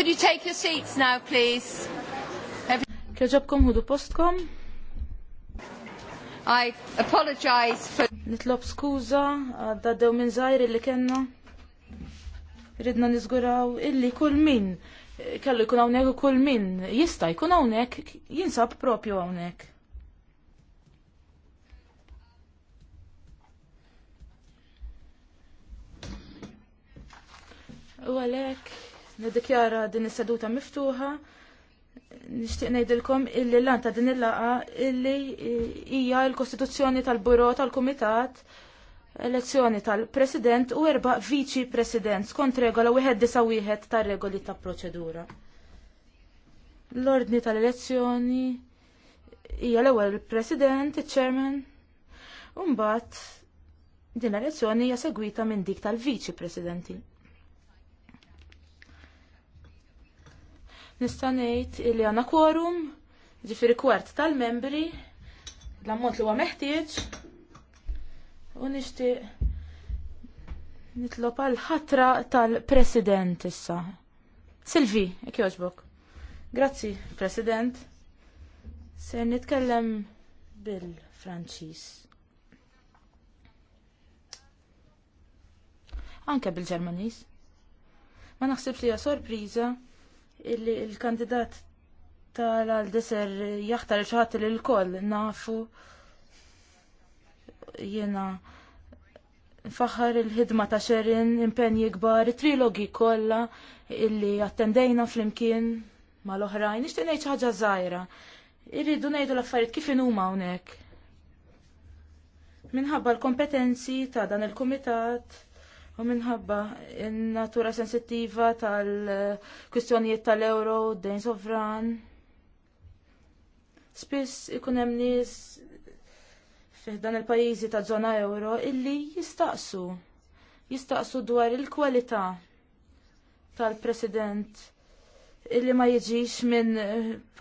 Could you take your seats now, please? Kħeġabkom hudu postkom? I apologize for... Nitlob skuza, għadda dew minn zaħir li kenna. Ridna nizguraw illi kull min, kellu jkun hawnhekk u kull min jista' jkun hawnhekk jinsab propju hawnhekk. U like... Nidikjara din is-seduta miftuħa. Nixtieq ngħidilkom illi lan ta' din il-laqa illi hija l-Kostituzzjoni tal-Buro tal-Kumitat elezzjoni tal-President u erba' Viċi President skont regola wieħed disa wieħed tar regoli ta' proċedura. L-ordni tal-elezzjoni hija l-ewwel president iċ-Chairman, u mbagħad din l-elezzjoni hija segwita minn dik tal-Viċi Presidenti. Nista' ngħid li għandna quorum, ġifieri kwart tal-membri, l-ammont li huwa meħtieġ u nixtieq nitlob għal ħatra tal-President issa. Silvi, jekk jogħġbok. Grazzi, President. Se nitkellem bil-Franċis. Anke bil-Ġermanis. Ma naħsibx li hija sorpriża illi il-kandidat tal-għal-deser jaħtar xaħat li l-koll nafu jena faħar il-ħidma ta' xerin impenji gbar, trilogi kolla illi attendejna fl-imkien mal-oħrajn, nishtiq ngħid ħaġa żgħira. Irridu ngħidu l-affarijiet kif inhuma hawnhekk. Minħabba l-kompetenzi ta' dan il-kumitat U minħabba natura sensittiva tal-kwistjonijiet tal-euro, dejn sovran. Spiss ikun hemm nies f'dan il-pajjiżi ta' żona euro illi jistaqsu. Jistaqsu dwar il-kwalità tal-president illi ma jiġix minn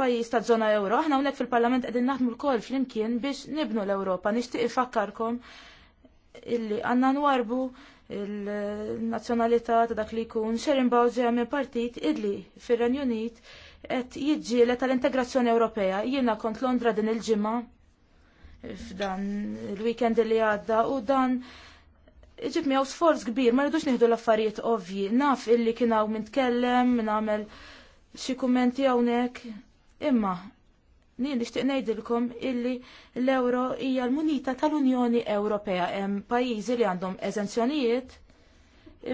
pajjiż ta' żona euro. Aħna hawnhekk fil-Parlament qegħdin naħdmu l-kol flimkien biex nibnu l-Ewropa. Nixtieq ifakkarkom illi għandna nwarbu il-nazzjonalità ta' dak li jkun xerin bawġeja għamil partit idli fir-Renju Unit qed jiġġieled tal-integrazzjoni Ewropea. Jiena kont Londra din il-ġimgħa f'dan il-weekend li għadda u dan ġib miegħu sforz kbir, ma rridux nieħdu l-affarijiet ovvji. Naf illi kien hawn mintkellem, nagħmel xi kummenti hawnhekk, imma Nien nixtieq ngħidilkom illi l-euro hija l-munita tal-Unjoni Ewropea hemm pajjiżi li għandhom eżenzjonijiet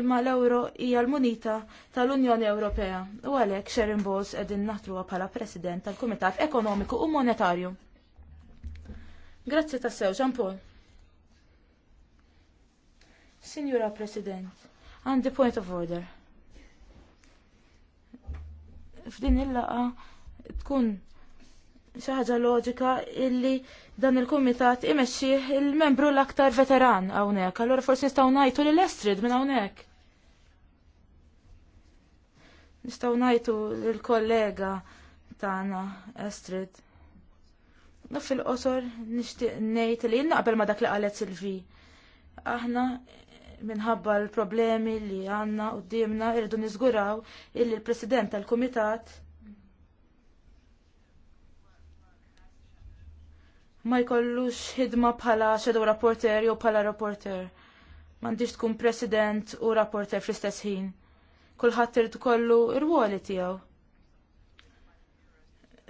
imma l-euro hija l-munita tal-Unjoni Ewropea. U għalhekk Sharon Bowles qegħdin naħtruha bħala President tal-Kumitat Ekonomiku u Monetarju. Grazzi tassew, Jean Paul. Signora President, għandi point of order. F'din il-laqa tkun xi ħaġa loġika illi dan il-kumitat imexxih il-membru l-aktar veteran hawnhekk, allura forsi nistgħu ngħidu lil Estrid minn hawnhekk. Nistgħu ngħidu lill-kollega tagħna Estrid. U fil-qosor nixtieq ngħid li naqbel ma dak li qalet Silvi. Aħna minħabba l-problemi li għandna qudiemna irridu nizguraw illi l-President tal-Kumitat ma jkollux ħidma bħala shadow rapporter jew bħala rapporter. M'għandix tkun president u rapporter fl-istess ħin. Kulħadd irid ikollu r-ruoli tiegħu.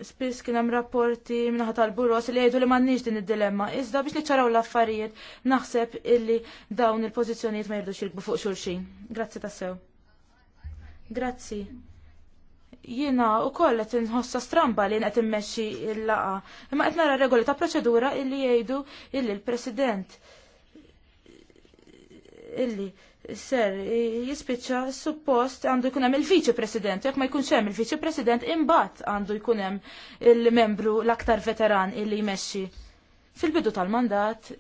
Spiss kien hemm rapporti minnaħa tal-buros li jgħidu li m'għandniex din id-dilemma. Iżda biex niċċaraw l-affarijiet naħseb illi dawn il-pożizzjonijiet ma jirdux jilbu fuq xulxin. Grazzi tassew. Grazzi. Jiena u għet nħossa stramba li qed immexxi l-laqa. Imma qed nara regoli ta' proċedura illi jgħidu illi l-President illi ser jispiċċa suppost għandu jkun hemm il-Viċi President, jekk ma jkunx hemm il-Viċi President imbagħad għandu jkun hemm il-membru l-aktar veteran illi jmexxi. Fil-bidu tal-mandat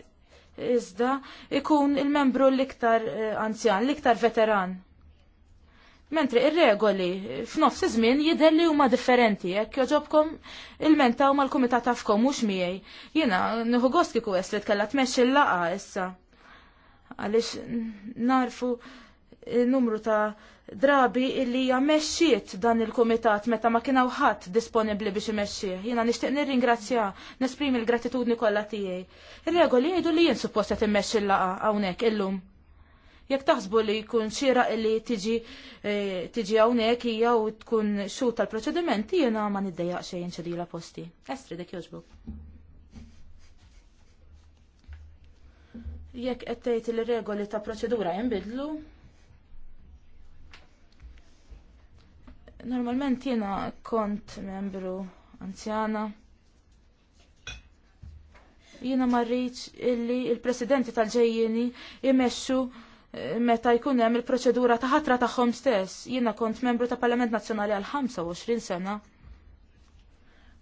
iżda ikun il-membru l-iktar eh, anzjan, l-iktar veteran mentri ir-regoli f'nofs iż-żmien jidher li huma differenti jekk joġobkom il-menta huma l-kumitat tafkom mhux miegħi. Jiena nieħu gost kieku li tkella tmexxi l-laqa issa. Għaliex narfu numru ta' drabi illi jammexxiet dan il-kumitat meta ma kienu ħadd disponibbli biex imexxih. Jiena nixtieq nirringrazzja, nesprimi l-gratitudni kollha tiegħi. Ir-regoli jgħidu li jien suppost qed immexxi l-laqa hawnhekk illum. Jekk taħsbu li jkun xira li tiġi eh, tiġi hawnhekk hija u tkun xu tal proċediment jiena ma niddejjaq xejn ċedila posti. Estri dek jogħġbok. Jekk qed tgħid li regoli ta' proċedura jinbidlu, normalment jiena kont membru anzjana jina marriċ illi il-presidenti tal-ġejjini imessu Eh, meta jkun hemm il-proċedura ta' ħatra tagħhom stess. Jiena kont membru ta' Parlament Nazzjonali għal 25 sena.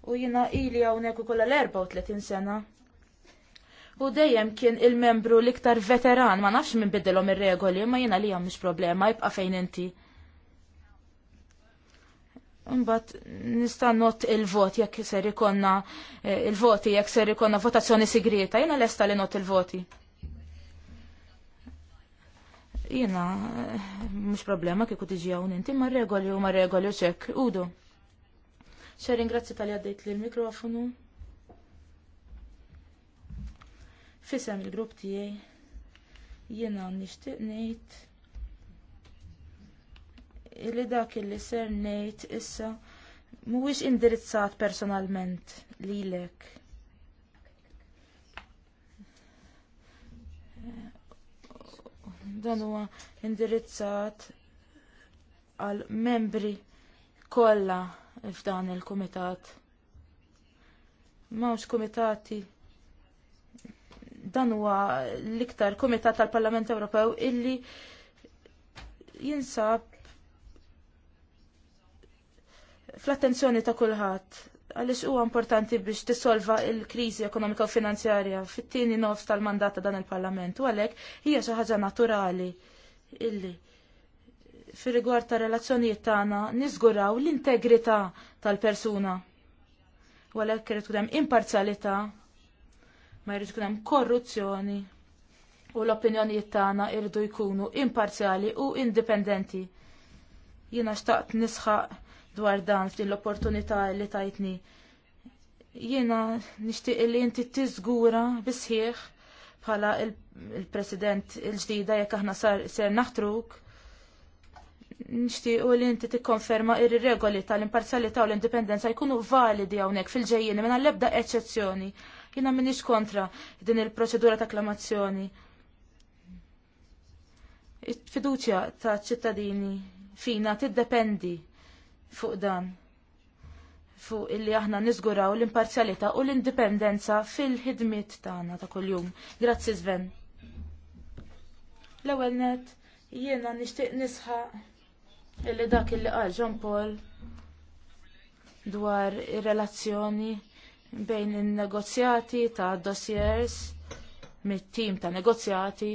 U jiena ili hawnhekk ukoll għal 34 sena. U dejjem kien il-membru l-iktar veteran, ma nafx minn biddilhom ir-regoli, ma jiena li hemm mhux problema, jibqa' fejn inti. Mbagħad nista' not il-vot jekk ser ikonna eh, il-voti jekk ser ikonna votazzjoni sigrieta, jiena lesta li not il-voti. il voti Jiena eh, mhux problema kieku tiġi għaw inti ma regoli u ma regoli u ċek. Udu. Xerin, grazzi tal għaddejt li l-mikrofonu. Fisem il-grupp tiegħi jiena nixtieq ngħid li dak illi ser ngħid issa mhuwiex indirizzat personalment lilek. dan huwa indirizzat għal membri kollha f'dan il-kumitat. Mawx kumitati dan huwa l-iktar kumitat tal-Parlament Ewropew illi jinsab fl-attenzjoni ta' kulħadd għaliex huwa importanti biex tisolva l-kriżi ekonomika u finanzjarja fit-tieni nofs tal mandata ta' dan il-Parlament u għalhekk hija xi ħaġa naturali illi fir rigward ta' relazzjonijiet tagħna niżguraw l-integrità tal-persuna. U għalhekk irid hemm imparzjalità, ma jrid ikun hemm korruzzjoni u l-opinjonijiet tagħna irridu jkunu imparzjali u indipendenti. Jiena xtaqt nisħaq dwar dan f'din l-opportunità li tajtni. Jiena nixtieq li inti tiżgura bisħieħ bħala il-President il-ġdida jekk aħna sar ser naħtruk nixtiequ li inti tikkonferma ir-regoli tal-imparzjalità u l-indipendenza jkunu validi hawnhekk fil ġejjieni minn l-ebda eċċezzjoni. Jiena m'iniex kontra din il-proċedura ta' akklamazzjoni. Fiduċja ta' ċittadini fina tiddependi fuq dan fuq illi aħna niżguraw l-imparzjalità u l-indipendenza fil-ħidmiet tagħna ta' kuljum. Grazzi Sven. L-ewwel net jiena nixtieq nisħaq illi dak illi qal John Paul dwar ir-relazzjoni bejn in-negozjati ta' dossiers mit-tim ta' negozjati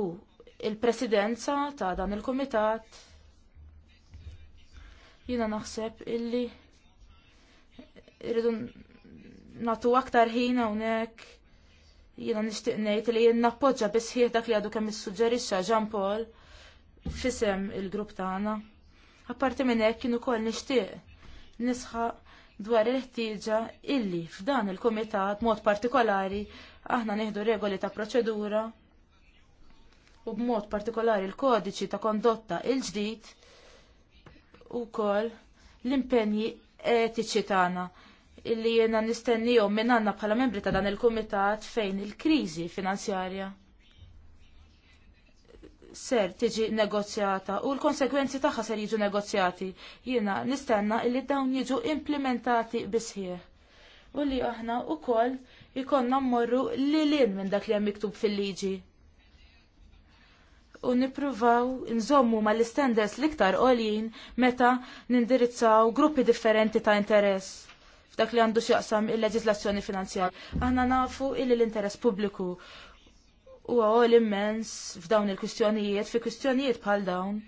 u il-presidenza ta' dan il-kumitat Jiena naħseb illi irridu natu aktar ħin hawnhekk. Jiena nixtieq ngħid li jien nappoġġa bisħieħ dak li għadu kemm issuġġerixxa Jean Paul fisem il-grupp tagħna. Apparti minn hekk kien ukoll nixtieq nisħa dwar il-ħtieġa illi f'dan il kumitat b'mod partikolari aħna neħdu regoli ta' proċedura u b'mod partikolari l-kodiċi ta' kondotta il-ġdid wkoll l-impenji etiċi tagħna illi jiena nistennihom minn għanna bħala membri ta' dan il-kumitat fejn il-kriżi finanzjarja ser tiġi negozjata u l-konsekwenzi tagħha ser jiġu negozjati. Jiena nistenna illi dawn jiġu implementati bisħieħ. U li aħna wkoll ikonna mmorru lilin minn dak li hemm miktub fil-liġi u nippruvaw nżommu mal-istenders l-iktar għoljin meta nindirizzaw gruppi differenti ta' interess f'dak li għandu x'jaqsam il-leġislazzjoni finanzjar. Aħna nafu illi l-interess pubbliku huwa għol immens f'dawn il-kwistjonijiet, fi kwistjonijiet bħal dawn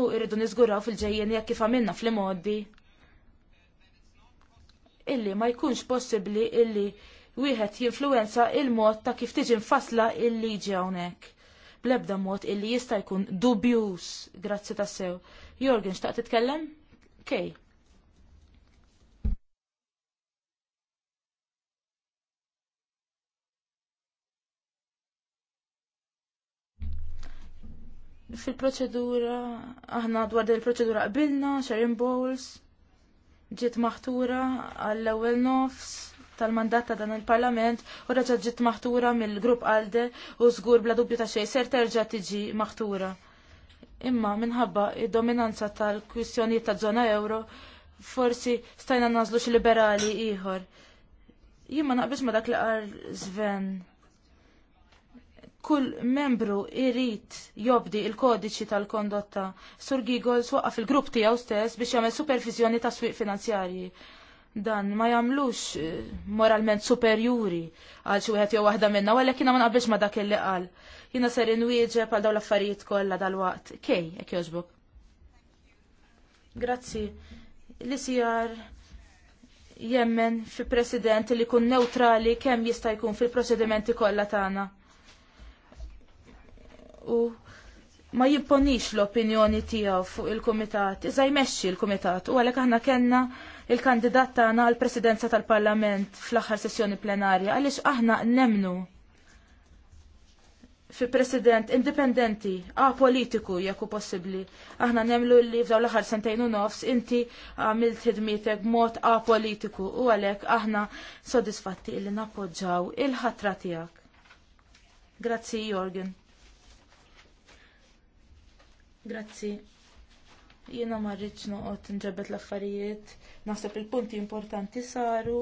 u irridu niżguraw fil-ġejjeni jekk kif għamilna fl-imoddi. Illi ma jkunx possibbli illi wieħed jinfluwenza il-mod ta' kif tiġi nfasla il-liġi hawnhekk blebda mod illi jista' jkun dubjuż grazzi ta' sew. Jorgen, xtaqt titkellem? Kej. Fil-proċedura, aħna dwar il-proċedura qabilna, Sharon Bowles, ġiet maħtura għall-ewwel nofs tal-mandat ta' dan il-Parlament u reġa' ġiet maħtura mill-grupp Alde u żgur bla dubju ta' xej ser terġa' tiġi maħtura. Imma minħabba id-dominanza tal-kwistjonijiet ta' żona euro forsi stajna nazlu xi liberali ieħor. Jien ma ma dak li qal Sven. Kull membru irrit jobdi il-kodiċi tal-kondotta. Sur Gigol fil-grupp tiegħu stess biex jagħmel supervizjoni ta' swieq finanzjarji dan ma jagħmlux eh, moralment superjuri għal xi wieħed jew waħda minnha, għalhekk jiena ma naqbilx ma dak li qal. Jiena ser inwieġeb għal dawn l-affarijiet kollha dal-waqt. Kej, jekk jogħġbok. Grazzi. L-ISR jemmen fi president li kun neutrali kemm jista' jkun fil-prosedimenti kollha tagħna. U ma jimponix l-opinjoni tiegħu fuq il-kumitat, iżda jmexxi l-kumitat u għalhekk aħna kellna il-kandidat tagħna għall presidenza tal-Parlament fl-aħħar sessjoni plenarja għaliex aħna nemnu fi president indipendenti, politiku jekk hu possibbli. Aħna nemlu li f'dawn l-aħħar sentejn u nofs inti għamilt b'mod mod politiku u għalhekk aħna sodisfatti li nappoġġaw il-ħatra tiegħek. Grazzi Jorgen. Grazzi. Jiena ma rridx noqgħod nġebet l-affarijiet, naħseb il-punti importanti saru,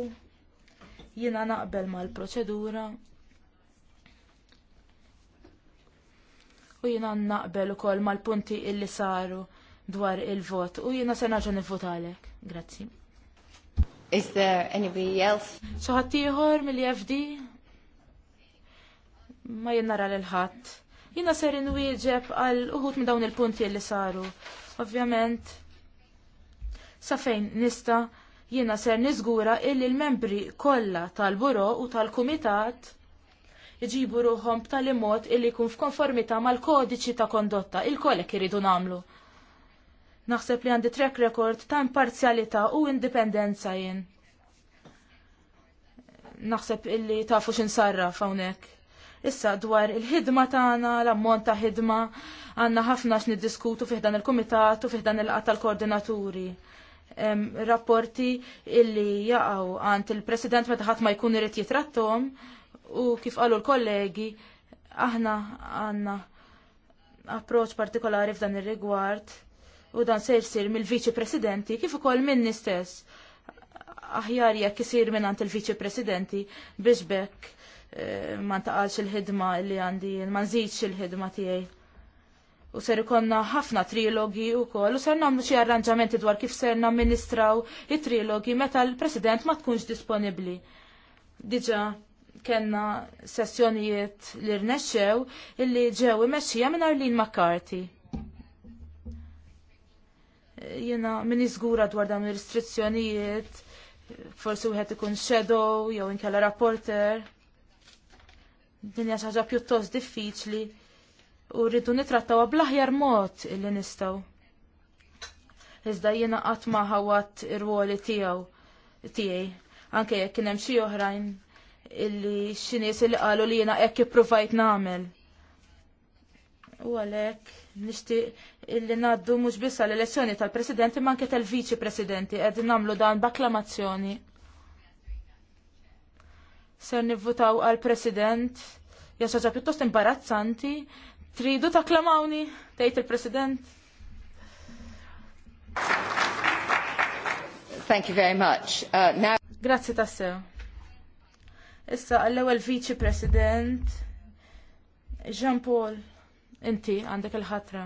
jiena naqbel mal-proċedura. U jiena naqbel ukoll mal-punti illi saru dwar il-vot u jiena se naġa nivvot għalek. Grazzi. Is there anybody else? Xaħat ieħor mill-FD? Ma jien nara l-ħadd. Jiena ser inwieġeb għal uħut minn dawn il-punti illi saru. Ovvjament, sa fejn nista jiena ser niżgura illi l-membri kollha tal-buro u tal-kumitat iġibu ruħom b'tali mod illi jkun f'konformità mal-kodiċi ta' kondotta il-kollek iridu namlu. Naħseb li għandi track record ta' imparzjalità u indipendenza jien. Naħseb illi tafu x'insarraf hawnhekk. Issa dwar il-ħidma tagħna, l-ammont ta' ħidma, għandna ħafna x'niddiskutu fih dan il-kumitat u fih dan il-qatt tal-koordinaturi. Rapporti illi jaqgħu għand il-President meta ħadd ma jkun irid jitrattom u kif qalu l-kollegi aħna għandna approċ partikolari f'dan ir-rigward u dan se jsir mill-Viċi Presidenti kif ukoll minni stess aħjar jekk isir minn għand il-Viċi Presidenti biex bekk Eh, ma ntaqalx il-ħidma li għandi, ma nżidx il-ħidma tiegħi. U ser ikonna ħafna trilogi u koll, u ser namlu xie arranġamenti dwar kif ser namministraw it-trilogi meta l-president ma tkunx disponibli. Diġa, kenna sessjonijiet li rnexxew illi ġew imexxija minn Arlene McCarthy. Jena minn iżgura dwar dawn ir-restrizzjonijiet, forsi wieħed ikun shadow jew inkella rapporter. Din hija xi ħaġa pjuttost diffiċli u rridu nitrattawha bl-aħjar mod illi nistgħu. Iżda jiena qatt ma ħawat ir-ruoli tiegħu tiegħi. Anke jekk kien hemm xi oħrajn illi xi illi li qalu li jena hekk ippruvajt nagħmel. U għalhekk nixtieq illi ngħaddu mhux biss l elezzjoni tal-Presidenti ma anke tal-Viċi Presidenti qegħdin nagħmlu dan baklamazzjoni. Ser nivvutaw għal-President Ja soġa pjuttost imbarazzanti. Tridu taklamawni, tgħid il-President. Thank you very much. Grazie uh, Grazzi tassew. Issa għall-ewwel Viċi President Jean Paul, inti għandek il-ħatra.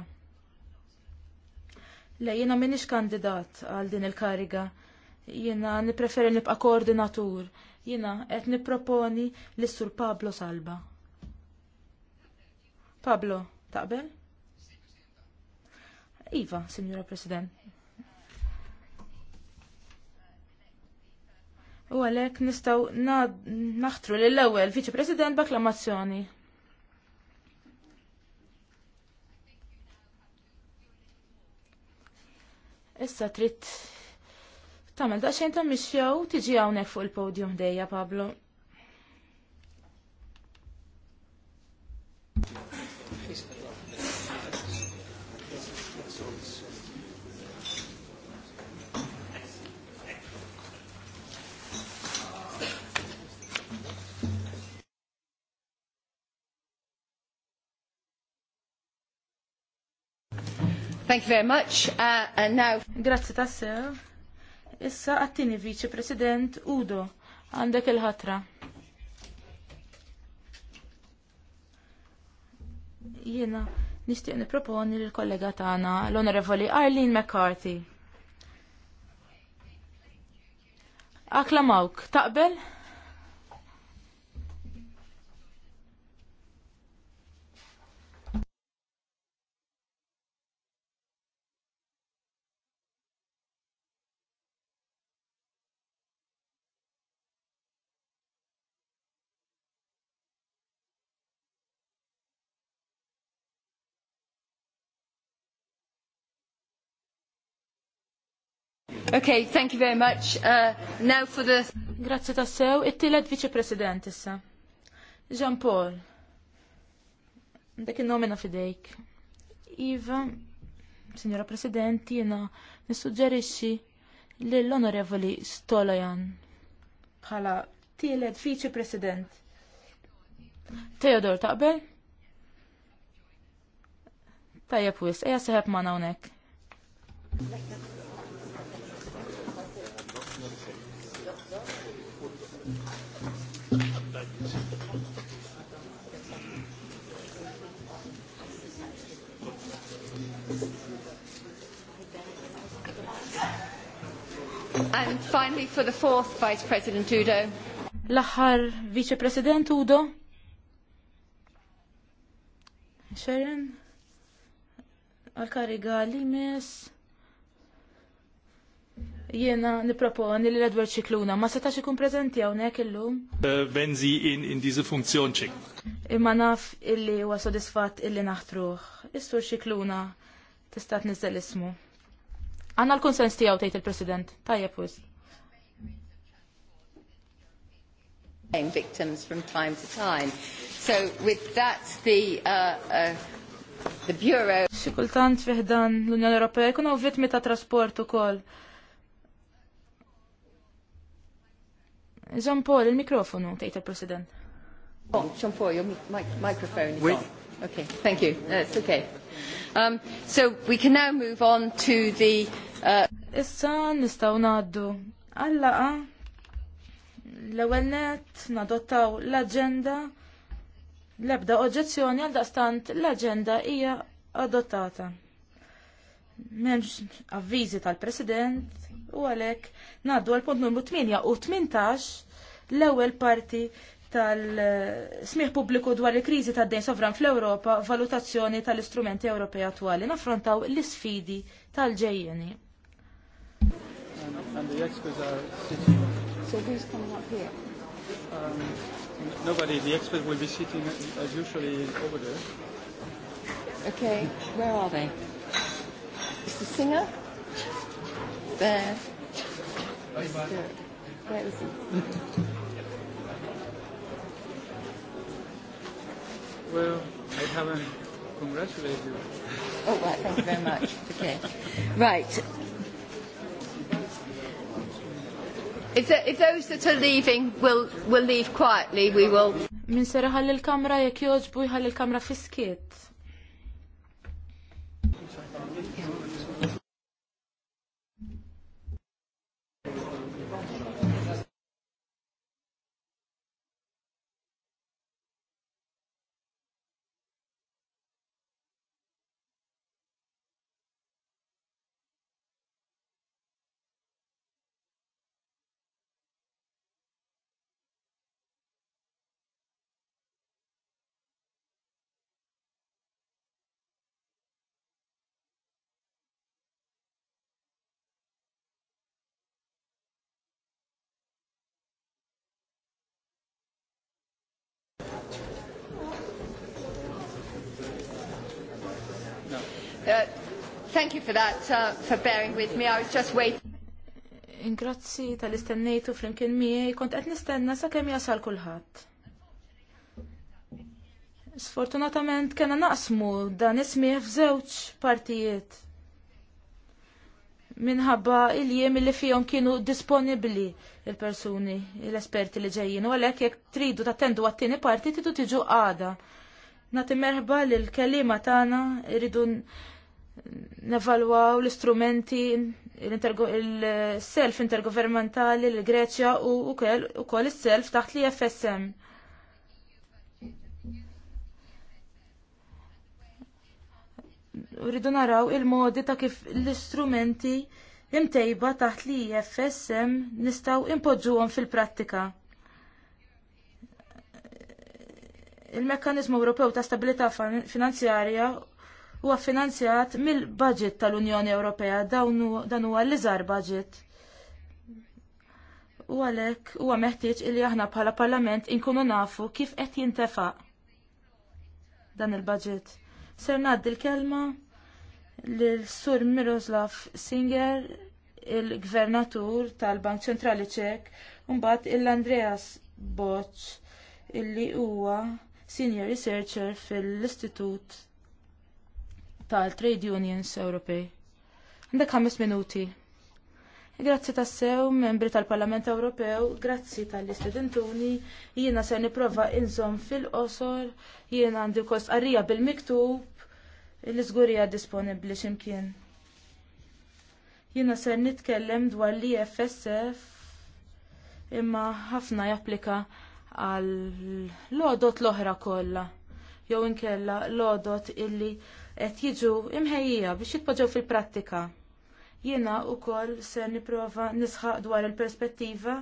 Le, jena minix kandidat għal din il-kariga. Jena nipreferi nibqa koordinatur. Jena qed niproponi l-Sur Pablo Salba. Pablo, taqbel? Iva, Signora President. U għalek nistaw naħtru l ewwel Viċi President b'aklamazzjoni. Issa trid tagħmel daqsxejn ta' mixjew tiġi hawnhekk fuq il-podium dejja Pablo. Thank you very much. Uh, and now... Grazie tassew. Issa għattini Vice President Udo, għandek il-ħatra. Jena, nishtiq niproponi l-kollega tagħna l-Onorevoli Arlene McCarthy. Aklamawk, taqbel? Okay, thank you very much. Uh, now for the... Grazie tassew, it-tielet viċi-president issa. Jean Paul. Dak il-nomina fidejk. Iva, signora President, jena nissuġġerixxi li l-Onorevoli Stolojan bħala tielet viċi President. Teodor, taqbel? Tajja pwis, eja seħab ma' hawnhekk. And finally for the fourth Vice President Udo. L-aħħar Vice President Udo. Sharon. Għal-kariga għalli mis. Jiena niproponi li l-Edward Ċikluna ma setax ikun preżenti hawnhekk illum. Eh, wenn sie in in diese Funktion schicken. Imma naf illi huwa sodisfatt illi naħtruh. Is-sur Ċikluna tista' tniżel ismu. Għanna l-konsens tijaw tajt il-President. Tajjeb wis. victims from time to time. So with that, the, uh, uh, the Bureau... Sikultant fiħdan l-Unjoni Ewropea hawn vittmi ta' trasport ukoll. Jean Paul, il-mikrofonu, tgħid il-President. Oh, Jean Paul, your mic microphone is on. Okay, thank you. That's okay. Um, so we can now move on to the... Uh... Issa nistaw naddu għallaqa l-ewel nadottaw l-agenda l-ebda oġezzjoni għal daqstant l-agenda hija adottata. Memx avvizi tal-President u għalek naddu għal punt numru 8 u 18 l-ewel parti tal-smieħ pubbliku dwar il-kriżi tad-dejn sovran fl-Ewropa, valutazzjoni tal-istrumenti Ewropej attwali, naffrontaw l-isfidi tal-ġejjeni. So who's coming up here? Um, nobody, the experts will be sitting uh, as usually over there. Okay, where are they? Is the singer? There. where is he? Well, I haven't congratulated you. Oh, well, thank you very much. okay. Right. If, the, if those that are leaving will, will leave quietly, we will... Min sera ħalli l-kamra jekk joġbu jħalli l-kamra fiskiet. Thank you for that, uh, for bearing with me. I was just waiting. Ingrazzi tal-istennejtu flimkien miegħi kont qed nistenna sakemm jasal kulħadd. Sfortunatament kena naqsmu dan ismih f'żewġ partijiet minħabba il-jiem li fihom kienu disponibli il-persuni, l-esperti li ġejjin, u għalhekk jekk tridu tattendu għat-tieni parti tridu tiġu għada. Nagħti merħba lil kelima tagħna irridu nevalwaw l-istrumenti il-self intergovernmentali l-Greċja u ukoll is-self taħt li FSM. Rridu naraw il-modi ta' kif l-istrumenti imtejba taħt li FSM nistaw impoġġuhom fil-prattika. Il-mekkanizmu Ewropew ta' stabilità finanzjarja huwa finanzjat mill-budget tal-Unjoni Ewropea dan huwa l-iżgħar budget. U għalhekk huwa meħtieġ illi aħna bħala Parlament inkunu nafu kif qed jintefaq dan il-budget. Ser ngħaddi l-kelma lil Sur Miroslav Singer il-Gvernatur tal-Bank Ċentrali Ċek, u mbagħad il-Andreas Boċ illi huwa Senior Researcher fil-Istitut tal-Trade Unions Ewropej. Għandek ħames minuti. Grazzi tassew, membri tal-Parlament Ewropew, grazzi tal-istudentuni, jiena se niprofa inżom fil-qosor, jiena għandi kost qarrija bil-miktub, l-izgurija disponibli ximkien. Jiena ser nitkellem dwar li FSF imma ħafna japplika għal l-odot l-oħra kollha jew inkella l-odot illi qed jiġu imħejjija biex jitpoġġew fil-prattika. Jiena wkoll se nipprova nisħaq dwar il-perspettiva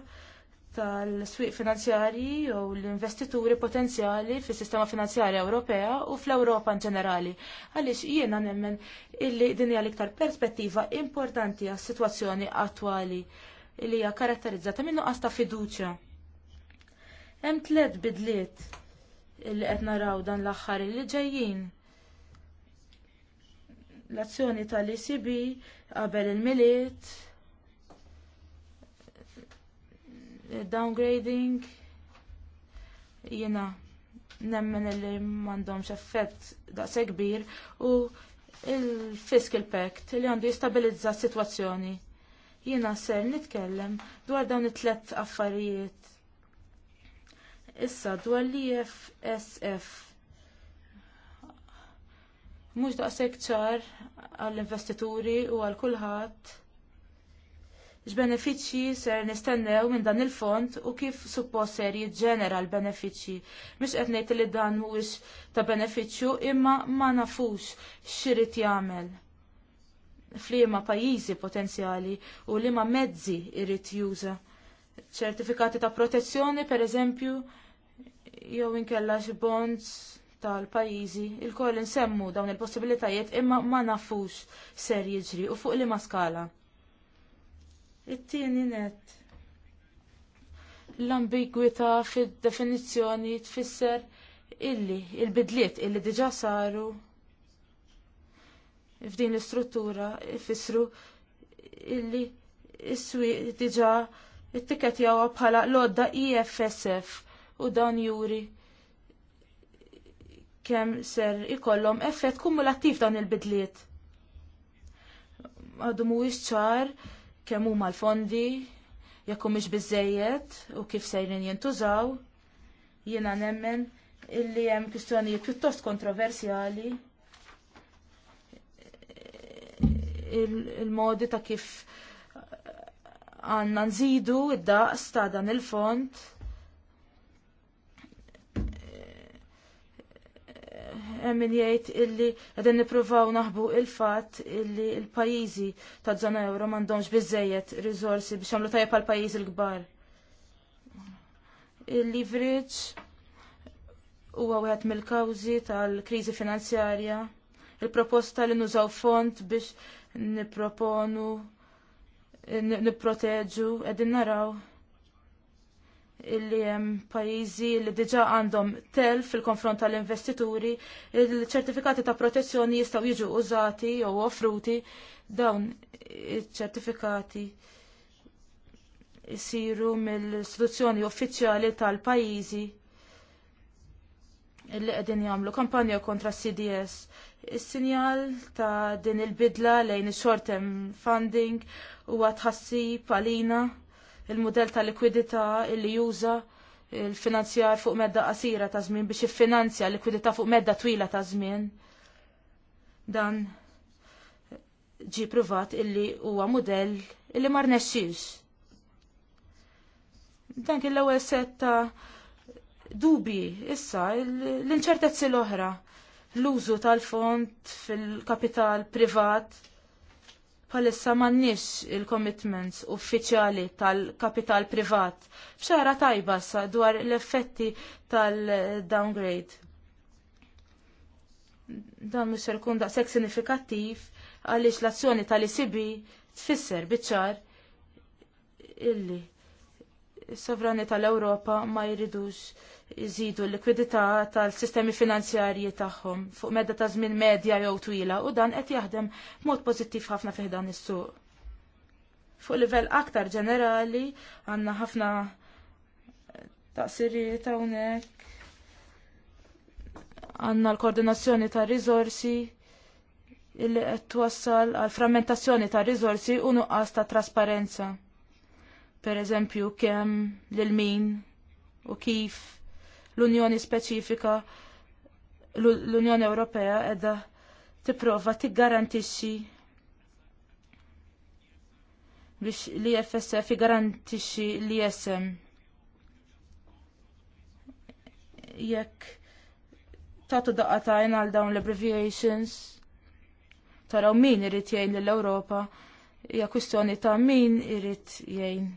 tal-swieq finanzjarji jew l-investituri potenzjali fis sistema finanzjarja Ewropea u fl-Ewropa in ġenerali. Għaliex jiena nemmen illi din hija l-iktar perspettiva importanti għas sitwazzjoni attwali li hija karatterizzata minnu nuqqas ta' fiduċja. Hemm tliet bidliet illi qed naraw dan l-aħħar illi ġejjin l-azzjoni tal-ECB qabel il-miliet, downgrading, jiena nemmen li m'għandhomx effett daqse kbir u il-fiscal pact li għandu jistabilizza s-sitwazzjoni. Jiena ser nitkellem dwar dawn it-tlet affarijiet. Issa dwar l-IFSF mhux daqshekk ċar għall-investituri u għal kulħadd x'benefiċċji ser nistennew minn dan il-fond u kif suppost ser jiġġenera l-benefiċċji. Mhux qed ngħid li dan mhuwiex ta' benefiċċju imma ma nafux x'irid jagħmel f'liema pajjiżi potenzjali u liema mezzi jrid juża. ċertifikati ta' protezzjoni, pereżempju, jew inkella xi bonds tal-pajjiżi il-koll insemmu dawn il-possibilitajiet imma ma nafux ser jiġri u fuq liema skala. It-tieni net l-ambigwità fid-definizzjoni tfisser illi il-bidliet illi diġà saru f'din l-istruttura ifissru illi is-swieq diġà it-tiket jawa bħala lodda IFSF e u dan juri kemm ser ikollhom effett kumulattiv dawn il-bidliet. Għadu mhuwiex ċar kemm huma l-fondi, jekk humiex biżejjed u kif sejrin jintużaw, jiena nemmen illi hemm kwistjonijiet pjuttost kontroversjali il-modi ta' kif għanna nżidu id-daqs ta' dan il-font min jgħid illi qegħdin nippruvaw naħbu il-fatt illi l-pajjiżi ta' zona euro m'għandhomx bizzejet rizorsi biex jagħmlu tajjeb pal pajizi l gbar Il-leverage huwa wieħed mill-kawżi tal-kriżi finanzjarja. Il-proposta li nużaw font biex nipproponu nipproteġu qegħdin naraw illi hemm pajjiżi li diġà għandhom tel fil-konfront tal-investituri, il-ċertifikati ta' protezzjoni jistgħu jiġu użati jew offruti dawn iċ-ċertifikati jisiru mill-istituzzjoni uffiċjali tal-pajjiżi illi qegħdin jagħmlu kampanja kontra CDS. Is-sinjal ta' din il-bidla lejn is-short term funding huwa tħassib għalina il-modell ta' likwidità illi juża il-finanzjar fuq medda qasira ta' żmien biex jiffinanzja likwidità fuq medda twila ta' żmien. Dan ġi pruvat illi huwa modell illi ma rnexxiex. Dan kien l-ewwel set ta' dubi issa l-inċertezzi l-oħra l-użu tal-fond fil-kapital privat bħalissa m'għandniex il-commitments uffiċjali tal-kapital privat. B'xara tajba sa dwar l-effetti tal-downgrade. Dan mhux se jkun daqshekk sinifikattiv għaliex l-azzjoni tal-ECB tfisser biċ-ċar illi s-sovranità tal-Ewropa ma jridux jżidu l-likwidità tal-sistemi finanzjarji tagħhom fuq medda ta' żmien medja jew twila u dan qed jaħdem mod pożittiv ħafna fih dan is-suq. Fuq livell aktar ġenerali għandna ħafna eh, taqsirijiet hawnhekk għandna l-koordinazzjoni ta' riżorsi illi qed twassal għal frammentazzjoni ta' riżorsi u nuqqas ta' trasparenza. Per eżempju, kemm lil min u kif l-Unjoni speċifika l-Unjoni Ewropea edha tipprova tiggarantixxi biex li FSF igarantixxi li jesem. Jekk tagħtu daqatajn għal dawn l-abbreviations, taraw min irid jgħin lill-Ewropa, hija kwistjoni ta' min irid jgħin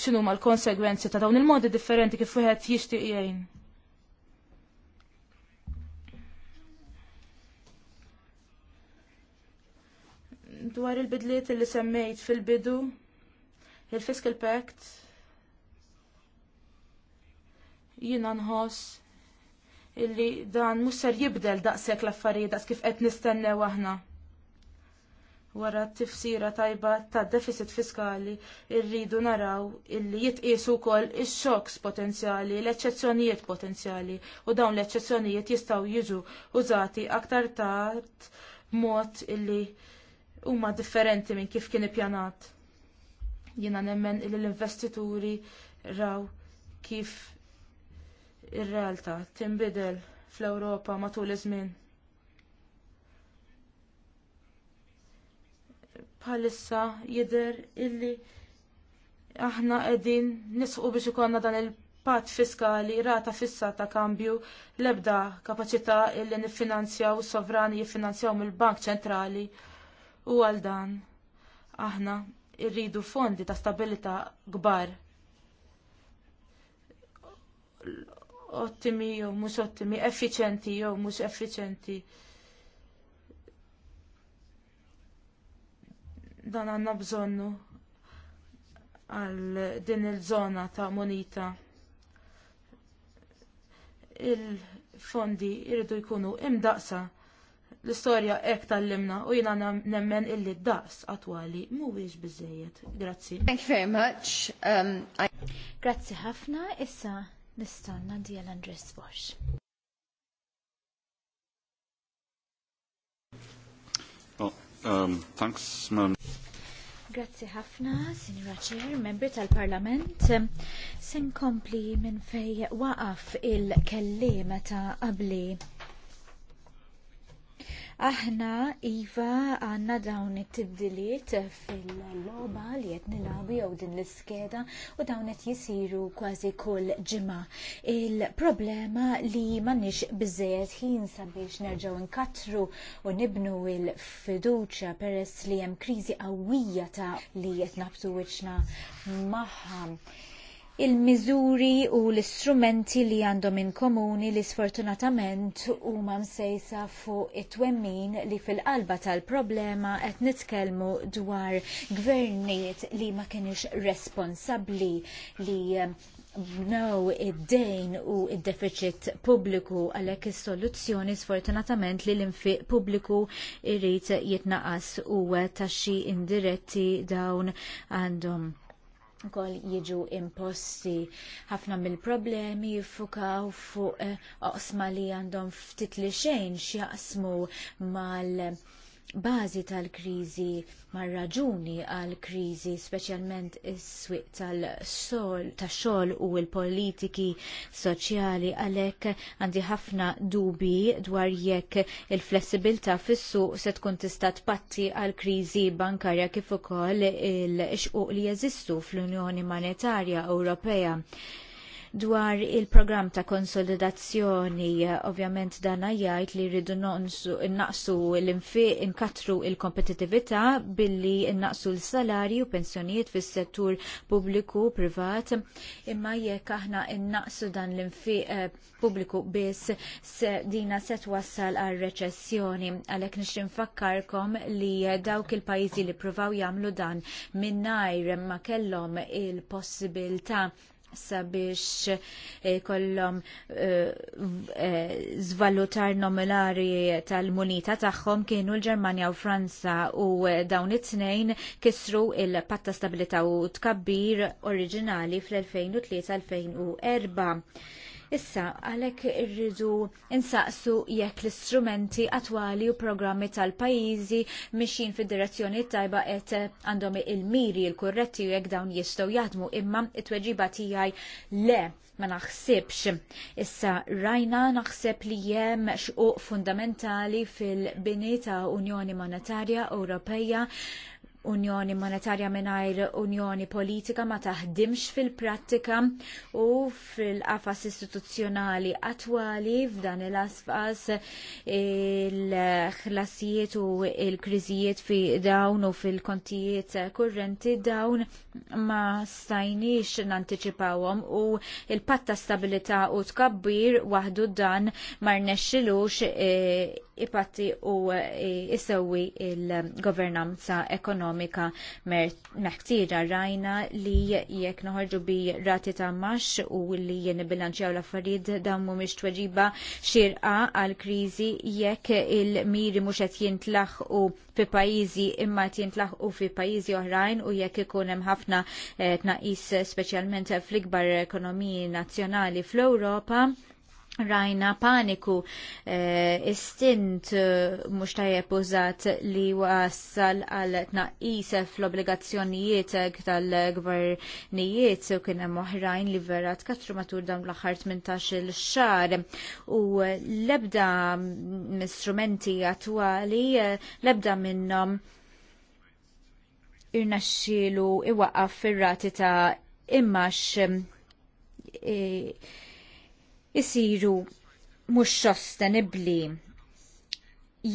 xinu ma l-konsegwenzi ta' dawn il-modi differenti kif wieħed jixtieq jgħin. Dwar il-bidliet li semmejt fil-bidu, il-Fiscal Pact, jina nħoss illi dan mhux ser jibdel daqshekk l-affarijiet daqs kif qed nistennew aħna wara t-tifsira tajba tad deficit fiskali rridu naraw illi jitqiesu wkoll ix-xoks potenzjali, l-eċċezzjonijiet potenzjali u dawn l-eċċezzjonijiet jistgħu jiġu użati aktar tard b'mod illi huma differenti minn kif kien ippjanat. Jiena nemmen illi l-investituri raw kif ir-realtà tinbidel fl-Ewropa matul iż-żmien bħalissa jidher illi aħna qegħdin nisqu biex ikonna dan il-pat fiskali rata fissa ta' kambju l-ebda kapaċità illi niffinanzjaw sovrani jiffinanzjaw mill-Bank Ċentrali u għal dan aħna rridu fondi ta' stabilità kbar ottimi jew mhux ottimi, effiċenti jew mhux effiċenti. dan għandna bżonnu għal din il-żona ta' monita. Il-fondi jridu jkunu imdaqsa l-istorja hekk tallimna u jiena nemmen illi daqs attwali mhuwiex bizzejiet. Grazzi. Thank you very much. Um, I... Grazzi ħafna, issa nistanna di l-Andres Bosch. Um, thanks, ma'am. Grazzi ħafna, Sinjura Ċer, membri tal-Parlament. Sen kompli minn fej waqaf il-kellim ta' qabli Aħna iva għanna dawn it-tibdiliet fil-loba li qed nilabu jew din l-iskeda u dawn qed jisiru kważi kull ġimgħa. Il-problema li m'għandniex biżejjed ħin sabiex nerġgħu nkatru u nibnu l-fiduċja peress li hemm kriżi qawwija ta' li qed nabtu wiċċna magħha il-miżuri u l-istrumenti li għandhom in komuni li sfortunatament huma msejsa fuq it-twemmin li fil-qalba tal-problema qed nitkellmu dwar gvernijiet li ma kienux responsabbli li bnew um, id-dejn u id-deficit pubbliku għalhekk is-soluzzjoni sfortunatament li l-infiq pubbliku jrid jitnaqqas u taxxi indiretti dawn għandhom kol jiġu imposti ħafna mill-problemi jiffukaw fuq eh, oqsma li għandhom ftit li xejn xjaqsmu mal- bażi tal-kriżi, mar-raġuni għall-kriżi, speċjalment is-swieq tal-sol, tax-xogħol u l-politiki soċjali għalhekk għandi ħafna dubi dwar jekk il-flessibilità fis-suq se tkun tista' tpatti għall-kriżi bankarja kif ukoll il-xquq li jeżistu fl-Unjoni Monetarja Ewropea dwar il-programm ta' konsolidazzjoni. Ovvjament dana jgħid li rridu naqsu l-infiq inkatru il-kompetitività billi naqsu l-salari u pensjonijiet fis-settur pubbliku u privat. Imma jekk aħna naqsu dan l-infiq eh, pubbliku biss se dina se twassal għal reċessjoni. Għalhekk nixtri nfakkarkom li dawk il-pajjiżi li provaw jagħmlu dan minn ma kellhom il-possibilità sabiex eh, kollom eh, eh, zvalutar nominari tal-munita tagħhom kienu l-Ġermanja u Franza u dawn it-tnejn kisru il-patta stabilita u tkabbir oriġinali fl-2003-2004 Issa, għalhekk irridu insaqsu jekk l-istrumenti attwali u programmi tal-pajjiżi mixin fid-direzzjoni tajba qed għandhom il-miri l-kurretti u jekk dawn jistgħu jaħdmu imma it-tweġiba tiegħi le ma naħsibx. Issa rajna naħseb li jem xquq fundamentali fil-bini ta' Unjoni Monetarja Ewropeja Unjoni monetarja mingħajr unjoni politika ma taħdimx fil-prattika u fil-qafas istituzzjonali attwali f'dan il-asfas il-ħlasijiet u il-kriżijiet fi dawn u fil-kontijiet kurrenti dawn ma stajniex nanticipawhom u il-patta stabilità u tkabbir waħdu dan mar nexxilux e, ipatti u e, isewwi il-governanza ekonomika meħtira rajna li jekk noħorġu bi rati ta' max u li nibilanċjaw l-affarijiet dawn mhumiex tweġiba xirqa għal kriżi jekk il-miri mhux qed jintlaħ u fi pajjiżi imma u fi pajjiżi oħrajn u jekk ikun hemm ħafna eh, tnaqis speċjalment fl-ikbar ekonomiji nazzjonali fl-Ewropa rajna paniku e, istint eh, mhux tajjeb użat li wassal għal tnaqisa fl-obbligazzjonijiet tal-gvernijiet u kien hemm oħrajn li vera tkatru matur dawn l-aħħar 18-il xahar u l-ebda strumenti attwali l-ebda minnhom irnaxxielu iwaqqaf fir-rati ta' immax e, isiru mhux sostenibbli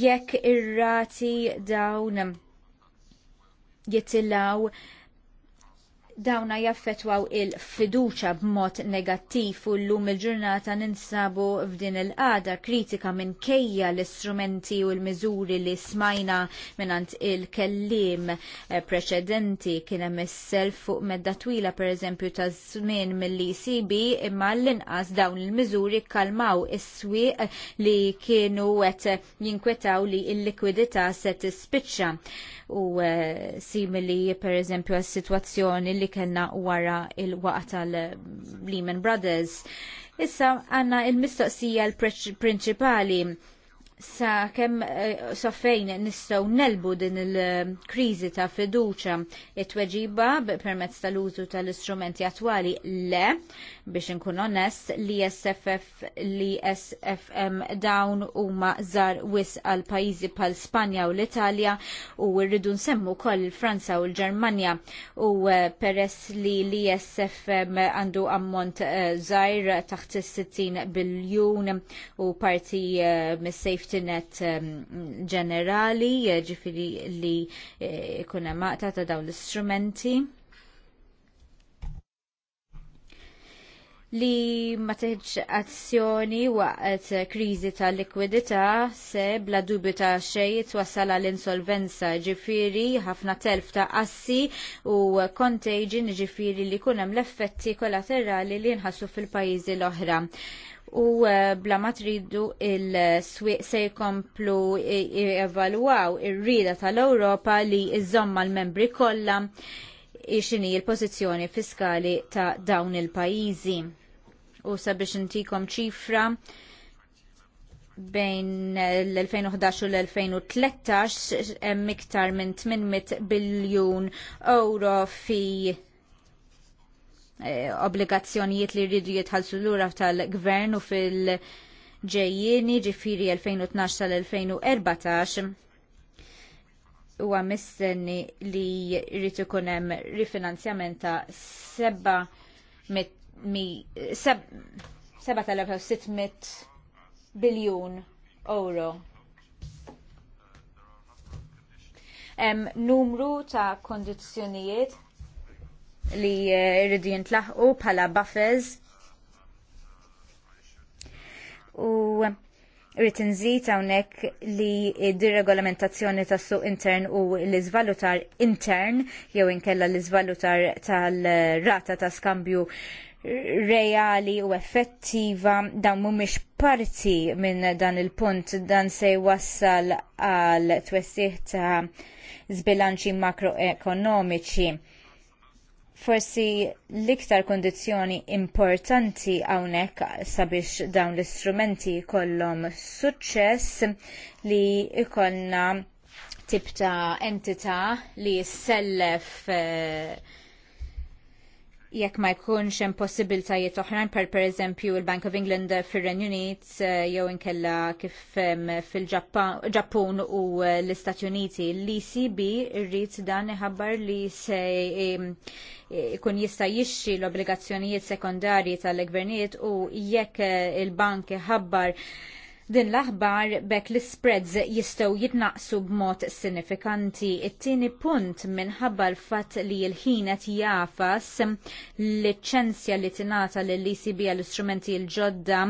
jekk ir-rati dawn jitilgħu dawna jaffetwaw il-fiduċa b'mod negattiv u llum il-ġurnata ninsabu f'din il-qada kritika minn kejja l-istrumenti u l-miżuri li smajna minnant il-kellim eh, preċedenti kien hemm is-self fuq medda twila pereżempju ta' żmien mill-ECB imma l-inqas dawn il-miżuri kalmaw is-swieq li kienu qed jinkwetaw li l-likwidità se tispiċċa u eh, simili per eżempju għas-sitwazzjoni li kellna wara il-waqt tal-Lehman Brothers. Issa għanna il-mistoqsija l-prinċipali sa kemm eh, sa fejn nistgħu nelbu din il-kriżi ta' fiduċa it-tweġiba permezz tal-użu tal-istrumenti attwali le biex inkun onest li SFF li SFM dawn huma żar wis għal pajjiżi bħal Spanja u l-Italja u rridu nsemmu koll il-Franza u l-Ġermanja u eh, peress li li SFM għandu ammont eh, żgħar taħt 60 biljun u parti mis-safety ftinet ehm, ġenerali, ġifiri li eh, kuna maqta ta' dawn l-istrumenti. li ma teħġ azzjoni waqt kriżi ta' likwidità se bla dubju ta' xej twassal l insolvenza ġifiri ħafna telf ta' assi u contagion ġifiri li kunem l-effetti kollaterali li nħassu fil-pajizi l-oħra u eh, bla ma tridu il-swiq se jkomplu evalwaw ir-rida tal-Ewropa li iżomma l-membri kollha x'inhi l-pożizzjoni fiskali ta' dawn il-pajjiżi u sabiex intikom ċifra bejn l-2011 u l-2013 hemm iktar minn 800 biljun euro fi eh, obbligazzjonijiet li rridu jitħallsu lura tal-gvern u fil-ġejjieni ġifiri 2012 tal-2014 huwa mistenni li jrid ikun hemm rifinanzjament ta' seba' 7600 biljun euro. numru ta' kondizjonijiet li eh, rridu jintlaħqu bħala buffers u rrit inżid hawnhekk li d-regolamentazzjoni tas-suq intern u l-iżvalutar intern jew inkella l-iżvalutar tal-rata ta' skambju reali u effettiva dan mhumiex parti minn dan il-punt dan se jwassal għal twessih ta' zbilanċi makroekonomiċi forsi l-iktar kundizzjoni importanti hawnhekk sabiex dawn l-istrumenti jkollhom suċċess li jkollna tip ta' entità li ssellef eh, jekk ma jkunx hemm possibiltajiet oħrajn per pereżempju il-Bank of England fir-Renju Unit eh, jew inkella kif fil-Ġappun u eh, l-Istati Uniti l-ECB irrid dan iħabbar li se jkun jista' jixxi l-obbligazzjonijiet sekondarji tal-gvernijiet u jekk eh, il-bank iħabbar din l-aħbar bekk l spreads jistgħu jitnaqsu b'mod sinifikanti. It-tieni punt minħabba l-fatt li l-ħin qed jafas l-liċenzja li tingħata lill ecb għall-istrumenti l-ġodda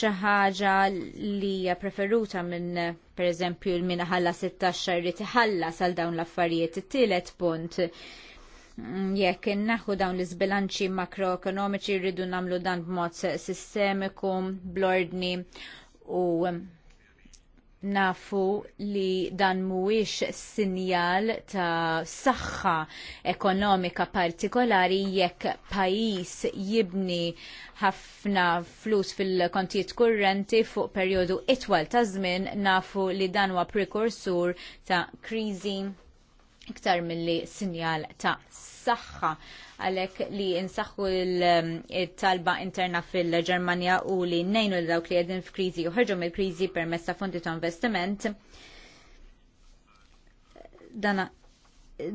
xi ħaġa li hija preferuta minn pereżempju l minn ħalla 16 xahar li tħallas għal dawn l-affarijiet. It-tielet punt jekk naħu dawn l-izbilanċi makroekonomiċi rridu namlu dan b'mod sistemiku, blordni u um, nafu li dan mhuwiex sinjal ta' saħħa ekonomika partikolari jekk pajjiż jibni ħafna flus fil-kontijiet kurrenti fuq perjodu itwal ta' żmien nafu li dan huwa prekursur ta' kriżi iktar milli sinjal ta' saħħa għalhekk li insaħħu il um, talba interna fil-Ġermanja u li nejnu l dawk li f f'kriżi u ħarġu mill-kriżi permezz ta' fondi ta' investiment. Dana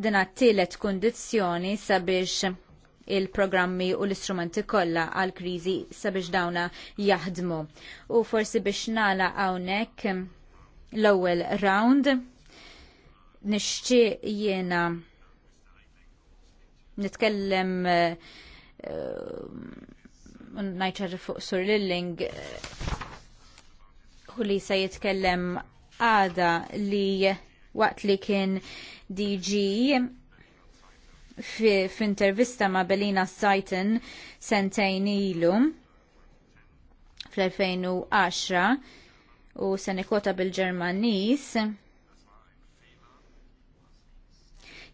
dina t-tielet kundizzjoni sabiex il-programmi u l-istrumenti kollha għal kriżi sabiex dawna jaħdmu. U forsi biex nala hawnhekk l-ewwel round nixtieq jiena nitkellem eh, eh, najċar fuq Sur Lilling eh, u li se jitkellem għada li waqt li kien DG f'intervista ma' Belina Sajten sentejn ilu fl-2010 u senikota bil-Ġermanis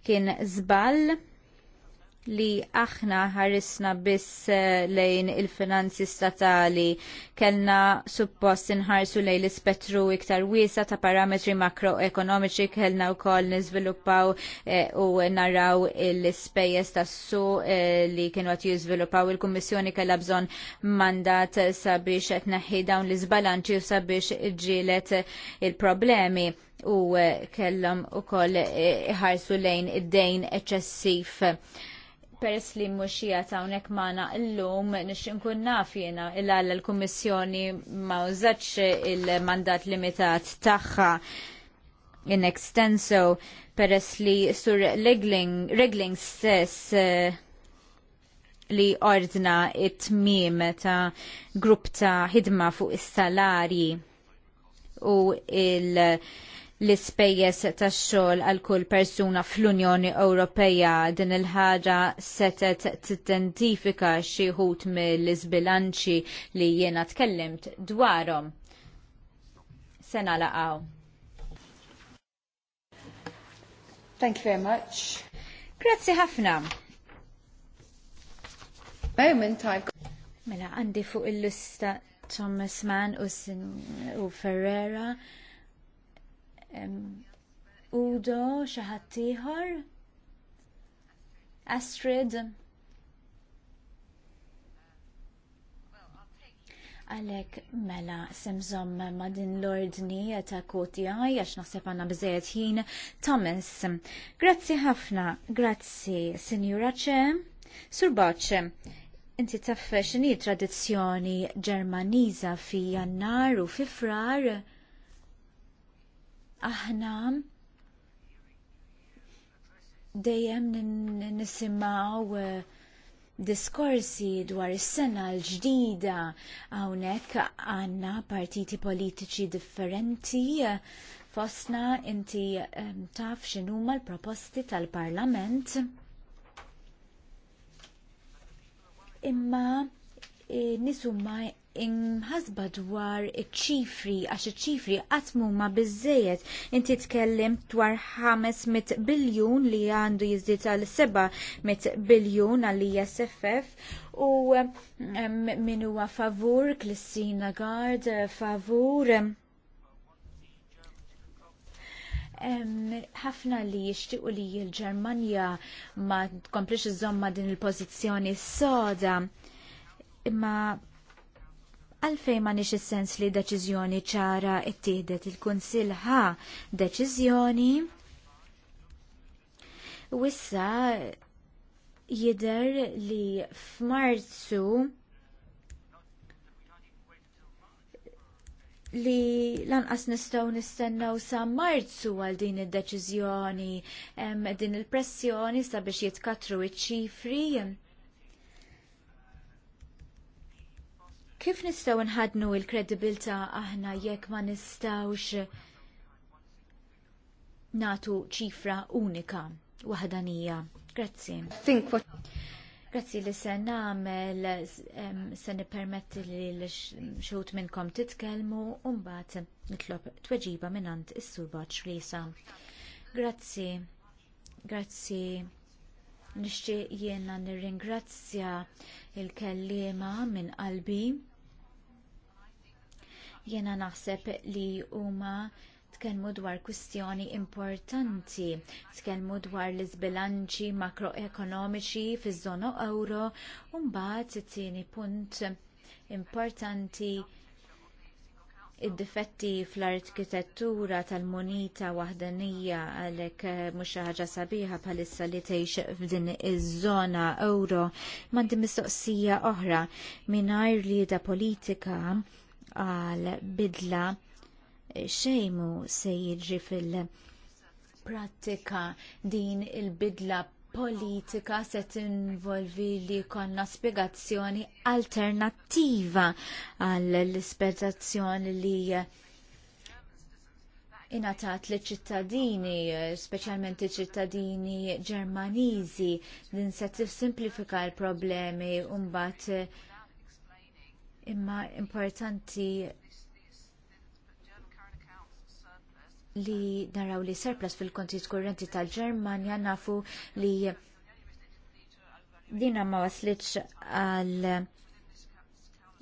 kien zbal li aħna ħarisna biss eh, lejn il-finanzi statali kellna suppost inħarsu lejn l-ispettru iktar wiesa ta' parametri makroekonomiċi kellna wkoll niżviluppaw eh, u naraw l-ispejjeż tas-su eh, li kienu għat jizviluppaw il-Kummissjoni kellha bżonn mandat sabiex qed neħħi dawn l-iżbalanċi u sabiex ġielet il-problemi u eh, kellhom ukoll eh, iħarsu lejn id-dejn eċċessiv peress li mmuxija ta' unek maħna l-lum inkun naf jiena il għal l-Kommissjoni ma' użax il-mandat limitat taħħa in extenso peress li sur regling stess eh, li ordna it-tmim ta' grupp ta' ħidma fuq is-salarji u il- l-ispejjeż tax-xogħol għal kull persuna fl-Unjoni Ewropea din il-ħaġa setet tidentifika xi wħud mill-iżbilanċi li jiena tkellimt dwarhom. Se nagħlaqgħu. Thank you very much. Grazzi ħafna. Moment I've Mela għandi fuq il-lista Thomas Mann u, Sin Ferrera Udo Shahatihar, ieħor? Astrid Għalek, mela, semżom ma din l-ordni ta' kotija għax naħseb għanna bżejet ħin, Thomas. Grazzi ħafna, grazzi, Signora ċe, Surbaċe, inti taff xini tradizjoni ġermaniza fi jannar u fi frar? aħna dejjem nisimaw uh, diskorsi dwar is-sena l-ġdida hawnhekk għandna partiti politiċi differenti uh, fostna inti um, taf x'inhuma l-proposti tal-Parlament. Imma eh, nisumma Inħasba dwar iċ-ċifri, għax iċ-ċifri għatmu ma bizzejet. Inti tkellim dwar 500 biljun li għandu jizdit għal 700 biljun għal ISFF u min huwa favur, Klissina Gard, favur. ħafna li jixtiequ li l-Ġermanja ma tkomplix iżomma din il-pożizzjoni soda imma għalfej ma nix sens li deċiżjoni ċara ittieħdet il-Kunsill ħa deċiżjoni. Wissa jider li f'Marzu li lanqas nistgħu nistennew sa marzu għal din id-deċiżjoni din il-pressjoni sabiex jitkatru iċ-ċifri Kif nistgħu nħadnu l kredibilta aħna jekk ma nistgħux natu ċifra unika waħdanija? Grazzi. Grazzi li se nagħmel se nippermetti li xewt minnkom titkellmu u mbagħad nitlob tweġiba mingħand is-sur Baċ Lisa. Grazzi. Grazzi. Nixtieq jiena nirringrazzja il-kellima minn qalbi Jiena naħseb li huma tkellmu dwar kwistjoni importanti, tkellmu dwar l iżbilanċi makroekonomiċi fiż-żona euro, u mbagħad it-tieni punt importanti id-difetti fl-arkitettura tal-munita waħdanija għalhekk eh, mhux xi ħaġa sabiħa bħalissa li tgħix f'din iż-żona euro m'għandi mistoqsija oħra mingħajr lieda politika għal bidla eh, xejn se jiġri fil-prattika din il-bidla politika se tinvolvi li jkollna spjegazzjoni alternattiva għall ispettazzjoni li inatat li ċittadini, specialment ċittadini ġermaniżi, din se tissimplifika l-problemi u mbagħad imma importanti li naraw li surplus fil konti kurrenti tal-Ġermanja nafu li dina ma waslitx għal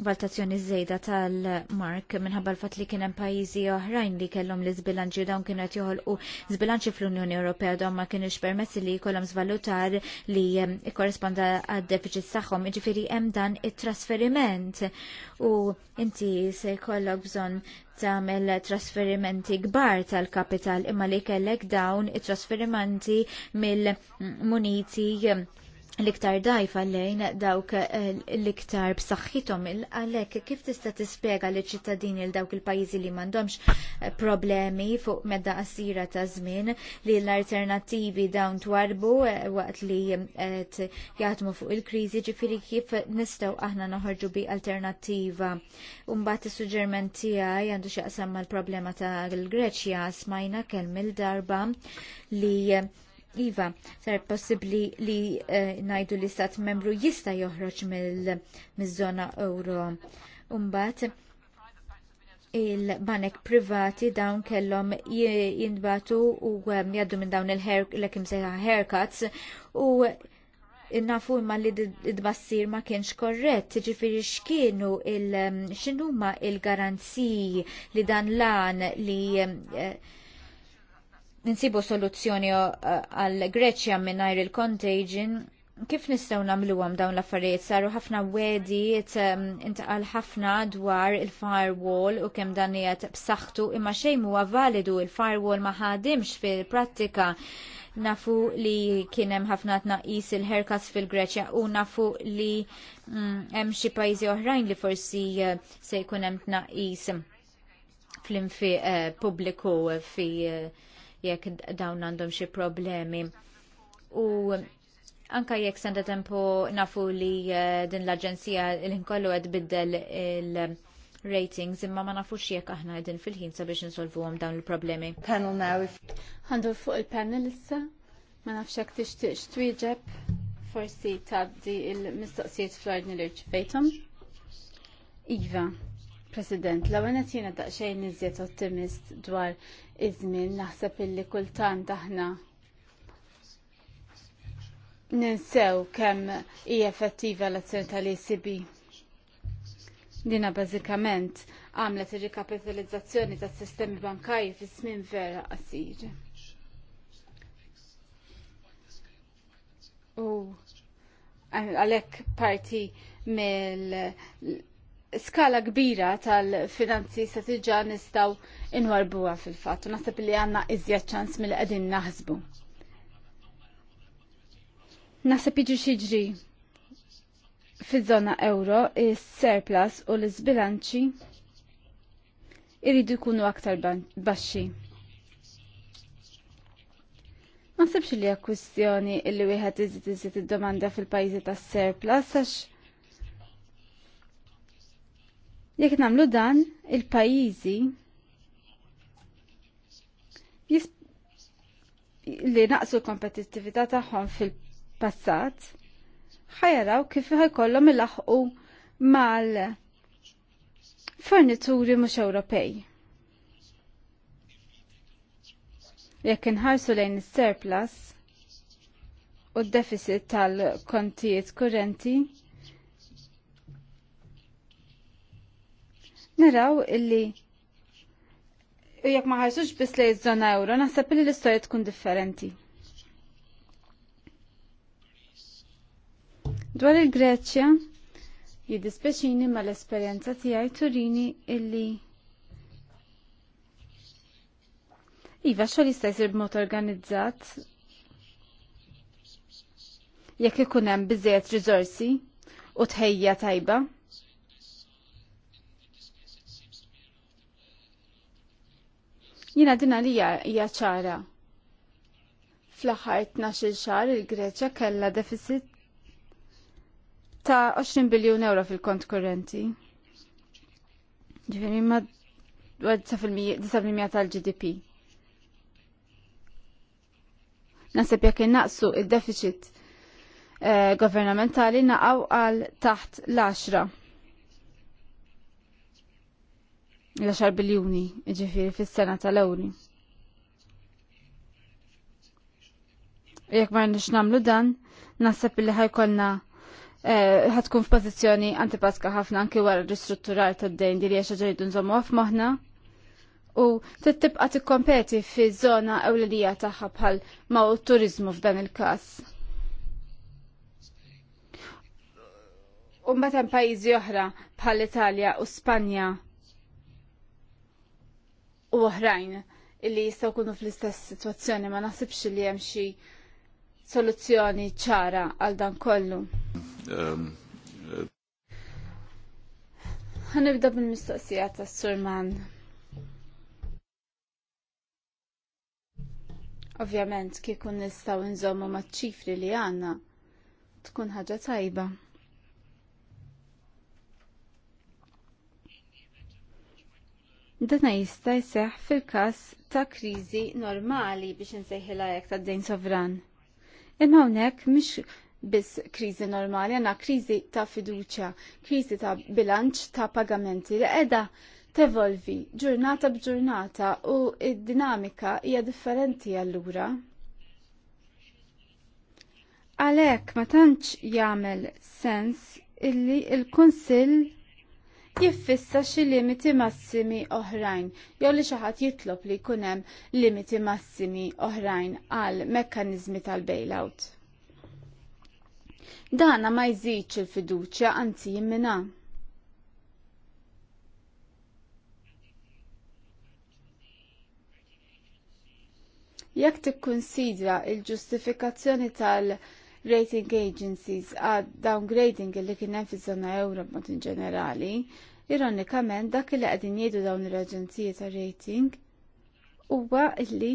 valtazzjoni żejda tal-mark minħabba l fat li kien hemm pajjiżi oħrajn li kellhom li u dawn kienu qed joħolqu zbilanċi fl-Unjoni Ewropea dawn ma kienux permessi li jkollhom żvalutar li ehm, korresponda għad-deficit tagħhom. Jiġifieri hemm dan it-trasferiment u inti se jkollok bżonn tagħmel trasferimenti kbar tal-kapital imma li kellek dawn it-trasferimenti mill-muniti ehm, l-iktar dajfa lejn dawk eh, l-iktar b'saħħithom għalhekk kif tista' tispjega liċ ċittadini l dawk il-pajjiżi li m'għandhomx eh, problemi fuq medda qasira ta' żmien li l-alternattivi dawn twarbu eh, waqt li jaħdmu fuq il-kriżi ġifieri kif nistgħu aħna noħorġu bi alternattiva. Mbagħad is-suġġerment tiegħi għandu x'jaqsam mal-problema tal greċja smajna kemm il-darba li Iva, ser possibli li eh, ngħidu li stat membru jista joħroġ mill-żona euro. Umbat, il-banek privati dawn kellhom jindbatu u eh, jaddu minn dawn il-lekim seħa haircuts u nafu imma li id-bassir ma kienx korrett, ġifiri xkienu il-xinuma il-garanziji li dan lan li eh, ninsibu soluzzjoni uh, għal Greċja mingħajr il-contagion, kif nistgħu nagħmluhom dawn l-affarijiet? Saru ħafna wedi, um, intqal ħafna dwar il-firewall u kemm dan jgħat b'saħħtu imma xejn huwa validu il-firewall ma ħadimx fil-prattika nafu li kien hemm ħafna tnaqis il-herkas fil-Greċja u nafu li mm, hemm xi pajjiżi oħrajn li forsi uh, se jkun hemm tnaqqis fl-infiq uh, pubbliku fi jekk dawn għandhom xi problemi. U anka jekk senda tempo nafu li eh, din l-aġenzija l-inkollu għed biddel il-ratings imma ma nafux jekk aħna qegħdin fil-ħin sabiex insolvu għom dawn il-problemi. Panel now. Għandu fuq il-panel issa, ma hekk tixtiex twieġeb forsi taddi il-mistoqsijiet fl-ordni li rċifejtom. Iva, President, l-għanet jena daqxajn nizjet ottimist dwar iż-żmien naħseb illi kultant aħna ninsew kemm hija effettiva l-azzjoni tal-ECB. Dina bażikament għamlet ir-rikapitalizzazzjoni tas-sistemi bankarji fi żmien vera qasir. U għalhekk parti mill skala kbira tal-finanzi se tiġa nistaw inwarbuha fil-fatt u naħseb li għandna iżjed ċans mill qegħdin naħsbu. Naħseb jiġi xiġri fiż-żona euro is-surplus u l-isbilanċi irridu jkunu aktar baxxi. Ma nsibx li hija kwistjoni li wieħed iżid iżid id-domanda fil-pajjiżi tas-surplus għax Jekk nagħmlu dan, il-pajjiżi li naqsu l-kompetittività tagħhom fil-passat ħajaraw kif ħajkollhom ilaħqu mal fornituri mhux Ewropej. Jekk inħarsu lejn is-surplus u d-deficit tal-kontijiet kurrenti, naraw illi u jekk ma ħarsux biss lejn iż-żona euro, naħseb li l-istorja tkun differenti. Dwar il-Greċja, jiddispeċini ma l-esperjenza tiegħi turini illi Iva, xogħol jista' jsir b'mod organizzat jekk ikun hemm biżejjed riżorsi u tħejja tajba. Jina dina li hija ċara. Fl-aħħar 12 xahar il-Greċja kellha deficit ta' 20 biljun euro fil-kont kurrenti. Ġifieri ma' 9% tal-GDP. Naseb jekk innaqsu id-deficit eh, governamentali naqgħu għal taħt l-10 l-10 biljuni ġifiri fis-sena tal-ewli. Jekk ma namlu dan, naħseb li ħajkonna eh, ħatkun f'pożizzjoni antipaska ħafna anki wara ristrutturar tad-dejn li hija xi ġridu għaf moħna. u tittibqa tikkompeti fi żona ewlenija tagħha bħal ma' turizmu f'dan il-każ. U mbagħad pajjiżi oħra bħal Italja u Spanja u oħrajn illi jistgħu jkunu fl-istess sitwazzjoni ma naħsibx li hemm xi soluzzjoni ċara għal dan kollu. Um, Ħanibda bil-mistoqsija tas Surman. Ovvjament kieku nistgħu nżommu maċ-ċifri li għandna tkun ħaġa tajba. Dana jista' jseħħ fil-każ ta' kriżi normali biex insejħilha ta' tad-dejn sovran. Imma hawnhekk mhix biss kriżi normali, għandna kriżi ta' fiduċja, kriżi ta' bilanċ ta' pagamenti li qiegħda tevolvi ġurnata b'ġurnata u id-dinamika hija differenti allura. Għalhekk ma tantx jagħmel sens illi il-Kunsill jiffissa xi limiti massimi oħrajn jew li xi ħadd jitlob li jkun hemm limiti massimi oħrajn għal mekkaniżmi tal-bailout. Dana ma jżidx il-fiduċja anzi jimmina. Jekk tikkunsidra il-ġustifikazzjoni tal- -ġustifikazzjoni tal rating agencies għad downgrading li kien hemm fiż-żona euro b'mod ġenerali, ironikament dak li qegħdin jgħidu dawn l-aġenziji ta' rating huwa illi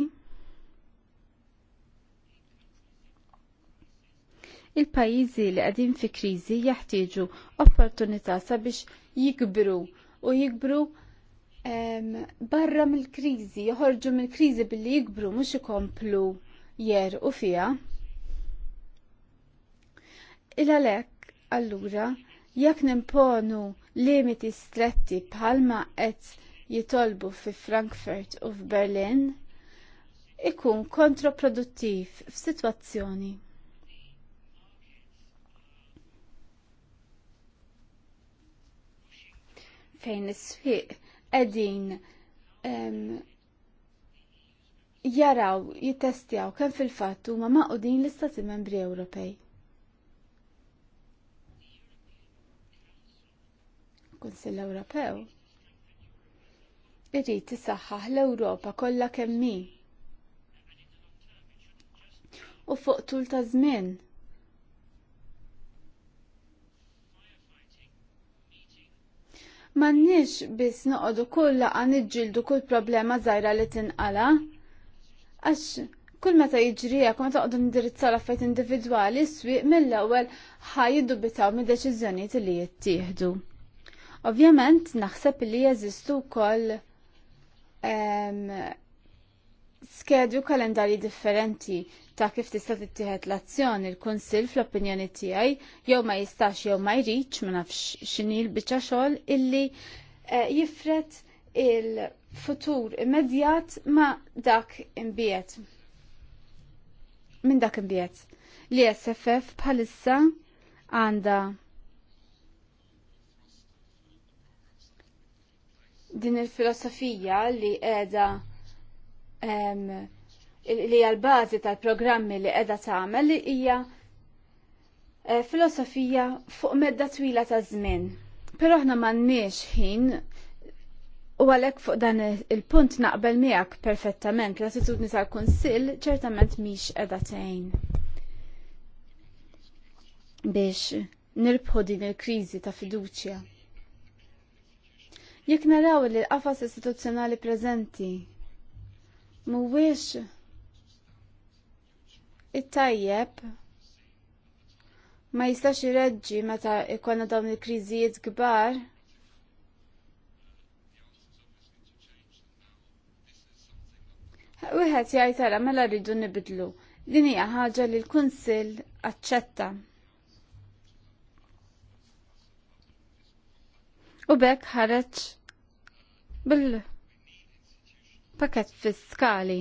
il-pajjiżi li qegħdin fi kriżi jeħtieġu opportunità sabiex jikbru u jikbru ehm, barra mill-kriżi, joħorġu mill-kriżi billi jikbru mhux ikomplu jer u fiha. Il-għalek, allura, jekk nimponu limiti stretti bħalma qed jitolbu fi Frankfurt u f'Berlin, ikun kontraproduttiv f'sitwazzjoni. Fejn is-swieq qegħdin jaraw jitestjaw kemm fil-fatt huma maqudin l-Istati Membri Ewropej. Kunsill Ewropew irrid tisaħħaħ l-Ewropa kollha kemm hi. U fuq tul ta' żmien. M'għandniex biss noqogħdu kull laqa niġġieldu kull problema żgħira li tinqala. Għax kull meta hekk meta toqgħdu indirizzaw l-affajt individwali swieq mill-ewwel ħaj bitaw mid-deċiżjonijiet li jittieħdu. Ovvjament naħseb li jeżistu wkoll skedju kalendarji differenti ta' kif tista' tittieħed l-azzjoni l-Kunsill fl-opinjoni tiegħi jew ma jistax jew ma jridx ma nafx x'inhi l-biċċa xogħol illi eh, jifret il-futur immedjat ma dak imbiet. Min dak imbiet. Li SFF bħalissa għanda din il-filosofija li um, li għal bażi tal-programmi li qiegħda tagħmel li hija eh, filosofija fuq medda twila ta' żmien. Però aħna m'għandniex ħin u għalhekk fuq dan il-punt naqbel miegħek perfettament l-attitudni tal-Kunsill ċertament mhix qiegħda tgħin biex nirbħu din il-kriżi ta' fiduċja. Jekk naraw li l-qafas istituzzjonali preżenti mhuwiex it-tajjeb ma jistax ireġġi meta ikonna dawn il-kriżijiet kbar Wieħed jgħid tara mela rridu nibidlu. Din hija ħaġa li l-Kunsill aċċetta. u bekk ħareġ bil-pakett fiskali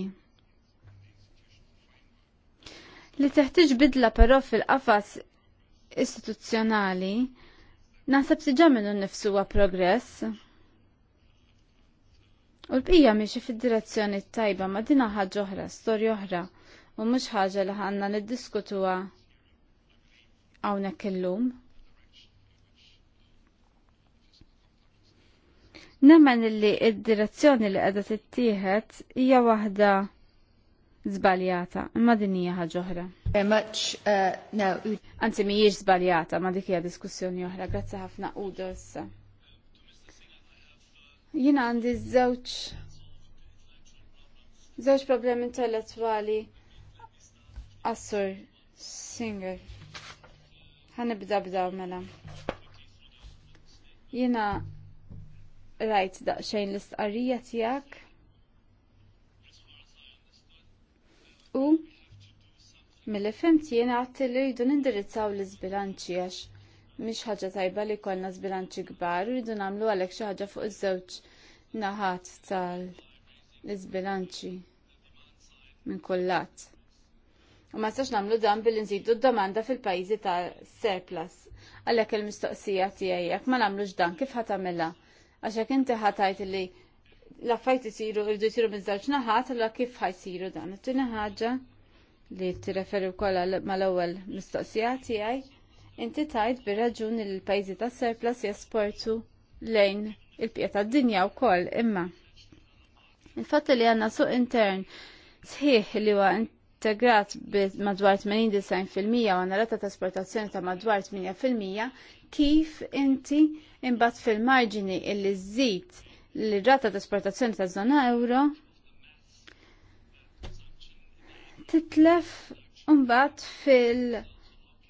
li teħtieġ bidla però fil-qafas istituzzjonali naħseb siġa minnu nifsu progress. U l-bija miexi fil-direzzjoni tajba ma dina ħagġa oħra, storja oħra, u mhux ħaġa li ħanna niddiskutuha hawnhekk illum. Nemmen li id-direzzjoni li qiegħda tittieħed hija waħda żbaljata, imma din hija ħaġa oħra. Uh, Anzi mhijiex żbaljata, ma dik hija diskussjoni oħra. Grazzi ħafna Udo issa. Jiena għandi żewġ żewġ problemi intellettwali assur singer. Ħanibda b'daw mela. Jiena rajt daqsxejn l-istqarrija tiegħek. U mill fimt jiena għatti li jidun nindirizzaw l izbilanċi għax mhix ħaġa tajba li jkollna żbilanċi kbar, u nagħmlu għamlu xi ħaġa fuq iż-żewġ naħat tal-iżbilanċi minn kullat. U ma stax nagħmlu dan billi nżidu d-domanda fil-pajjiżi ta' surplus. Għalhekk il-mistoqsija tiegħi jekk ma nagħmlux dan kif ħatamilha? għaxek inti ħatajt li l-affajt isiru irdu jsiru minn żewġ naħat, la kif ħajsiru dan. It-tieni ħaġa li tirreferi wkoll mal-ewwel mistoqsija tiegħi, inti tajt bir-raġun li pajzi pajjiżi tas-surplus jesportu lejn il-pieta d-dinja wkoll imma. Il-fatt li għandna suq intern sħiħ li huwa integrat madwar 89% u għanna rata ta' esportazzjoni ta' madwar 8% kif inti imbagħad fil-marġini illi żżid l-rata ta' esportazzjoni ta' żona euro titlef imbagħad fil-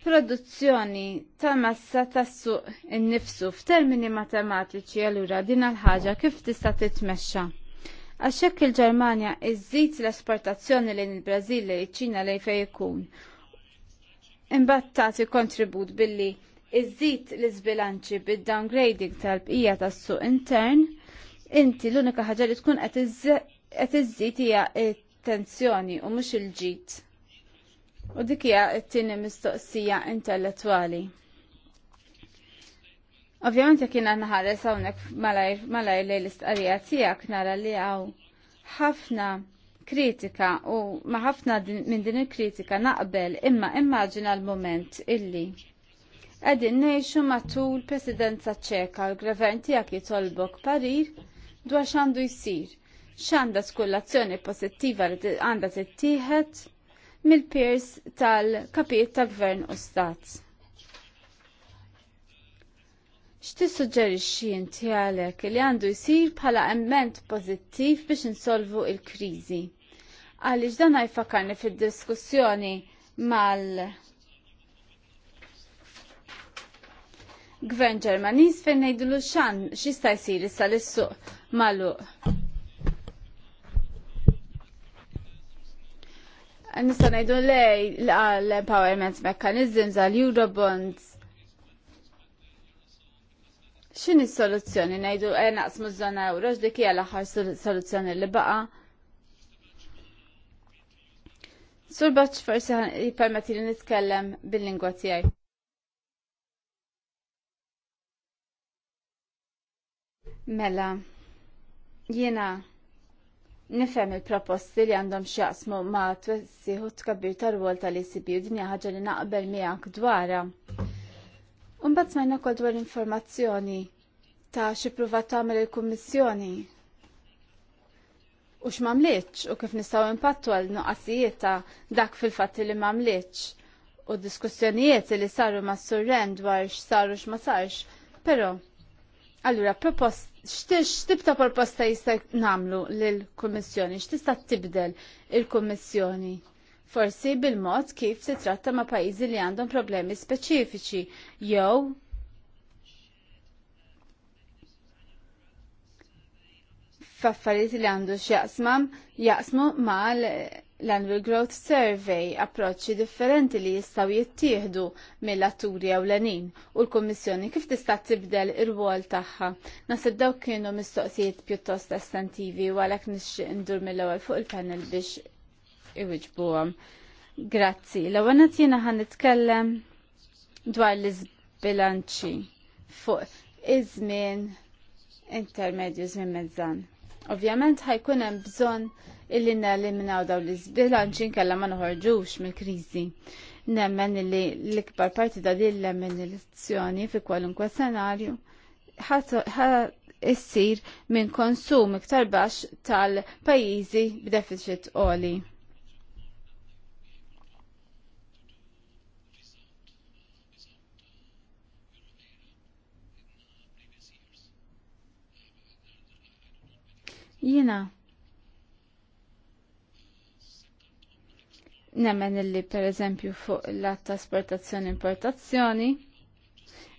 produzzjoni ta' massa tas suq innifsu f'termini matematiċi allura din l-ħaġa kif tista' titmexxa. Għaxek il-Ġermanja iżżid l-esportazzjoni lejn il-Brażil lejn iċ-Ċina lejn fejn ikun. Imbagħad tagħti kontribut billi Żid l iżbilanċi bid-downgrading tal-bqija tas-suq intern, inti l-unika ħaġa li tkun qed iżid hija t tensjoni u mhux il-ġid. U dik hija t-tieni mistoqsija intellettwali. Ovvjament jekk jiena naħares hawnhekk malajr lejn l-istqarrija tiegħek nara li hawn ħafna kritika u ma ħafna minn din il-kritika naqbel imma immaġina l mument illi Għedin neħxu matul presidenza ċeka l-gvern tijak jitolbok parir dwar xandu jisir, xanda skullazzjoni pozittiva li għanda tittieħed mill-peers tal-kapijiet tal-gvern u stat. Xti suġġerixxi inti għalek li għandu jisir bħala emment pozittiv biex insolvu il-kriżi? Għaliex dan għajfakarni fid-diskussjoni mal- gvern Ġermaniż fejn ngħidulu xan sta jsir issa lis-suq magħluq. Nista' ngħidu lej l-empowerment mechanisms għal Eurobonds. X'in is-soluzzjoni ngħidu e naqsmu żona euro x'dik hija l-aħħar soluzzjoni li baqa'. Sur Baċ forsi jippermetti li nitkellem bil-lingwa tiegħi. Mela, jiena nifhem il-proposti li għandhom x'jaqsmu ma twessiħu tkabbir tar-rwol tal-ECB u dinja ħagġa li naqbel miegħek dwarha. Imbagħad smajna wkoll dwar informazzjoni ta' xi pruvat tagħmel il-Kummissjoni u x'mamlitx u kif nistgħu impattu għal nuqqasijiet ta' dak fil-fatti li m'għamlitx u diskussjonijiet li saru ma' surrend dwar x'saru x'ma sarx, però Allura, propost, x'tibta proposta jista' namlu lill-Kummissjoni, x'tista' tibdel il-Kummissjoni? Forsi bil-mod kif titratta ma' pajjiżi li għandhom problemi speċifiċi jew f'affarijiet li għandu x'jaqsmam jaqsmu mal l-Annual Growth Survey approċċi differenti li jistaw jittieħdu mill-atturi ewlenin u l-Kommissjoni kif tista' tibdel ir-wol tagħha. Nasib dawk kienu mistoqsijiet pjuttost estentivi u għalhekk nixtieq ndur mill-ewwel fuq il-panel biex iwiġbuhom. Grazzi. L-ewwel jiena ħan nitkellem dwar l-iżbilanċi fuq iż-żmien intermedju żmien mezzan. Ovvjament ħajkun hemm bżonn illi neliminaw daw l-izbilanċi nkella ma noħorġux mill-kriżi. Nemmen illi l-ikbar parti da din l-istituzzjoni fi kwalunkwe senarju issir minn konsum iktar baxx tal-pajjiżi b'deficit oli. Jina. Nemmen illi per eżempju fuq l-att esportazzjoni importazzjoni,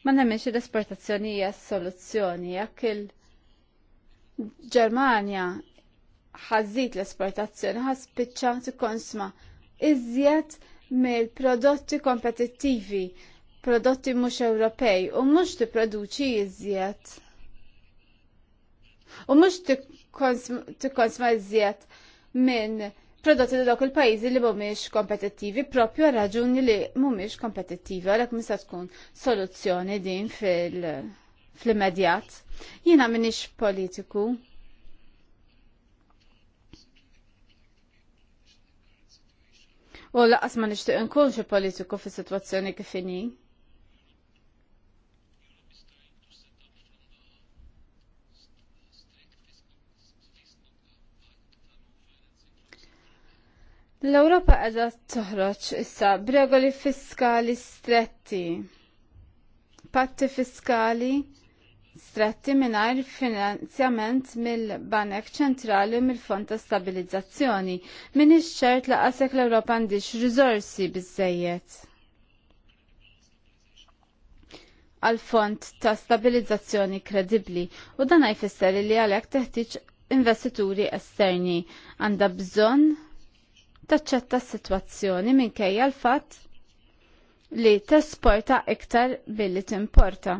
ma xe l-esportazzjoni hija soluzzjoni jekk il Ġermania ħazzit l-esportazzjoni ħaspiċċa tikkonsma iżjed mill-prodotti kompetittivi, prodotti mhux Ewropej u mhux tipproduċi iżjed. U mhux tikkonsma iżjed minn prodotti da dawk il-pajjiżi li mhumiex kompetittivi propju raġuni li mhumiex kompetittivi għalhekk misa tkun soluzzjoni din fil fl-immedjat. Jiena m'iniex politiku. U laqas ma nixtieq nkun xi politiku fis-sitwazzjoni kif inhi. L-Ewropa qiegħda toħroġ issa b'regoli fiskali stretti. Patti fiskali stretti mingħajr finanzjament mill-Banek Ċentrali u mill-Fond ta' Stabilizzazzjoni. Min ix-ċert laqasek l-Ewropa għandix riżorsi biżejjed. għal fond ta' stabilizzazzjoni kredibbli u dan jfisser li għalhekk teħtieġ investituri esterni għandha bżonn taċċetta s-sitwazzjoni minkejja l-fatt li tesporta iktar billi timporta.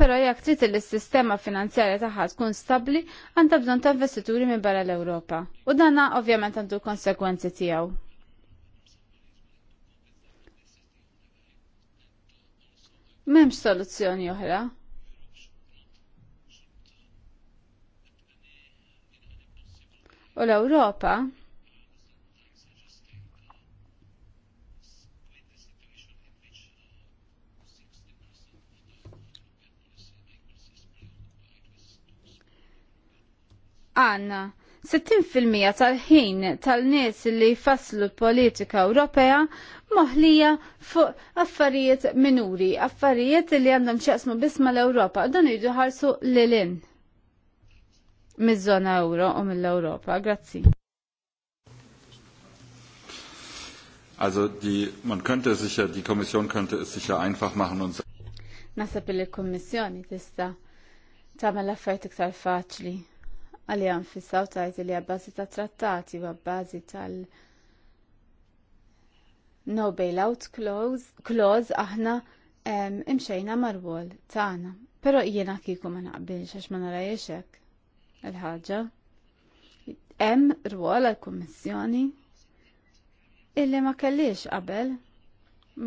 Pero jekk trid li s-sistema finanzjarja tagħha tkun stabbli, għandha bżonn ta' investituri minn barra l-Ewropa. U danna ovvjament għandu konsekwenzi tiegħu. M'hemmx soluzzjoni oħra. U l-Ewropa għanna 60% tal-ħin tal-nies li jfasslu l-politika Ewropea moħlija fuq affarijiet minuri, affarijiet li għandhom xaqsmu bisma l-Ewropa, dan jridu ħarsu l-lin mizzona euro u mill europa Grazzi. Also die, man könnte sicher, die Kommission könnte es sicher einfach machen und Nasab il-Kommissjoni tista tagħmel affarijiet iktar faċli għalli għanfissa u tajt li għabbażi ta' trattati u għabbażi tal no bailout clause clause aħna imxejna marwol tana. Però jiena kieku ma naqbilx għax ma narajiex l-ħaġa. Hemm rwol għall-Kummissjoni illi ma kellix qabel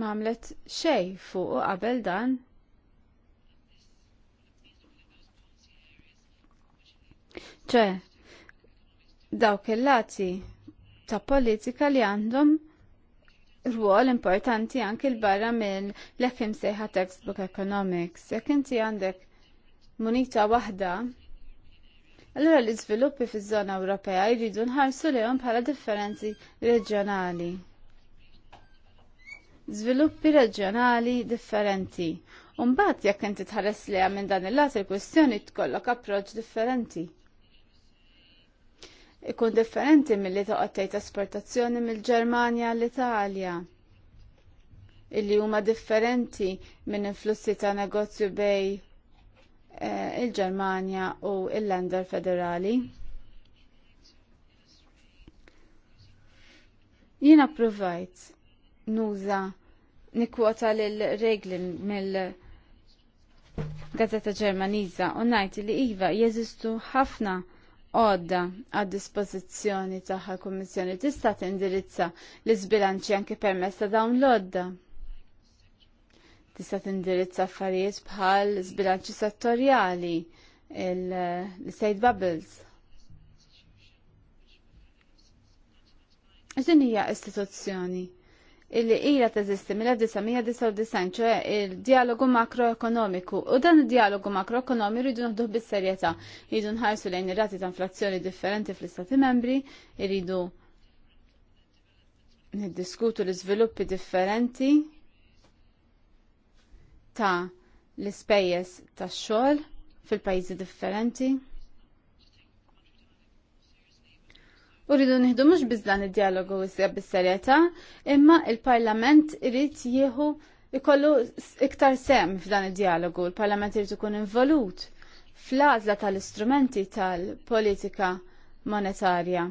ma għamlet xej fuq qabel dan. ċe, dawk il-lati ta' politika li għandhom rwol importanti anki l-barra minn l-ekim sejħa textbook economics. jekk inti għandek munita wahda Allura l-iżviluppi fiż-żona Ewropea jridu nħarsu lihom bħala differenzi reġjonali. Żviluppi reġjonali differenti. mbagħad jekk inti tħares li minn dan il-lat il-kwestjoni tkollok approċċ differenti. Ikun differenti mill-li toqgħod tgħid esportazzjoni mill-Ġermanja l-Italja. Illi huma differenti minn influssi ta' negozju bej Eh, il-Ġermanja u il-Lender Federali. Jina provajt nuża nikwota l-reglin mill Gazzetta Ġermaniża u ngħid li iva jeżistu ħafna għodda għad dispożizzjoni tagħha l-Kummissjoni tista' tindirizza l izbilanċi anke permezz ta' dawn l-għodda tista' tindirizza affarijiet bħal sbilanċi settorjali, l-state bubbles. Din hija istituzzjoni illi hija teżisti mill-1999 ċe il-dialogu makroekonomiku u dan id-dialogu makroekonomiku rridu nħduħ bis-serjetà, rridu nħarsu lejn ir-rati ta' inflazzjoni differenti fl-Istati membri, rridu niddiskutu l-iżviluppi differenti ta' l-ispejjeż tax-xogħol fil-pajjiżi differenti. U rridu nieħdu mhux biss dan id-dialogu issir bis-serjetà, imma il-Parlament irid jieħu ikollu iktar sem f'dan id-dialogu, il-Parlament irid ikun involut fl-għażla tal-istrumenti tal-politika monetarja.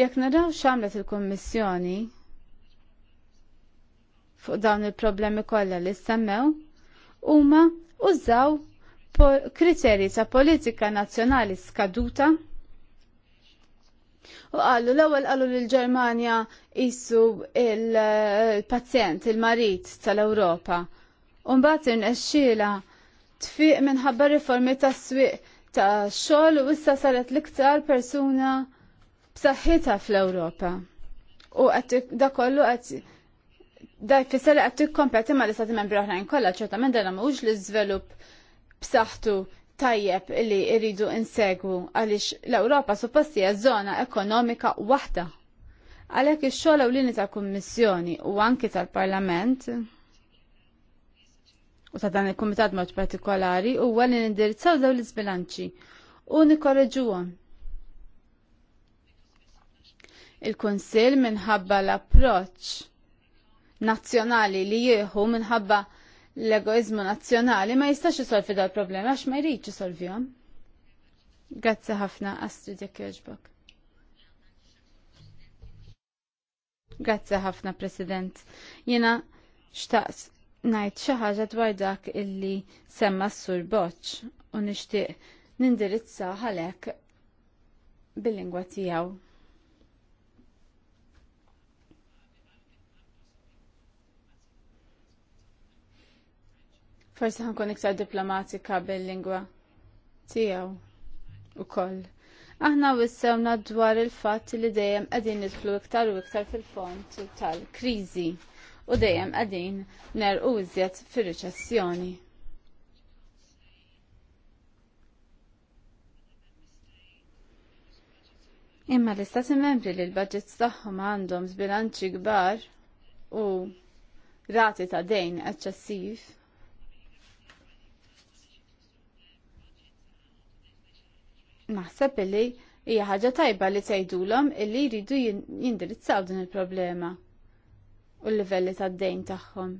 Jekk naraw x'għamlet il-Kummissjoni fuq dawn il-problemi kollha li semmew, huma użaw kriterji ta' politika nazzjonali skaduta u għallu l-ewwel qalu l ġermanja jissu il-pazjent, il-marit tal-Ewropa. u mbagħad irnexxiela tfiq minħabba riformi tas-swieq ta' xogħol u issa saret l-iktar persuna b'saħħitha fl-Ewropa. U da kollu qed Da jfisser li għattu kompeti ma l-istati membri oħrajn kollha ċertament dan mhux li żvilupp b'saħħtu tajjeb li jridu insegwu għaliex l-Ewropa suppost hija żona ekonomika waħda. Għalhekk ix-xogħol ewlieni tal-Kummissjoni u anki tal-Parlament u ta' dan il-Kumitat mod partikolari huwa li nindirizzaw dawn l isbilanċi u nikorreġuhom il-Konsil minħabba l approċċ nazzjonali li jieħu minħabba l-egoizmu nazzjonali ma jistax isolvi dal problemi għax ma jridx jisolvihom. Grazzi ħafna Astrid jekk jogħġbok. Grazzi ħafna President. Jiena xtaqs ngħid xi ħaġa dwar dak illi semma s-sur Boċ u nixtieq nindirizza għalhekk bil-lingwa tiegħu. Forsi ħankun iktar diplomatika bil-lingwa tiegħu ukoll. Aħna wissewna dwar il-fatt li dejjem qegħdin nidħlu iktar u iktar fil-font tal-kriżi u dejjem qegħdin nerqu iżjed fir-riċessjoni. Imma l-istati membri li l-budgets tagħhom għandhom zbilanċi kbar u rati ta' dejn eċċessiv naħseb illi hija ħaġa tajba li tgħidulhom illi jridu jindirizzaw din il-problema u l-livelli tad-dejn tagħhom.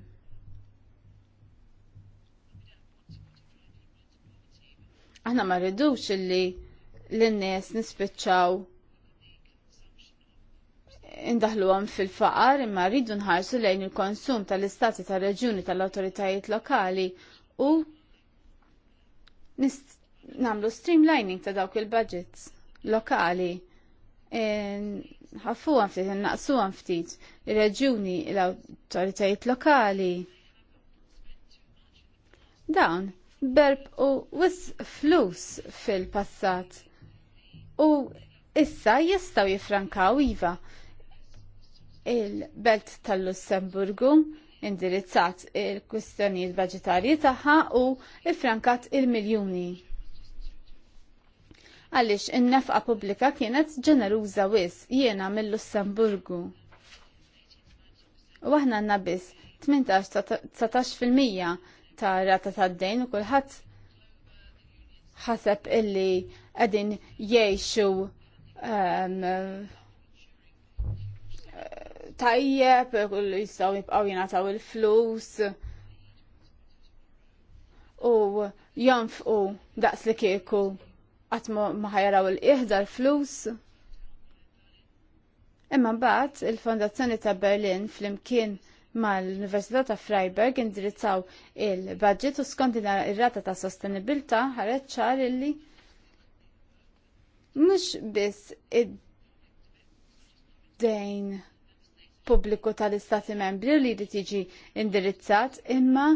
Aħna ma rridux illi l-nies nispiċċaw indaħluhom fil-faqar imma rridu nħarsu lejn il-konsum tal-istati tal-reġjuni tal-awtoritajiet lokali u nist namlu streamlining ta' dawk il-budgets lokali. Ehm, ħaffu ftit, naqsu ftit, il-reġuni, l-autoritajiet lokali. Dawn, berb u wis flus fil-passat. U issa jistaw jifrankaw iva il-belt tal-Lussemburgu indirizzat il-kwistjonijiet budgetarji tagħha u ifrankat il-miljuni għaliex in-nefqa pubblika kienet ġeneruża wis jiena mill-Lussemburgu. U aħna nabis biss 18-19% ta' rata ta' d-dejn u kulħadd ħaseb illi qegħdin jgħixu ehm, tajjeb, kullu jistaw jibqaw jenataw il-flus. U jonfqu daqs li kieku qatt ma l il l-flus. Imma mbagħad il-Fondazzjoni ta' Berlin flimkien mal-Università ta' Freiburg indirizzaw il-budget u skont ir-rata ta' sostenibilità ħareġ ċar illi mhux biss id-dejn pubbliku tal-Istati Membri li jrid jiġi indirizzat imma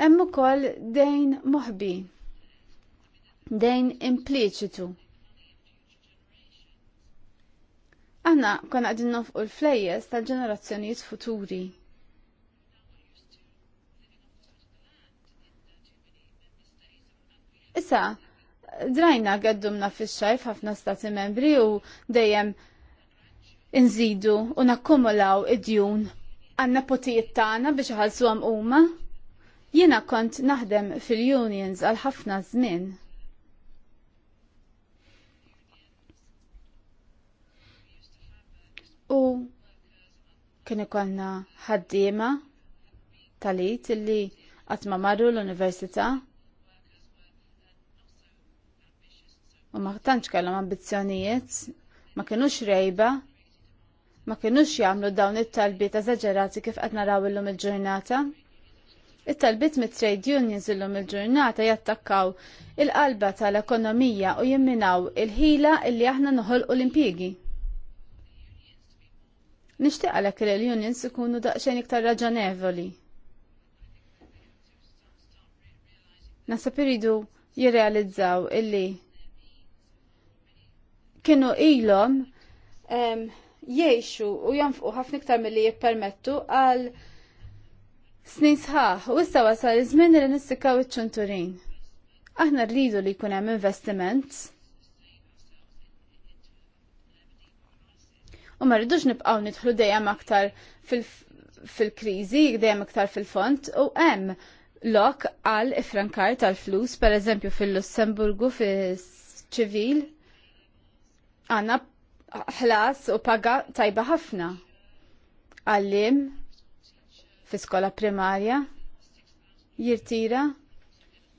hemm ukoll dejn moħbi dejn impliċitu. Aħna kon għadin nofqu l-flejjes tal-ġenerazzjonijiet futuri. Issa, drajna għaddumna fil-xajf ħafna stati membri u dejjem nżidu u nakkumulaw id-djun għanna potijiet tagħna biex ħalsu huma. Jiena kont naħdem fil-unions għal ħafna żmien. u kien ikollna ħaddiema talit illi qatt ma marru l-università u ma tantx kellhom ambizzjonijiet, ma kinux rejba, ma kinux jagħmlu dawn it-talbiet eżaġerati kif qed naraw illum il-ġurnata. It-talbiet mit-trade unions illum il-ġurnata jattakkaw il-qalba tal-ekonomija u jimminaw il-ħila illi aħna noħolqu l-impjiegi. Nixtieq għalek li l-unions ikunu daqsxejn iktar raġonevoli. Nasab iridu jirrealizzaw illi kienu ilhom jgħixu u jonfqu ħafna iktar mill-li jippermettu għal Snin sħaħ, u issa wasal iż-żmien li nissikaw iċ-ċunturin. Aħna rridu li jkun hemm investiments. u ma rridux nibqgħu nidħlu dejjem aktar fil-kriżi, dejjem aktar fil-font u hemm lok għal ifrankar tal-flus, per eżempju fil-Lussemburgu fil-ċivil, għanna ħlas u paga tajba ħafna. Għallim fi skola primarja, jirtira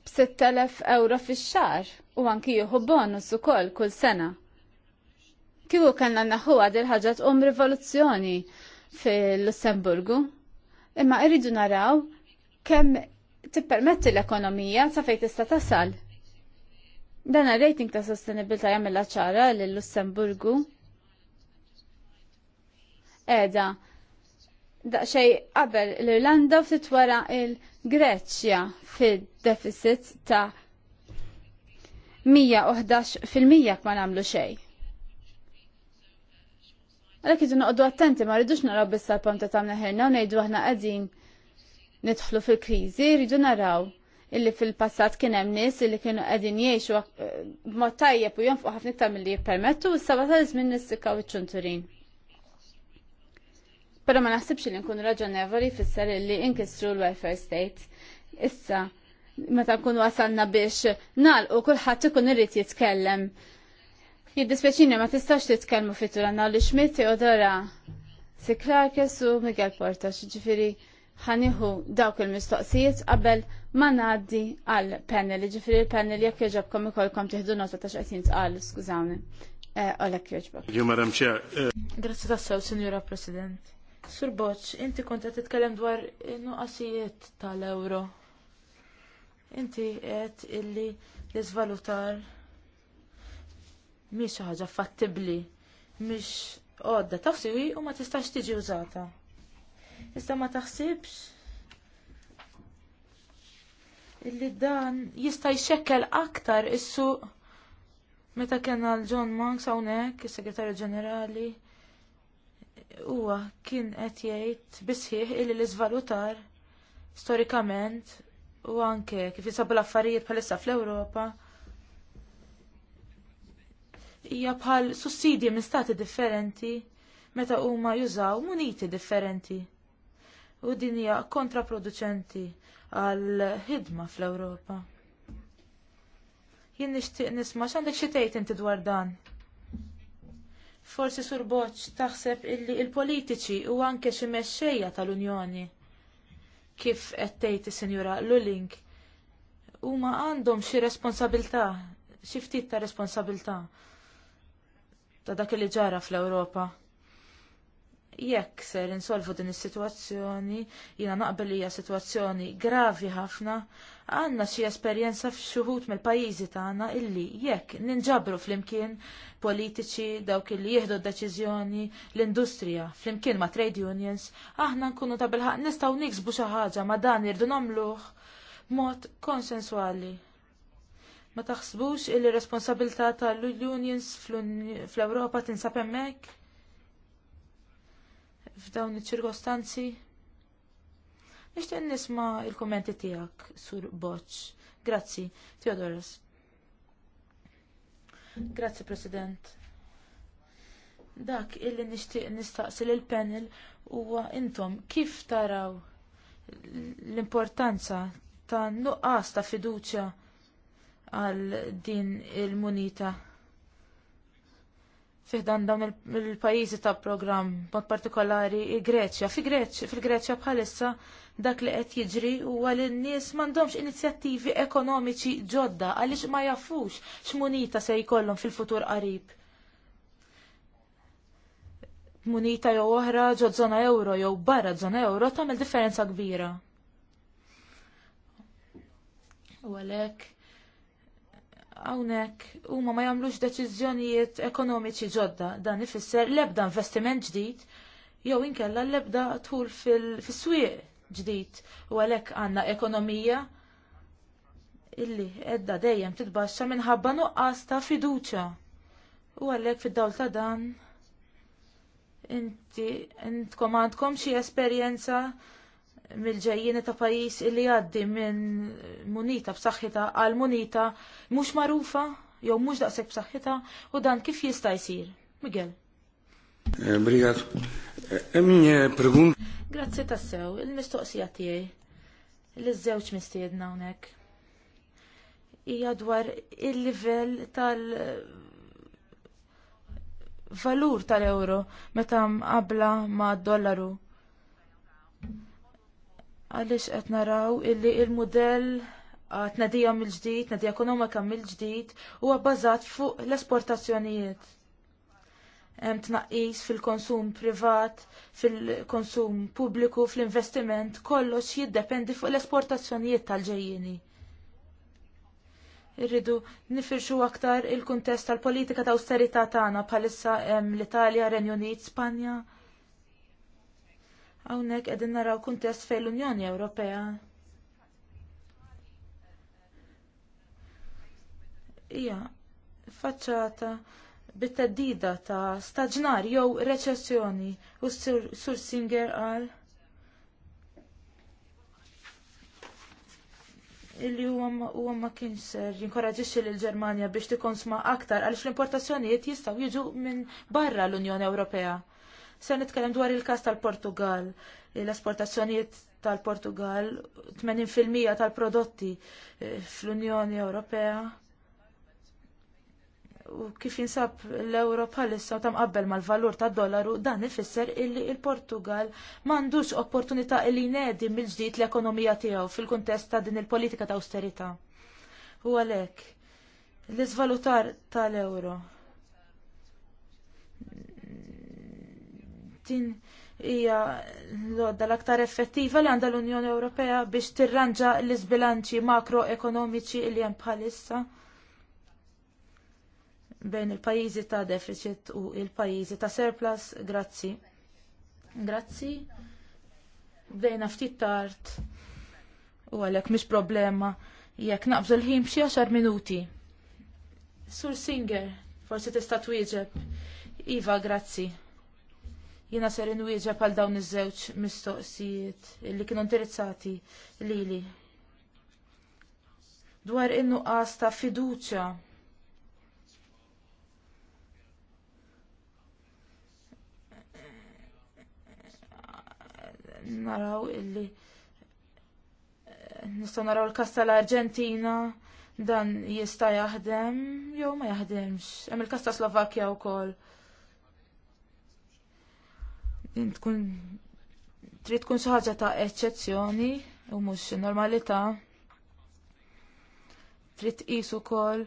b-6000 euro fi xar u anki juhu bonus u kol kull sena. Kieku kellna naħuha dil ħaġa tqum rivoluzzjoni fil-Lussemburgu. Imma irridu naraw kemm tippermetti l-ekonomija sa fejn tista' tasal. Dan rating ta' sostenibilta jagħmilha ċara lil Lussemburgu. Eda, xej qabel l-Irlanda u ftit wara il-Greċja fid-deficit ta' 111 fil-mija ma nagħmlu xejn. Għalek jizu noqogħdu attenti ma rridux naraw bissa l ponta ta' ħirna u ngħidu aħna qegħdin nidħlu fil-kriżi, rridu naraw illi fil-passat kien hemm nies illi kienu qegħdin jgħixu eh, b'mod tajjeb u jonfqu ħafna iktar mill-li jippermettu u s-saba tal-żmien nissikkaw iċ-ċunturin. Però ma naħsibx li nkunu raġonevoli fisser illi inkissru l-welfare state. Issa, meta nkunu wasalna biex nagħlqu kulħadd ikun irid jitkellem Jiddispjaċini ma tistax titkellmu fitur għanna li xmit Teodora Siklarkes u Miguel Porta ġifiri ħaniħu dawk il-mistoqsijiet qabel ma ngħaddi għal panel, ġifiri l-panel jekk jogħġobkom ikolkom tieħdu nota ta' xaqtin jintqal, skużawni. Eh, Għalek jogħġbok. Ju Madam Chair. Eh, Grazzi tassew, Signora President. Sur Boċ, inti konta titkellem dwar nuqasijiet tal-euro. Inti għed illi l-izvalutar mhix ħaġa fattibbli, mhix għodda taf u ma tistax tiġi użata. Iżda ma taħsibx illi dan jista' jxekkel aktar is-suq meta kien għal john Monks hawnhekk, is-Segretarju Ġenerali, huwa kien qed jgħid bisħieħ illi l-iżvalutar storikament u anke kif jisabu l-affarijiet bħalissa fl-Ewropa hija bħal sussidji minn stati differenti meta huma jużaw muniti differenti. U din hija kontraproduċenti għal ħidma fl-Ewropa. Jien nixtieq nisma' x'għandek xi tgħid inti dwar dan. Forsi sur Boċ taħseb illi l politiċi u anke xi mexxejja tal-Unjoni kif qed tgħid is-Sinjura Luling huma għandhom xi responsabilità, xi ftit ta' responsabilità ta' dak li ġara fl-Ewropa. Jekk ser insolvu din is-sitwazzjoni, jiena naqbel hija sitwazzjoni gravi ħafna, għandna xi esperjenza f'xuħud mill-pajjiżi tagħna illi jekk ninġabru flimkien politiċi dawk li jieħdu d-deċiżjoni l-industrija flimkien ma' trade unions, aħna nkunu ta' bilħaq nistgħu niksbu xi ħaġa ma' dan irdu nagħmluh mod konsensuali Ma taħsbux il responsabilità tal-unions fl-Ewropa tinsab hemmhekk? F'dawn iċ-ċirkostanzi? Nixtieq nisma' il-kummenti tiegħek sur Boċ. Grazzi, Theodoros. Grazzi, President. Dak illi nixtieq nistaqsi lill panel huwa intom kif taraw l-importanza ta' nuqqas ta' fiduċja għal din il-munita fiħdan dawn il-pajizi ta' program, mod partikolari il-Greċja. Fil-Greċja bħalissa dak li qed jiġri huwa li n-nies m'għandhomx inizjattivi ekonomiċi ġodda għaliex ma jafux x'munita se jkollhom fil-futur qarib. Munita jew oħra ġo żona euro jew barra żona euro tagħmel differenza kbira. U għalhekk hawnhekk huma ma jagħmlux deċiżjonijiet ekonomiċi ġodda dan ifisser l-ebda investiment ġdid jew inkella l-ebda tul fis-swieq ġdid u għalhekk għandna ekonomija illi edda dejjem titbaxxa minħabba nuqqas ta' fiduċja. U għalhekk fid-dawl ta' dan inti intkom għandkom xi esperjenza mill-ġejjini ta' pajis illi għaddi minn munita b'saħħitha għal munita mhux magħrufa jew mhux daqshekk b'saħħitha u dan kif jista' jsir. Miguel. Eh, Brigat. Eh, pregun. Grazzi tassew, il-mistoqsija tiegħi li żewġ mistiedna hawnhekk. Hija dwar il-livell tal- valur tal-euro meta mqabla ma' dollaru Għaliex qed naraw illi il-mudell ah, tnedija mill-ġdid, tnedija ekonomika mill-ġdid huwa bbażat fuq l-esportazzjonijiet. Hemm tnaqqis fil-konsum privat, fil-konsum pubbliku, fl-investiment, kollox jiddependi fuq l-esportazzjonijiet tal-ġejjieni. Irridu nifirxu aktar il-kuntest tal-politika ta' austerità tagħna bħalissa hemm l-Italja, Renju Unit, Spanja Hawnhekk qegħdin naraw kuntest fejn l-Unjoni Ewropea hija faċċata bit-teddida ta' staġnar jew reċessjoni u Sur Singer qal illi huwa ma kienx ser jinkoraġixxi lil Ġermanja biex sma' aktar għaliex l-importazzjonijiet jistgħu jiġu minn barra l-Unjoni Ewropea. Se nitkellem dwar il-każ tal-Portugal, l-esportazzjonijiet tal-Portugal, 80% tal-prodotti eh, fl-Unjoni Ewropea. U kif jinsab l-euro bħalissa tam qabbel mal-valur tad dollaru dan ifisser illi l il portugal m'għandux opportunità illi nedi mill-ġdid l-ekonomija tiegħu fil-kuntest ta' din il-politika ta' austerita. U għalhekk l-iżvalutar tal-euro Din hija l-għodda l-aktar effettiva li għandha l-Unjoni Ewropea biex tirranġa l-isbilanċi makroekonomiċi li hemm bħalissa bejn il-pajjiżi ta' deficit u il-pajjiżi ta' surplus. Grazzi. Grazzi. Bdejna ftit tard u għalhekk mhix problema jekk naqbżu l-ħin b'xi għaxar minuti. Sur Singer, forsi tista' twieġeb. Iva, grazzi. Jiena ser inwieġa pal dawn iż-żewġ mistoqsijiet li kienu interessati lili. Dwar in-nuqqas ta' fiduċja naraw illi eh, nistgħu naraw l-kas tal-Arġentina dan jista' jaħdem jew ma jaħdemx. Hemm il-kas ta' Slovakkja wkoll tkun trid tkun xi ħaġa ta' eċċezzjoni u mhux normalità. Trid tqis wkoll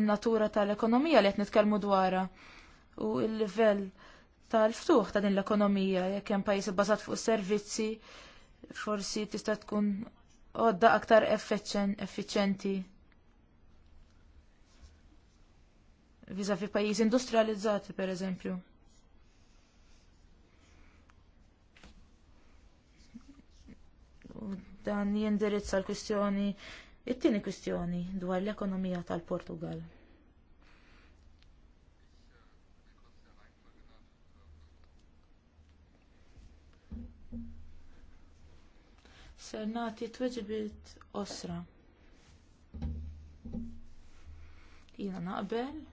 in-natura tal-ekonomija li qed nitkellmu dwarha u l-livell tal-ftuħ ta' din l-ekonomija jekk hemm pajjiż bbażat fuq servizzi forsi tista' tkun għodda aktar effiċenti. Viza fi pajjiż industrializzati, per eżempju. u dan jindirizza l-kwistjoni, it-tieni kwistjoni dwar l-ekonomija tal-Portugal. Ser nagħti tweġibiet osra. Jiena naqbel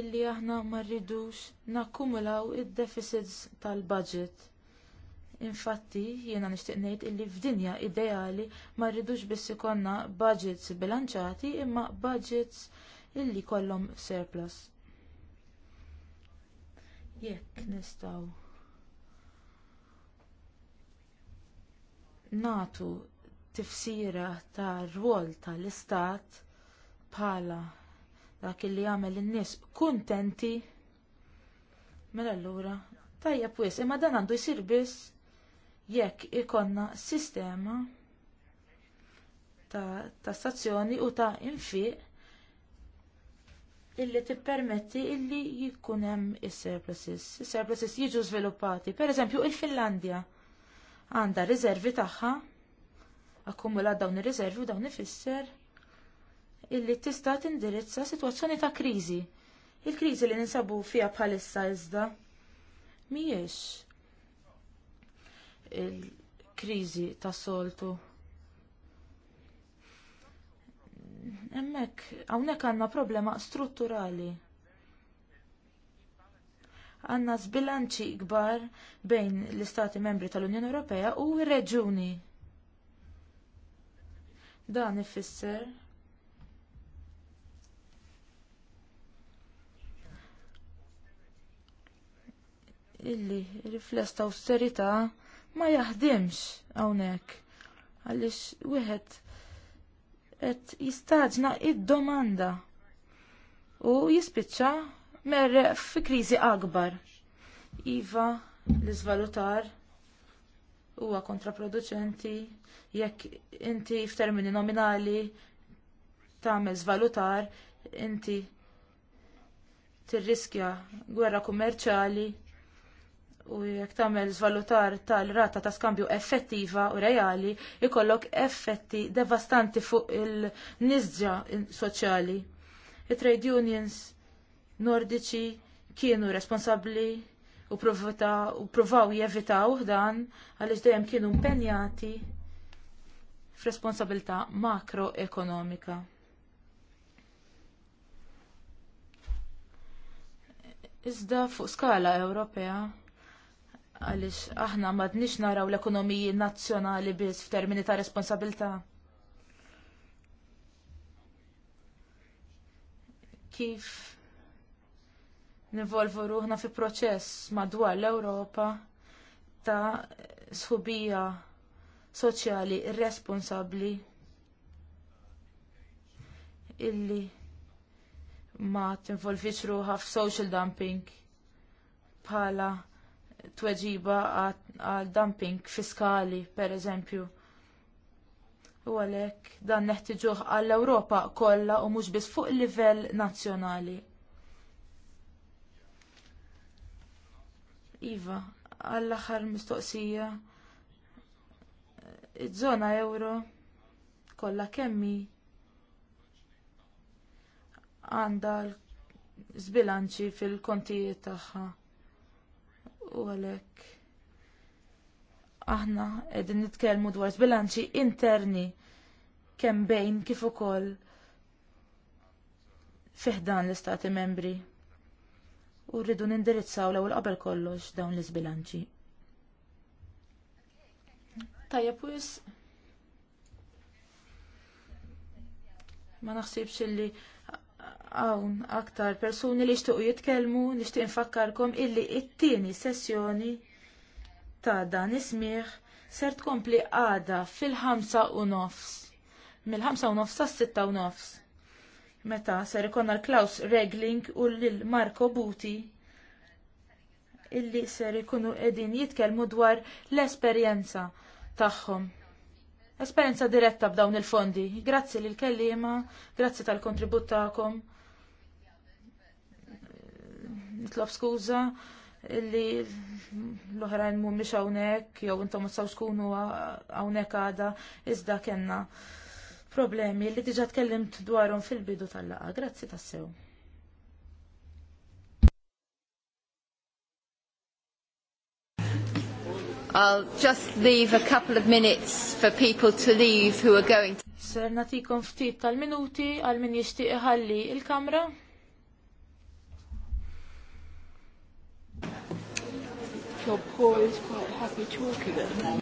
illi aħna ma rridux nakkumulaw id-deficits tal-budget Infatti, jiena nixtieq ngħid illi f'dinja ideali ma rridux biss ikollna budgets bilanċati imma budgets illi jkollhom surplus. Jekk nistgħu nagħtu tifsira ta' rwol tal-istat bħala dak li jagħmel in-nies kuntenti mela allura tajjeb wis imma dan għandu jsir biss jekk ikonna sistema ta' stazzjoni u ta' infiq illi tippermetti illi jkun hemm is-surpluses. Is-surpluses jiġu żviluppati. Pereżempju il-Finlandja għandha riservi tagħha akkumula dawn ir-riservi u dawn ifisser illi tista' tindirizza sitwazzjoni ta' kriżi. Il-kriżi li ninsabu fiha bħalissa iżda mhijiex il-kriżi tas-soltu. Hemmhekk hawnhekk għandna problema strutturali. Għandna zbilanċi kbar bejn l-Istati membri tal-Unjoni Ewropea u r-reġuni. Dan ifisser illi rifless ta' ma jaħdimx hawnhekk. Għaliex wieħed qed jistaġna id-domanda u jispiċċa mer fi kriżi akbar. Iva l-iżvalutar huwa kontraproducenti, jekk inti f'termini nominali tagħmel żvalutar inti tirriskja gwerra kummerċjali u jekk tagħmel żvalutar tal-rata ta' skambju effettiva u reali jkollok effetti devastanti fuq il-nisġa soċjali. Il-trade unions nordiċi kienu responsabbli u provaw jevitaw dan għaliex dejjem kienu impenjati f'responsabilità makroekonomika. Iżda fuq skala Ewropea għaliex aħna madniex naraw l-ekonomiji nazzjonali biss f'termini ta' responsabilità. Kif nivolvu ruħna fi proċess madwar l-Ewropa ta' sħubija soċjali responsabbli illi ma tinvolvix ruħa f'social dumping bħala tweġiba għal dumping fiskali, pereżempju. U għalhekk dan neħtiġuh għall ewropa kollha u mhux biss fuq livell nazzjonali. Iva, għall-aħħar mistoqsija. Iż-żona euro kollha kemmi għandha l-sbilanċi fil-kontijiet tagħha u għalhekk aħna qegħdin nitkellmu dwar bilanċi interni kemm bejn kif ukoll fiħdan l-istati membri u rridu nindirizzaw l-ewwel qabel kollox dawn l-isbilanċi. Tajja pujus ma naħsibx illi hawn aktar persuni li xtiequ jitkellmu nixtieq infakkarkom illi it-tieni sessjoni ta' dan ismieħ ser tkompli għada fil-ħamsa u nofs. Mill-ħamsa u nofs sa' sitta u nofs. Meta ser ikonna l-Klaus Regling u l-Marko Buti illi ser ikunu edin jitkelmu dwar l-esperjenza tagħhom. Esperjenza diretta b'dawn il-fondi. Grazzi lill kellima grazzi tal-kontribut tagħkom nitlob skuża li l-oħrajn mhumiex hawnhekk jew intom ma tistgħux tkunu hawnhekk għada iżda kellna problemi li diġa tkellimt dwarhom fil-bidu tal laqgħa Grazzi tassew. I'll just leave a couple of minutes for people to leave who are going to... Ser natikom ftit tal-minuti għal min jishtiq ħalli il-kamra. your poor is quite happy talking at the moment.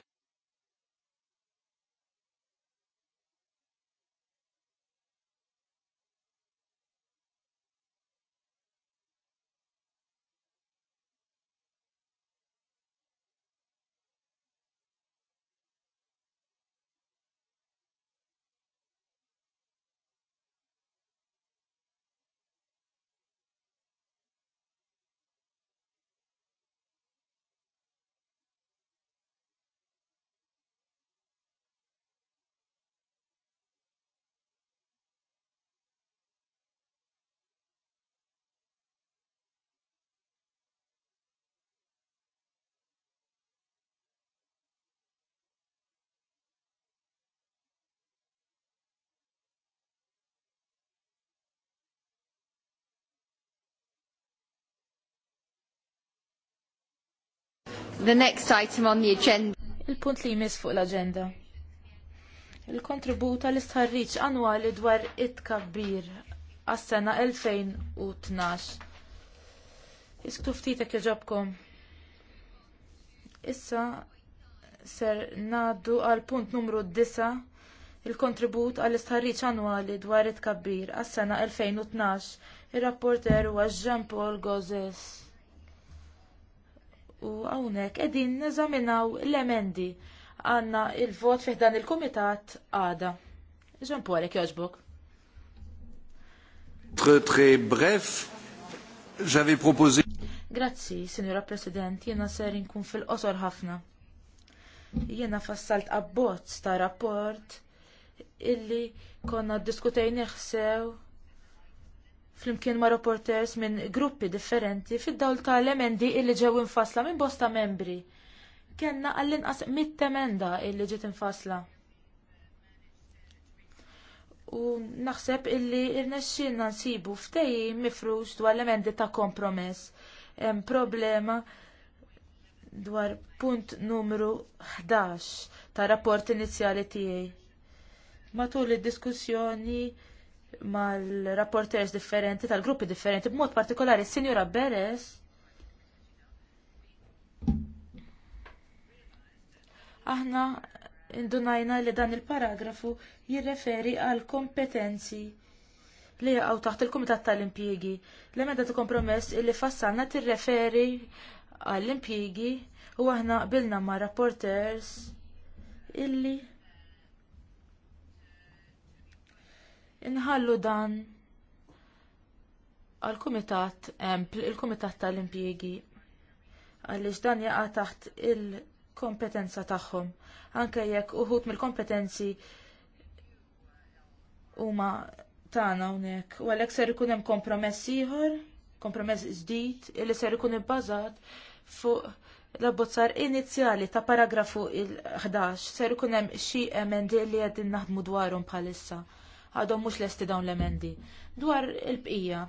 the next item on the agenda. Il-punt li jmiss fuq l-agenda. Il-kontributa l-istħarriċ annwali dwar it-kabbir għas-sena 2012. Isktu ftitek jġobkom. Issa ser naddu għal punt numru 9 il-kontribut għall istħarriċ annwali dwar it-kabbir għas-sena 2012. Ir-rapporter huwa Jean-Paul Gozes u hawnhekk qegħdin neżaminaw l-emendi għandna il-vot fih dan il-kumitat għada. Iżon porek jogħġbok. Tre, tre bref, ġavi proposi. Grazzi, Sinjora President, jiena ser inkun fil-qosor ħafna. Jiena fassalt abbozz ta' rapport illi konna diskutejn sew flimkien ma' reporters minn gruppi differenti fid-dawl ta' l-emendi illi ġew infasla minn bosta membri. Kenna għall-inqas mitt emenda illi ġiet infasla. U naħseb illi rnexxielna nsibu ftejji mifrux dwar l-emendi ta' kompromess. Hemm problema dwar punt numru 11 ta' rapport inizjali tiegħi. Matul id-diskussjoni mal-rapporters differenti, tal-gruppi differenti, b'mod partikolari, Sinjura Beres, aħna indunajna li dan il-paragrafu jirreferi għal kompetenzi li jaqgħu taħt il-Kumitat tal-Impjiegi. L-emenda ta' kompromess li fassalna tirreferi għall-impjiegi u aħna bilna ma' rapporters illi Inħallu dan għal-Kumitat il-Kumitat tal-Impjiegi għaliex dan jaqa' taħt il-kompetenza tagħhom anke jekk uħut mill-kompetenzi huma tagħna hawnhekk u għalhekk ser ikun hemm kompromess ieħor, kompromess ġdid li ser ikun ibbażat fuq l-abbozzar inizjali ta' paragrafu il-11 ser ikun hemm xi emendi li qegħdin naħdmu dwarhom bħalissa għadhom mhux lesti dawn l-emendi. Dwar il-bqija,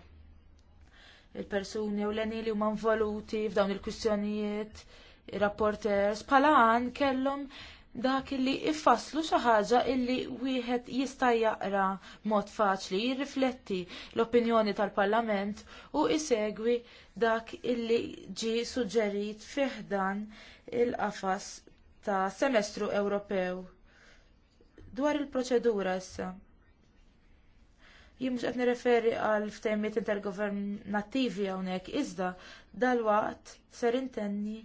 il-persuni u l li huma involuti f'dawn il-kwistjonijiet, ir-rapporters, bħala għan kellhom dak li ifasslu xi ħaġa illi wieħed jista' jaqra mod faċli, jirrifletti l-opinjoni tal-Parlament u isegwi dak illi ġie suġġerit fih dan il-qafas ta' semestru Ewropew. Dwar il-proċedura issa. Jien mhux qed nirreferi għal ftehmiet intergovernattivi hawnhekk, iżda dalwaqt ser intenni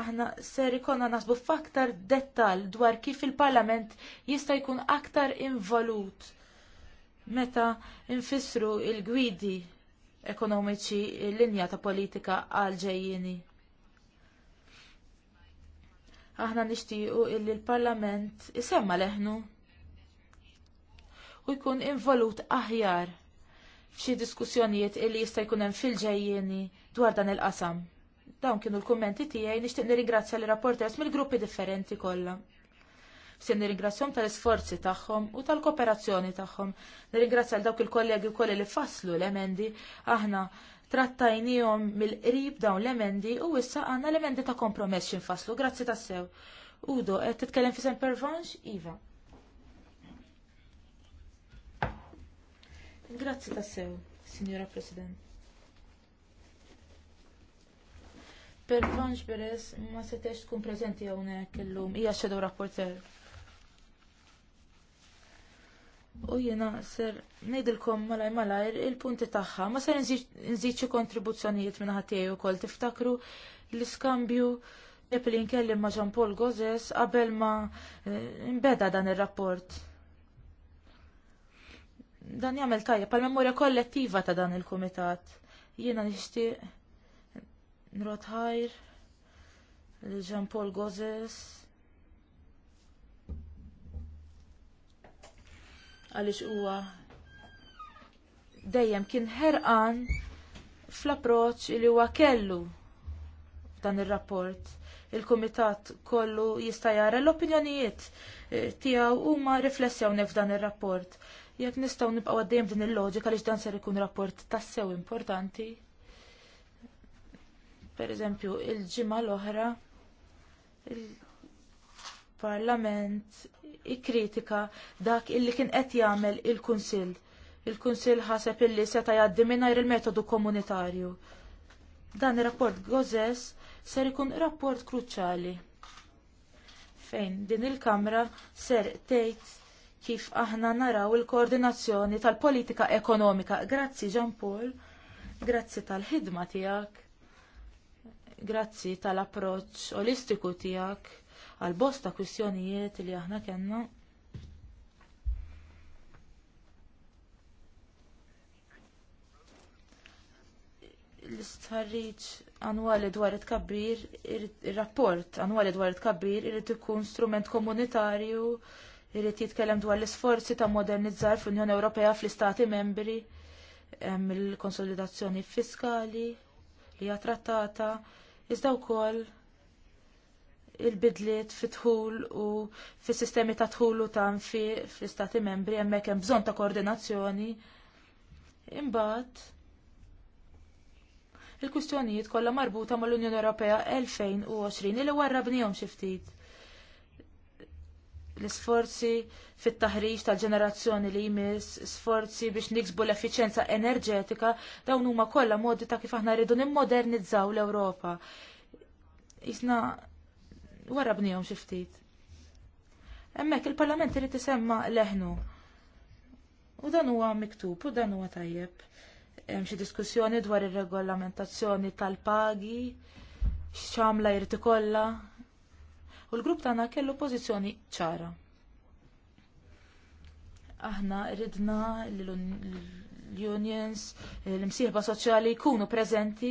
aħna ser ikonna nasbu f'aktar dettall dwar kif il-Parlament jista' jkun aktar involut meta infissru l gwidi ekonomiċi l-linja ta' politika għal ġejjini. Aħna nixtiequ illi l-Parlament isemma leħnu u jkun involut aħjar f'xi diskussjonijiet illi jista' jkun hemm fil-ġejjieni dwar dan il-qasam. Dawn kienu l-kummenti tiegħi nixtieq nirringrazzja l-rapporters mill-gruppi differenti kollha. Se nirringrazzjahom tal-isforzi tagħhom u tal-kooperazzjoni tagħhom. Nirringrazzja l dawk il-kollegi wkoll li faslu l-emendi aħna trattajnihom mill-qrib dawn l-emendi u issa għandna l-emendi ta' kompromess xinfaslu. Grazzi tassew. Udo, qed titkellem fi Pervanx? Iva. Grazzi tassew, Signora President. Per Vanx Beres ma setex tkun prezenti hawnhekk illum hija xedew rapporter. U jiena ser ngħidilkom malaj malajr il-punti tagħha, ma ser nżid xi kontribuzzjonijiet minn ħadd tiegħi wkoll tiftakru l-iskambju Eppelin kellim ma' Jean Paul Gozes qabel ma nbeda eh, dan ir-rapport dan jagħmel tajjeb għal memorja kollettiva ta' dan il-kumitat. Jiena nixtieq nrot Hajr, Jean Paul Gozes. Għaliex huwa dejjem kien ħerqan fl-approċċ li huwa kellu dan ir-rapport. Il kumitat kollu jista' jara l-opinjonijiet eh, tiegħu huma riflessjawni f'dan ir-rapport. Jekk nistgħu nibqgħu għaddejjem din il-loġika li dan ser ikun rapport tassew importanti. Per eżempju, il-ġimgħa l-oħra il-Parlament ikkritika dak illi kien qed jagħmel il-Kunsill. Il-Kunsill ħaseb illi seta' jgħaddi mingħajr il-metodu komunitarju. Dan ir-rapport Gozes ser ikun rapport kruċjali fejn din il-kamra ser tgħid kif aħna naraw il-koordinazzjoni tal-politika ekonomika. Grazzi Jean Paul, grazzi tal-ħidma tiegħek, grazzi tal-approċċ olistiku tiegħek għal bosta kwistjonijiet li aħna kellna. l-istħarriċ għanwali dwar it-kabbir, ir-rapport annwali dwar it-kabbir irrid ikun strument komunitarju Irrid jitkellem dwar l-isforzi ta' modernizzar fl-Unjoni Ewropea fl-Istati membri hemm il-konsolidazzjoni fiskali li hija trattata iżda wkoll il-bidliet fit-tħul u fis-sistemi ta' tħul u tanfi fl-istati membri hemmhekk hemm bżonn ta' koordinazzjoni. Imbagħad il-kwistjonijiet kollha marbuta mal-Unjoni Ewropea 2020 li warra bnihom xi ftit l-isforzi fit-taħriġ tal-ġenerazzjoni li jmiss, sforzi biex niksbu l effiċjenza enerġetika, dawn huma kollha modi ta' kif aħna rridu nimmodernizzaw l-Ewropa. Isna wara bnihom xi ftit. Hemmhekk il-Parlament irid isemma leħnu. U dan huwa miktub u dan huwa tajjeb. Hemm xi diskussjoni dwar ir-regolamentazzjoni tal-pagi, x'għamla jrid ikollha, u l-grupp tagħna kellu pożizzjoni ċara. Aħna ridna l-unions, l-imsieħba soċjali jkunu preżenti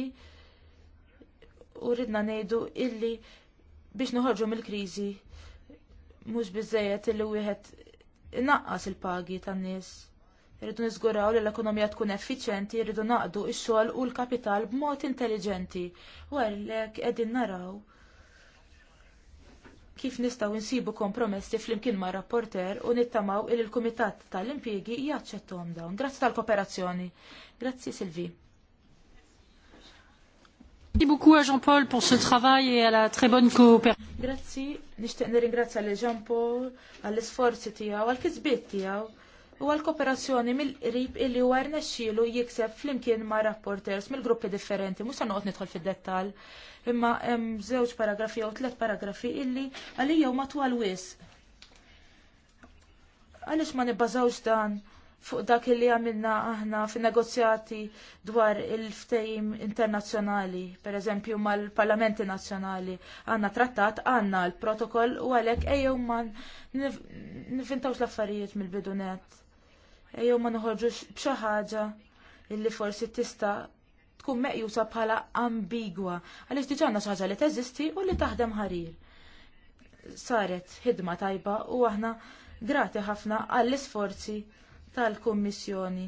u ridna ngħidu illi biex noħorġu mill-kriżi mhux biżejjed illi wieħed inaqqas il-pagi tan-nies. Irridu niżguraw li l-ekonomija tkun effiċjenti, irridu naqdu x-xogħol u l-kapital b'mod intelligenti. U għalhekk qegħdin naraw kif nistgħu insibu kompromessi flimkien ma' rapporter u nittamaw il il-Kumitat tal-Impjegi jaċċettuhom dawn. Grazzi tal-kooperazzjoni. Grazzi Silvi. Merci beaucoup à Jean-Paul pour ce travail et à la très bonne coopération. Grazzi, nixtieq nirringrazzja lil Jean-Paul għall-isforzi tiegħu, għall-kisbiet tiegħu u għall-kooperazzjoni mill-qrib illi huwa rnexxielu jikseb flimkien ma' rapporters mill-gruppi differenti, mhux se noqgħod nidħol fid-dettall imma hemm żewġ paragrafi jew tliet paragrafi illi għalija huma twal wis. Għaliex ma nibbażawx dan fuq dak illi għamilna aħna fin negozjati dwar il-ftejim internazzjonali, per eżempju mal-parlamenti nazzjonali, għandna trattat, għandna l-protokoll u għalhekk ejjew ma nifintawx l-affarijiet mill-bidunet. Ejjew ma nħorġux bċaħħaġa ħaġa illi forsi tista' tkun meqjusa bħala ambigwa għaliex diġà għandna xi ħaġa li teżisti u li taħdem ħarir. Saret ħidma tajba u aħna grati ħafna għall-isforzi tal-Kummissjoni.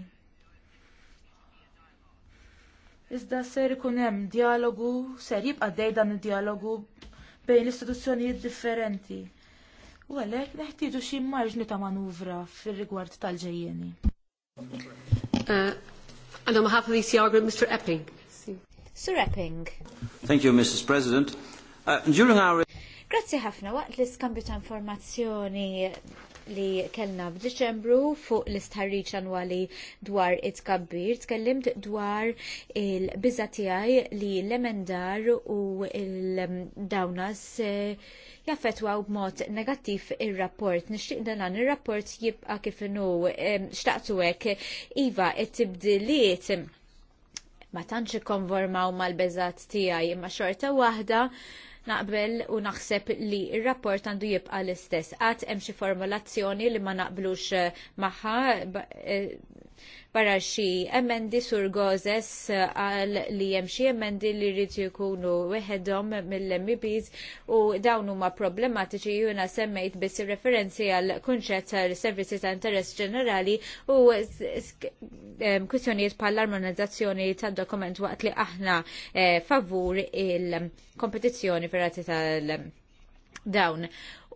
Iżda ser ikun hemm dialogu, ser jibqa' dej dan id-dialogu bejn l-istituzzjonijiet differenti. U għalhekk neħtieġu xi marġni ta' manuvra fir-rigward tal-ġejjeni. Uh, And on behalf of the ECR Group, Mr. Epping. Sir Epping. Thank you, Mrs. President. Uh, during our... Grazie ħafna, waqt l-iskambju ta' informazzjoni li kellna f'Diċembru fuq l-istħarriċ annwali dwar it-kabbir, tkellimt dwar il-biża tiegħi li l-emendar u l-dawnas jaffetwaw b'mod negattiv ir-rapport. Nixtieq dan ir-rapport jibqa' kif inhu xtaqtu hekk iva t-tibdiliet ma tantx ikkonformaw mal-beżat tiegħi imma xorta waħda naqbel u naħseb li il-rapport għandu jibqa l-istess. Għat hemm xi formulazzjoni li ma naqblux eh, maħħa eh, barra xi emendi sur gozes għal li hemm xi emendi li jrid jkunu weħedhom mill-MEPs u dawn huma problematiċi jiena semmejt biss referenzi għal kunċett għal servizzi ta' interess ġenerali u kwistjonijiet bħal armonizzazzjoni tad dokument waqt li aħna eh, favur il-kompetizzjoni ferrati tal dawn.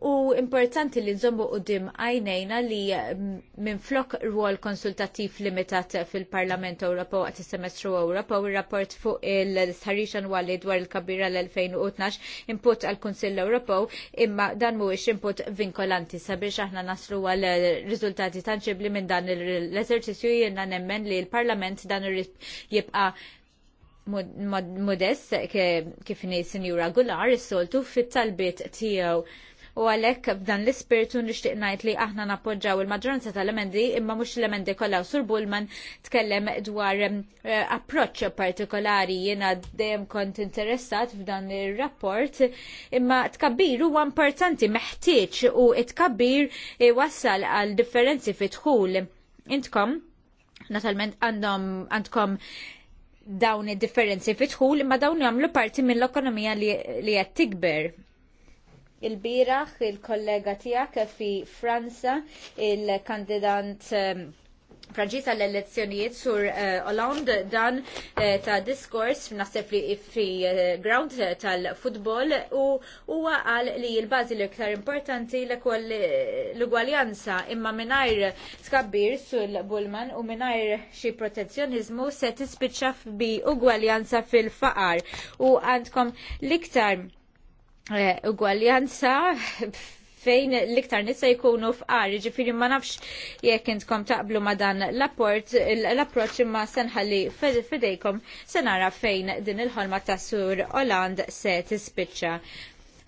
U importanti li nżommu dim għajnejna li mm, minn flok rwol konsultattiv limitat fil-Parlament Ewropew għat semestru Ewropew il rapport fuq il-sħarix Walli dwar il-kabira l-2012 input għal kunsill Ewropew imma dan mhuwiex input vinkolanti sabiex aħna naslu għal riżultati tanċibli minn dan l-eżerċizzju jenna nemmen li l-Parlament dan jibqa' modest kif ni Sinjura Gular is-soltu fit-talbiet tiegħu u għalhekk b'dan l-ispirtu nixtieq ngħid li aħna nappoġġaw il-maġġoranza tal-emendi imma mhux l-emendi kollha Sur Bullman tkellem dwar eh, approċċ partikolari jiena dejjem kont interessat f'dan ir-rapport imma tkabbir huwa importanti meħtieġ u tkabbir eh, wassal għal differenzi fitħul intkom naturalment għandhom għandkom dawn id-differenzi fitħul imma dawn jagħmlu parti mill-ekonomija li qed tikber. Il-biraħ il-kollega tiegħek fi Franza il-kandidant um, Franċiż għall-elezzjonijiet sur uh, Hollande dan uh, ta' diskors f'naħseb li fi uh, ground tal-futbol u huwa qal li l-bażi l-iktar importanti l-ugwaljanza imma mingħajr skabbir sul Bullman u mingħajr xi protezzjonizmu se tispiċċa bi ugwaljanza fil-faqar u għandkom l-iktar Eh, ugwaljanza fejn l-iktar nisa jkunu f'qari, ġifiri ma nafx jekk intkom taqblu ma dan l-apport, l-approċ imma senħalli fidejkom senara fejn din il-ħolma ta' Sur Oland se tispiċċa.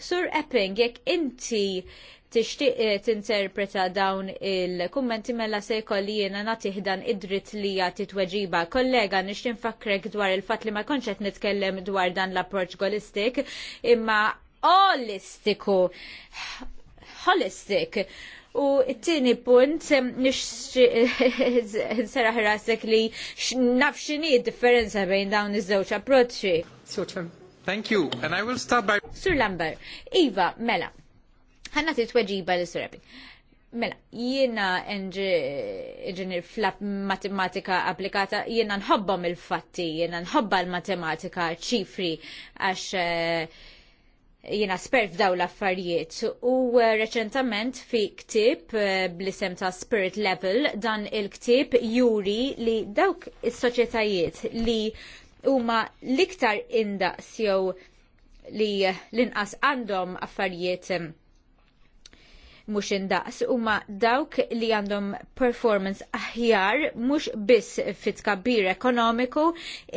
Sur Epping, jekk inti tixtieq eh, tinterpreta dawn il-kummenti mela se jkolli jiena nagħtih dan id-dritt li jagħti tweġiba. Kollega nixtieq nfakkrek dwar il-fatt li ma kontx qed nitkellem dwar dan l-approċċ golistik, imma holistiku. Holistic. U t-tini punt, nseraħ rasek li nafxini differenza bejn dawn iż-żewġ approċċi. Thank you, and I will start by... Sur Lambert, Iva, mela, ħanna t-tweġiba li surabi. Mela, jiena enġinir flap matematika applikata, jiena nħobbom il-fatti, jiena nħobba l-matematika, ċifri, għax eh, jiena spert f'daw l-affarijiet u eh, reċentament fi ktib eh, blisem ta' Spirit Level dan il-ktib juri li dawk is-soċjetajiet li huma l-iktar indaqs jew li l-inqas għandhom affarijiet eh, mhux indaqs huma dawk li għandhom performance aħjar mhux biss fit tkabbir ekonomiku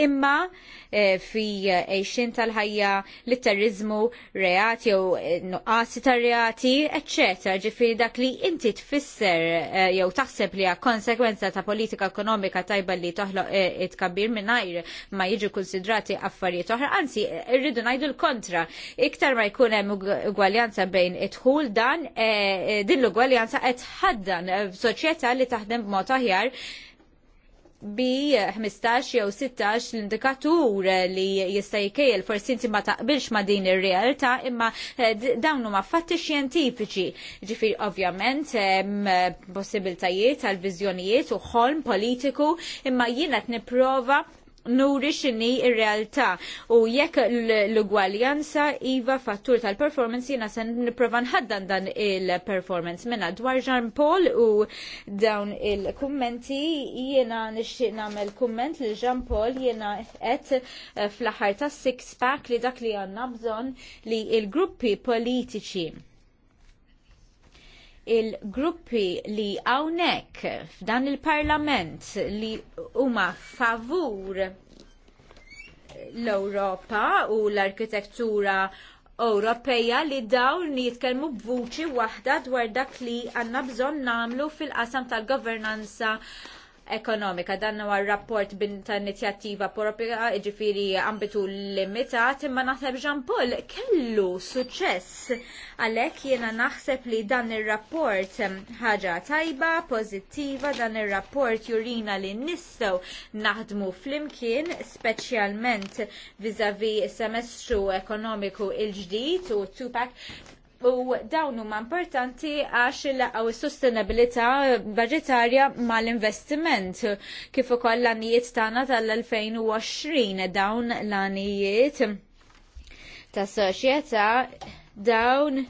imma eh, fi eh, għejxin tal-ħajja li terrizmu reati jew eh, nuqqasi ta' reati eccetera. Ġifieri dak li inti tfisser jew taħseb li għak konsekwenza ta' politika ekonomika tajba li toħloq it tkabbir mingħajr ma jiġu konsidrati affarijiet oħra, anzi rridu ngħidu l-kontra. Iktar ma jkun hemm ugwaljanza bejn it-tħul dan din l-ugwaljanza qed ħaddan f'soċjetà li taħdem b'mod aħjar bi 15 jew 16 l-indikatur li jista' jkejjel forsi inti ma taqbilx ma din ir-realtà imma eh, dawn huma fatti xjentifiċi. Ġifier ovvjament possibiltajiet tal viżjonijiet u ħolm politiku imma jiena qed nipprova nuri xini ir-realtà u jekk l-ugwaljanza iva fattur tal-performance jina sen niprofa nħaddan dan il-performance minna mela, dwar Jean Paul u dawn il-kummenti jina nixtieq nagħmel kumment li Jean Paul jina et eh, fl-aħħar tas six pack li dak li għandna bżonn li il-gruppi politiċi il-gruppi li hawnhekk f'dan il-Parlament li huma favur l-Ewropa u l-arkitektura Ewropeja li dawn jitkellmu b'vuċi waħda dwar dak li għandna bżonn nagħmlu fil-qasam tal-governanza ekonomika. Dan huwa rapport bin ta' inizjattiva propja ġifiri ambitu limitat, imma naħseb Jean Paul kellu suċess. Għalhekk jiena naħseb li dan ir-rapport ħaġa tajba, pożittiva, dan ir-rapport jurina li nistgħu naħdmu flimkien, speċjalment viżavi semestru ekonomiku il-ġdid u tupak U dawn huma importanti għax laqgħu s-sustenabilità budgetarja mal-investiment kif ukoll l-għanijiet tagħna tal-2020 dawn l-għanijiet tas soċjetà dawn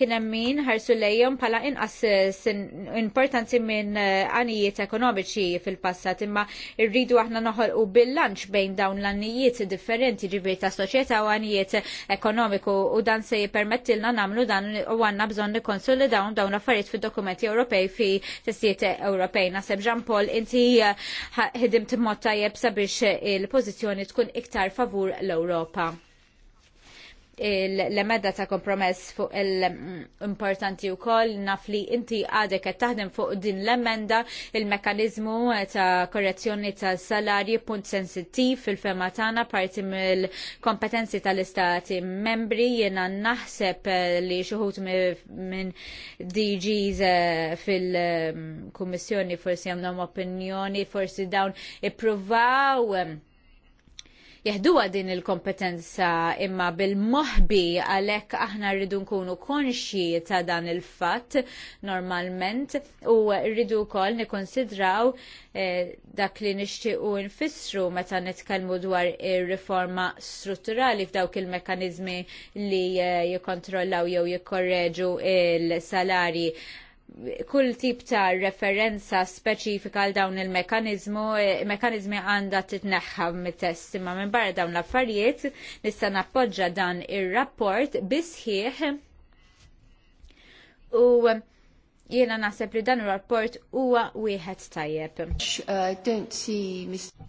kien hemm min ħarsu lejhom bħala inqas eh, importanti minn eh, għanijiet ekonomiċi fil-passat imma rridu aħna noħolqu bil-lanċ bejn dawn l-għanijiet differenti ġibiet ta' soċjetà u għanijiet ekonomiku u dan se jipermettilna namlu dan u għanna bżon nikonsolidaw dawn affarijiet fid dokumenti Ewropej fi testijiet Ewropej. Naseb Jean Paul, inti eh, ħidimt mod tajjeb sabiex il-pożizzjoni tkun iktar favur l-Ewropa l-emenda ta' kompromess fuq l-importanti u koll naf li inti għadek qed taħdem fuq din l-emenda il-mekanizmu ta' korrezzjoni ta' salarji punt sensittiv fil-fema tagħna parti mill-kompetenzi tal-istati membri jiena naħseb li xuħut minn DGs eh, fil-Kummissjoni forsi għandhom opinjoni forsi dawn ippruvaw eh, jihduwa din il-kompetenza imma bil-mohbi għalek aħna rridu nkunu konxi ta' dan il-fat normalment u rridu kol nikonsidraw eh, dak li nixtiequ nfissru meta nitkellmu dwar il riforma strutturali f'dawk il-mekanizmi li eh, jikontrollaw jew jikkorreġu il-salari kull tip ta' referenza speċifika għal dawn il-mekanizmu, mekanizmi għanda titneħħa mit-test imma minn barra dawn l-affarijiet nista' nappoġġa dan ir-rapport bisħieħ u Jiena naħseb li dan ir-rapport huwa wieħed tajjeb.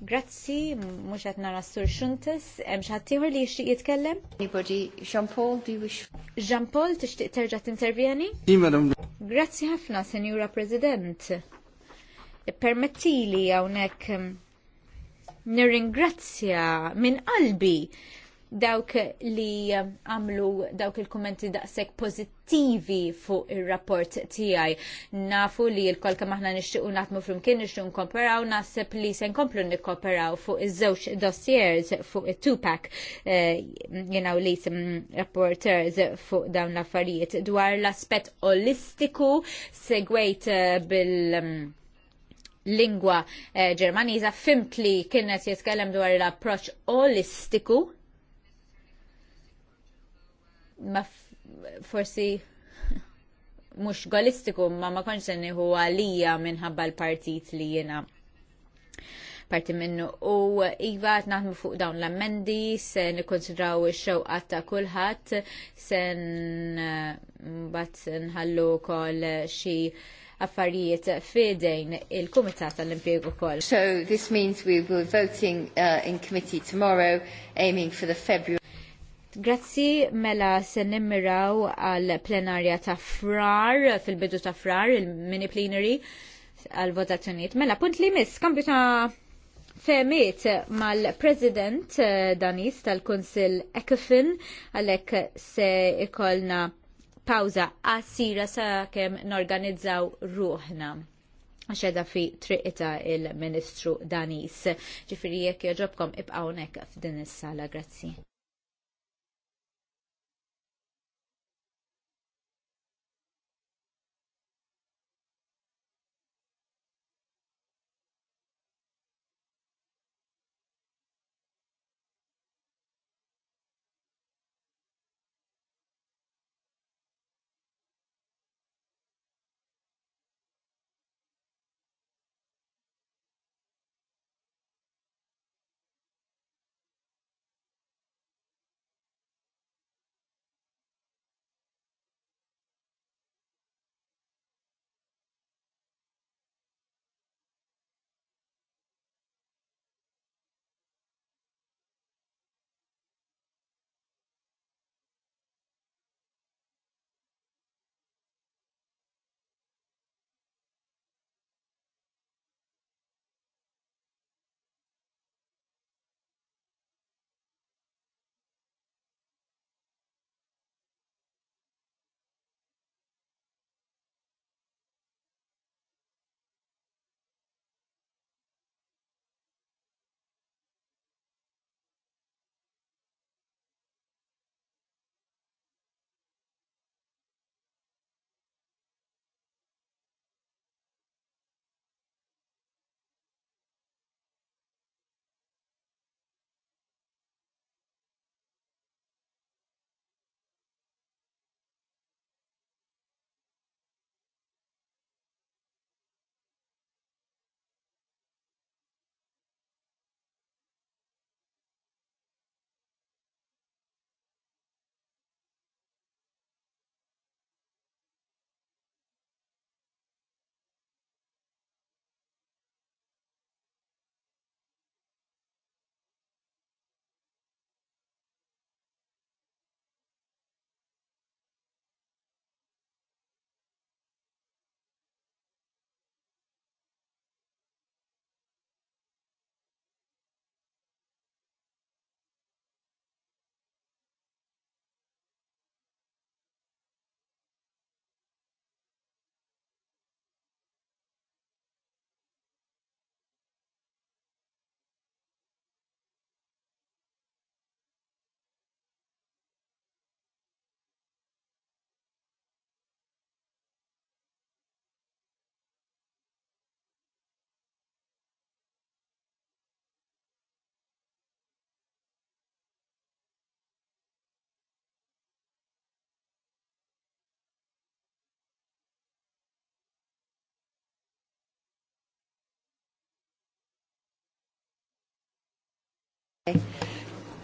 Grazzi, mhux qed nara Sur Xuntis, hemm xi ħaddieħor li jixtieq jitkellem? Anybody, Jean Paul, do you wish? Jean Paul tixtieq terġa' tintervjeni? Grazzi ħafna, Senjura President. Permettili hawnhekk mm, nirringrazzja minn qalbi dawk li għamlu dawk il-kommenti daqsek pozittivi fuq il-rapport tijaj. Nafu li l-kol kam aħna nixtiqu naħdmu flimkien nixtiqu nkomperaw, nasib li se nkomplu nikkomperaw fuq iż-żewġ dossiers fuq il-Tupac jenaw eh, li sim mm, rapporters fuq dawn l-affarijiet dwar l-aspet olistiku segwejt eh, bil- mm, lingwa eh, ġermaniza fimt li kienet jiskellem dwar l-approċ olistiku ma forsi mhux golistiku ma ma konċ se nieħu għalija minħabba l-partit li jiena parti minnu. U Iva, naħdmu fuq dawn l-ammendi, se nikonsidraw il xewqa ta' kullħat, se bat nħallu kol xie affarijiet fidejn il-Kumitat tal impjeg kol. So this means we will be voting uh, in committee tomorrow, aiming for the February. Grazzi mela se nimmiraw għal plenarja ta' frar, fil-bidu ta' frar, il-mini plenary għal votazzjoniet. Mela, punt li mis, kambju ta' femiet mal-president eh, Danis tal konsil Ekofin għalek se ikolna pawza għasira sa' kem norganizzaw ruħna għaxedha fi triqita il-Ministru Danis. Ġifiri jek joġobkom ibqawnek f'din is-sala, grazzi.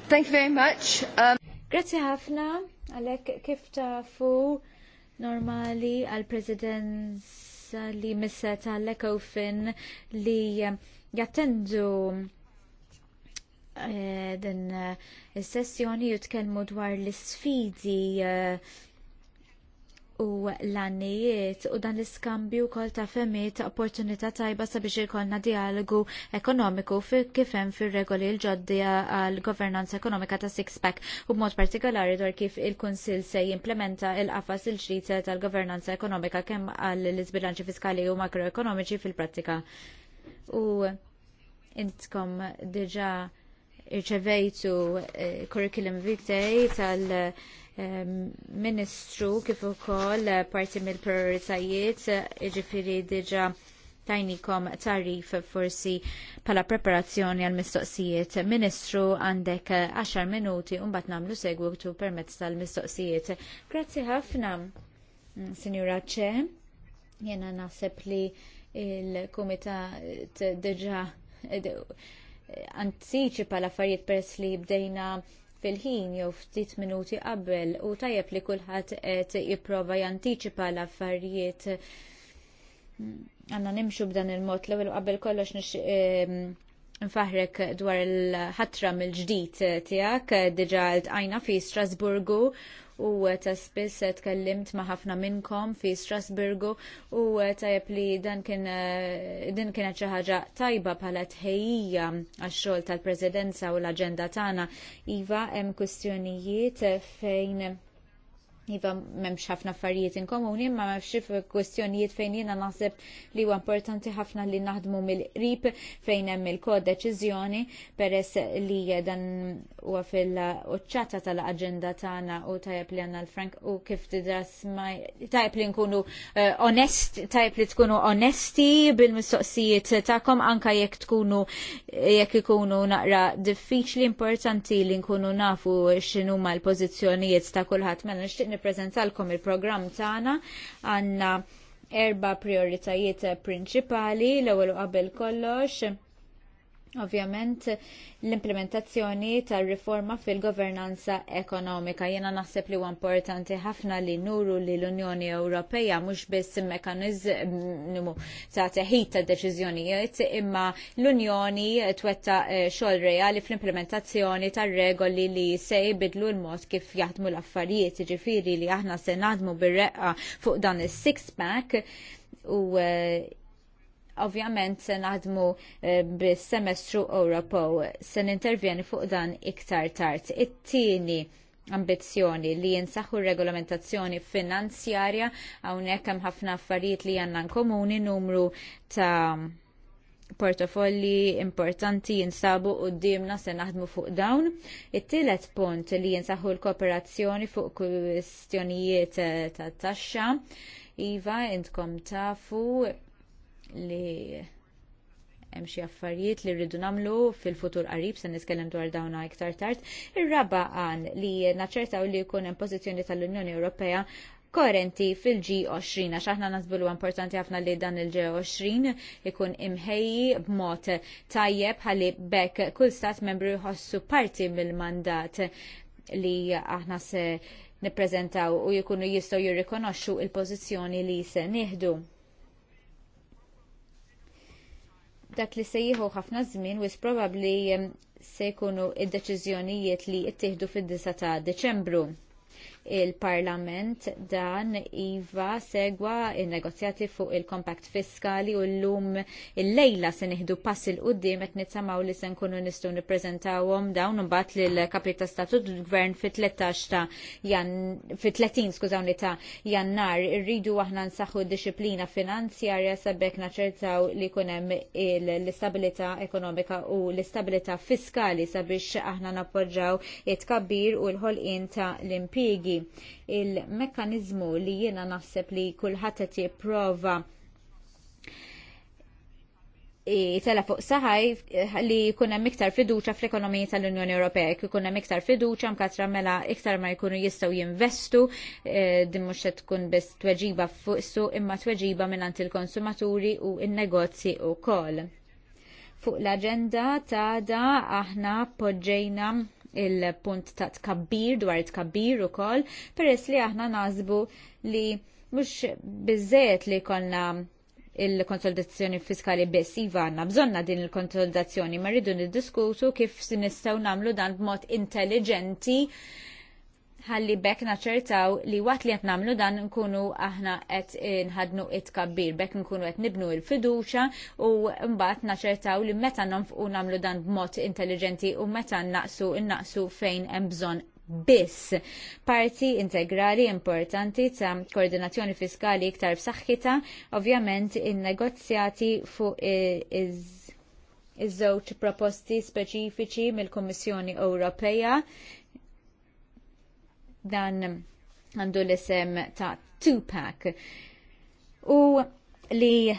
Thank you very much. Um... Grazie ħafna għalek kif tafu normali għal president li miset tal Ofin li jattendu eh, din eh, is-sessjoni jitkellmu dwar l-sfidi eh, u l-annijiet u dan l-iskambju kol ta' femiet opportunità tajba sabiex ikolna dialogu ekonomiku fi kifem fir regoli l-ġoddi għal governanza ekonomika ta' six-pack u b'mod partikolari dwar kif il-Kunsil se jimplementa il-qafas il-ġdid tal-governanza ekonomika kemm għal l-izbilanċi fiskali u makroekonomiċi fil-prattika. U intkom diġa irċevejtu eh, curriculum vitae tal- ministru kif ukoll parti mill-prioritajiet jiġifieri diġà tajnikom tarif forsi bħala preparazzjoni għall mistoqsijiet Ministru għandek 10 minuti u mbagħad nagħmlu segwitu permezz tal-mistoqsijiet. Grazzi ħafna, Sinjura Ċe. Jena naħseb li il-Kumitat diġà eh, anticipa pala affarijiet pers li bdejna fil-ħin jew ftit minuti qabel u tajjeb li kulħadd qed jipprova jantiċipa l-affarijiet għandna nimxu b'dan il-mod l-ewwel qabel kollox nfaħrek dwar il-ħatra mill-ġdid tiegħek diġà ltqajna fi Strasburgu u eh, ta' spiss eh, tkellimt ma' ħafna minnkom fi Strasburgu u eh, tajjeb li din kienet xi ħaġa tajba bħala tħejjija għax-xogħol tal-Presidenza u l-aġenda tagħna. Iva hemm kwistjonijiet fejn Iva memx ħafna affarijiet in komuni, ma memx kwestjonijiet fejn jiena naħseb li huwa importanti ħafna li naħdmu mill-qrib fejn hemm il-kod deċiżjoni peress li dan huwa fil-oċċata tal-aġenda tagħna u tajab li għanna l-Frank u kif tidras ma tajab li nkunu eh, onest, tajab li tkunu onesti bil-mistoqsijiet tagħkom anka jekk tkunu jekk ikunu naqra diffiċli importanti li nkunu nafu x'inhuma l-pożizzjonijiet ta' kulħadd mela nixtieq nippreżentalkom il-programm tagħna għandna erba prioritajiet prinċipali l-ewwel qabel kollox Ovvjament l-implementazzjoni tar-riforma fil-governanza ekonomika jiena naħseb li huwa importanti ħafna li nuru li l-Unjoni Ewropea mhux biss mekanizmu mm, ta' teħid ta' deċiżjonijiet imma l-Unjoni twetta eh, xogħol reali fl-implementazzjoni tar-regoli li se jbidlu l-mod kif jaħdmu l-affarijiet, ġifieri li aħna se naħdmu bir-reqqa fuq dan is-six pack u eh, Ovvjament se naħdmu eh, bis-semestru Ewropew se nintervjeni fuq dan iktar tard. It-tieni ambizzjoni li jinsaħħu r regolamentazzjoni finanzjarja hawnhekk hemm ħafna affarijiet li għandna komuni numru ta' portofolli importanti jinsabu qudiemna se naħdmu fuq dawn. It-tielet punt li jinsaħħu l-kooperazzjoni fuq kwistjonijiet eh, ta' taxxa. Iva, intkom tafu li hemm xi affarijiet li rridu nagħmlu fil-futur qarib se niskellem dwar dawn iktar tard. Ir-raba għan li naċċertaw li jkun hemm pożizzjoni tal-Unjoni Ewropea koerenti fil-G20, għax aħna nazbulu importanti ħafna li dan il-G20 ikun imħejji b'mod tajjeb ħalli bekk kull stat membru jħossu parti mill-mandat li aħna se nippreżentaw u jkunu jistgħu jirrikonoxxu il-pożizzjoni li se nieħdu. dak li se jieħu ħafna żmien wis probabbli se jkunu id-deċiżjonijiet li ttieħdu fid-9 ta' Deċembru il-Parlament dan iva segwa il-negozjati fuq il-kompakt fiskali u l-lum il-lejla se nieħdu pass il qudiem qed nitsamaw li se nkunu nistgħu nippreżentawhom dawn imbagħad lil kapri ta' statut gvern fit-13 ta' jan fit-30 skużawni ta' jannar irridu aħna nsaħħu d-disciplina finanzjarja sabek naċertaw li jkun hemm l-istabilità ekonomika u l-istabilità fiskali sabiex aħna nappoġġaw it-kabbir u l-ħolqien ta' l-impjiegi kollegi. Il-mekkanizmu li jiena naħseb li kulħadd qed jipprova tela fuq saħaj li jkun hemm iktar fiduċja fl-ekonomija tal-Unjoni Ewropea, jekk ikun hemm iktar fiduċja mkatra mela iktar ma jkunu jistgħu jinvestu, eh, din mhux tkun bis tweġiba fuq imma tweġiba mingħand il-konsumaturi u n-negozji wkoll. Fuq l agenda ta' da aħna poġġejna il-punt ta' tkabbir dwar tkabbir ukoll peress li aħna nazbu li mhux bizzet li konna il-konsolidazzjoni fiskali biss iva għanna bżonna din il-konsolidazzjoni ma rridu niddiskutu kif nistgħu nagħmlu dan b'mod intelligenti ħalli bekk naċertaw li waqt li qed nagħmlu dan nkunu aħna qed nħadnu it-kabbir, bekk nkunu qed nibnu l-fiduċa u mbagħad naċertaw li meta nonfqu nagħmlu dan b'mod intelligenti u meta naqsu innaqsu fejn hemm bżonn biss. Parti integrali importanti ta' koordinazzjoni fiskali iktar b'saħħitha, ovvjament in-negozjati fuq iż-żewġ proposti speċifiċi mill-Kummissjoni Ewropea dan għandu l-isem ta' Tupac. U li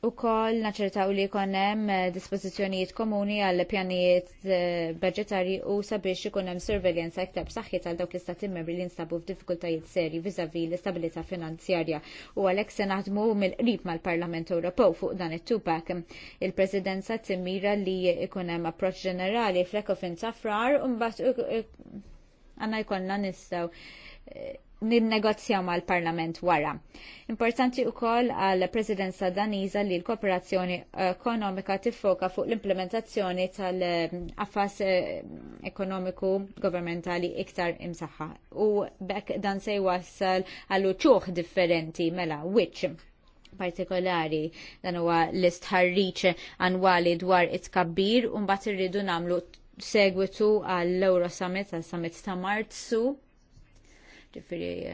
u koll naċertaw li konem eh, dispozizjonijiet komuni għal pjanijiet eh, budgetari u sabiex ikonem surveillance aktar b'saħħi tal dawk l-istati membri li nstabu f'diffikultajiet seri vizavi l-istabilità finanzjarja u għalhekk se naħdmu mill-qrib mal-Parlament Ewropew fuq dan it-tupak. Il-Presidenza timmira li ikonem approċċ ġenerali fl-ekofin ta' u mbagħad għanna jkollna nistaw eh, nil-negozjaw mal-parlament wara. Importanti u koll għal presidenza daniza li l-kooperazzjoni ekonomika tifoka fuq l-implementazzjoni tal-affas eh, ekonomiku governmentali iktar imsaħħa. U bekk dan se jwassal għal ċuħ differenti mela wiċ partikolari dan huwa l-istħarriċ annwali dwar it-kabbir u mbagħad irridu nagħmlu segwitu għall-Euro Summit, għal Summit ta' Marzu, ġifiri eh,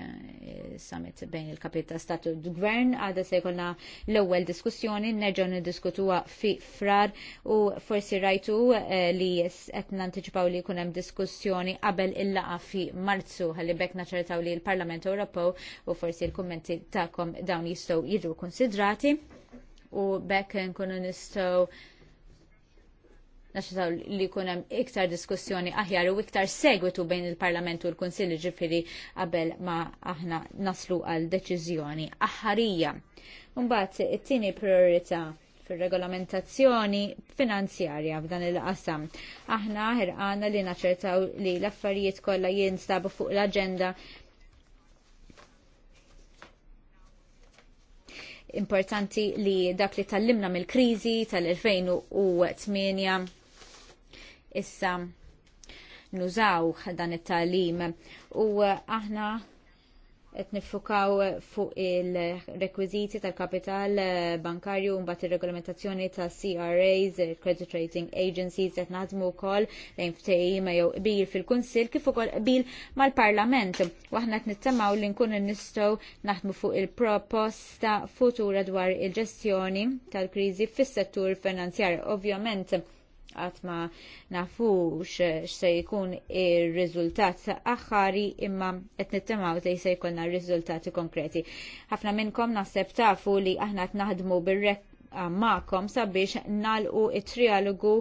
eh, summit bejn il-kapit ta' statu d-gvern, għada se jkollna l-ewwel diskussjoni, nerġgħu diskutu fi frar u forsi rajtu eh, li qed nanticipaw li jkun hemm diskussjoni qabel il-laqa fi Marzu ħalli bekk naċertaw li l-Parlament Ewropew u forsi l-kummenti tagħkom dawn jistgħu jiġu konsidrati u bekk nkunu nistgħu naxħitaw li kunem iktar diskussjoni aħjar u iktar segwitu bejn il-Parlament u l-Konsil ġifiri qabel ma aħna naslu għal deċiżjoni aħħarija. Mbagħad it-tieni priorità fil-regolamentazzjoni finanzjarja f'dan il-qasam. Aħna ħirqana li naċċertaw li l-affarijiet kollha jinstabu fuq l-aġenda importanti li dak li tallimna mill-kriżi tal-2008 issa nużaw dan it-talim u eh, aħna qed niffukaw fuq il-rekwiżiti tal-kapital eh, bankarju mbagħad ir-regolamentazzjoni ta' CRAs, Credit Rating Agencies qed naħdmu wkoll lejn ftehim jew qbil fil-Kunsill kif ukoll qbil mal-Parlament. Waħna qed nittamaw li nkunu nistgħu naħdmu fuq il-proposta futura dwar il-ġestjoni tal-kriżi fis-settur finanzjar. Ovvjament, għat ma nafux x'se jkun il-rizultat aħħari imma qed nittemaw li se jkollna r-rizultati konkreti. Ħafna minnkom naħseb tafu li aħna t naħdmu bir-rek ma'kom sabiex nalqu it-trialogu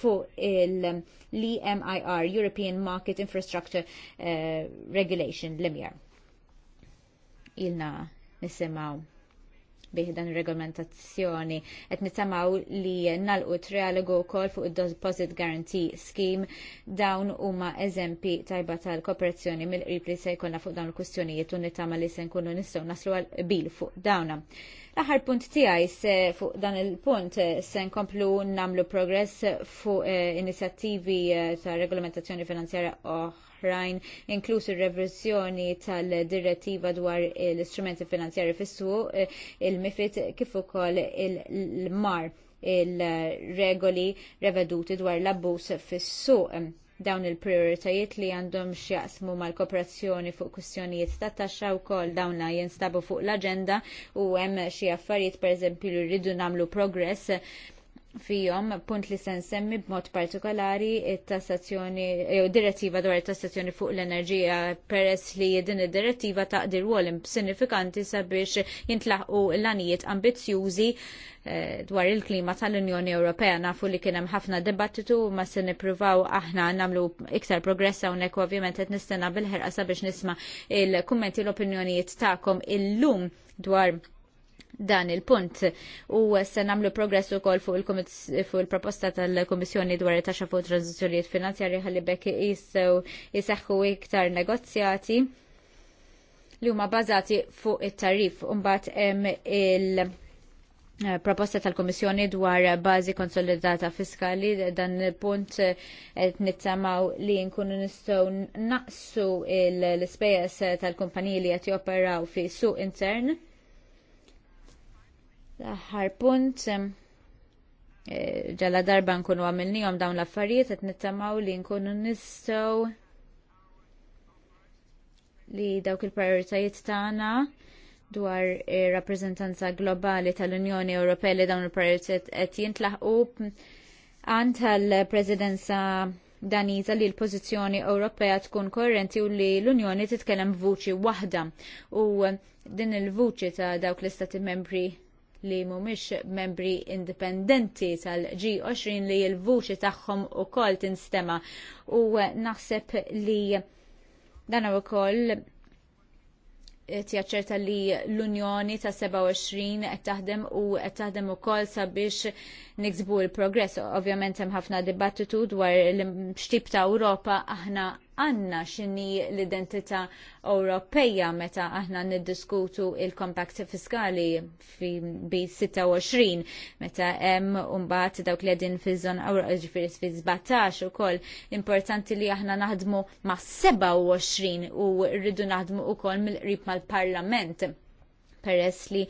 fuq il-EMIR, European Market Infrastructure uh, Regulation, l emir Ilna nisimaw bih dan regolamentazzjoni. Et nitamaw li nalqu trialogu kol fuq il-Deposit Guarantee Scheme dawn huma eżempi tajba tal-kooperazzjoni mill-qrib li se jkollna fuq dawn il-kustjonijiet u nitama li se nkunu nistgħu naslu għal bil fuq dawna. L-aħħar punt tiegħi se fuq dan il-punt se nkomplu nagħmlu progress fuq eh, inizjattivi eh, ta' regolamentazzjoni finanzjarja oħra oħrajn, inkluż ir-reversjoni tal-direttiva dwar l-istrumenti finanzjari fis-suq, il-MIFID kif ukoll il-MAR il-regoli reveduti dwar l-abbuż fis-suq dawn il-prioritajiet li għandhom xjaqsmu mal-kooperazzjoni fuq kwistjonijiet ta' taxxa wkoll dawn jinstabu fuq l-aġenda u hemm xi affarijiet pereżempju li rridu nagħmlu progress fihom punt li se nsemmi b'mod partikolari it-tassazzjoni jew eh, direttiva dwar it-tassazzjoni fuq l-enerġija peress li din id-direttiva taqdir wol sinifikanti sabiex jintlaqqu l-anijiet ambizzjużi eh, dwar il-klima tal-Unjoni Ewropea nafu li kien hemm ħafna debattitu ma se nippruvaw aħna nagħmlu iktar progress hawnhekk ovvjament qed nistenna bil-ħerqa sabiex nisma' il-kummenti l-opinjonijiet tagħkom illum dwar dan il-punt. U se nagħmlu progress ukoll fuq il-proposta tal-Kummissjoni dwar it-taxxa fuq tranzizzjonijiet finanzjari ħalli bekk jistgħu jisaħħu iktar negozjati li huma bażati fuq it-tarif u mbagħad hemm il- proposta tal-Komissjoni dwar bażi konsolidata fiskali dan il-punt qed nittamaw li nkunu nistgħu naqsu l-ispejjeż tal-kumpaniji li qed joperaw fi suq intern L-aħħar punt e, ġala darba nkunu għom dawn l-affarijiet qed nittamaw li nkunu nistgħu li dawk il-prioritajiet tagħna dwar rappreżentanza globali tal-Unjoni Ewropea li dawn il-prioritajiet qed jintlaħqu għand tal-Presidenza Daniza li l-pożizzjoni Ewropea tkun korrenti u li l-Unjoni titkellem b'vuċi waħda u din il-vuċi ta' dawk l-istati membri li mhumiex membri indipendenti tal-G20 li l-vuċi tagħhom ukoll tinstema u eh, naħseb li dan ukoll eh, tjaċċerta li l-Unjoni ta' 27 qed taħdem u qed taħdem ukoll sabiex niksbu l-progress. Ovvjament hemm ħafna dibattitu dwar l-xtib ta' Ewropa aħna għanna xini l-identità Ewropeja meta aħna niddiskutu il-kompakt fiskali fi B26 meta hemm umbat dawk li għedin fi żon ġifiri fi 17 u importanti li aħna naħdmu ma' 27 u rridu naħdmu u mill-qrib mal-parlament peress li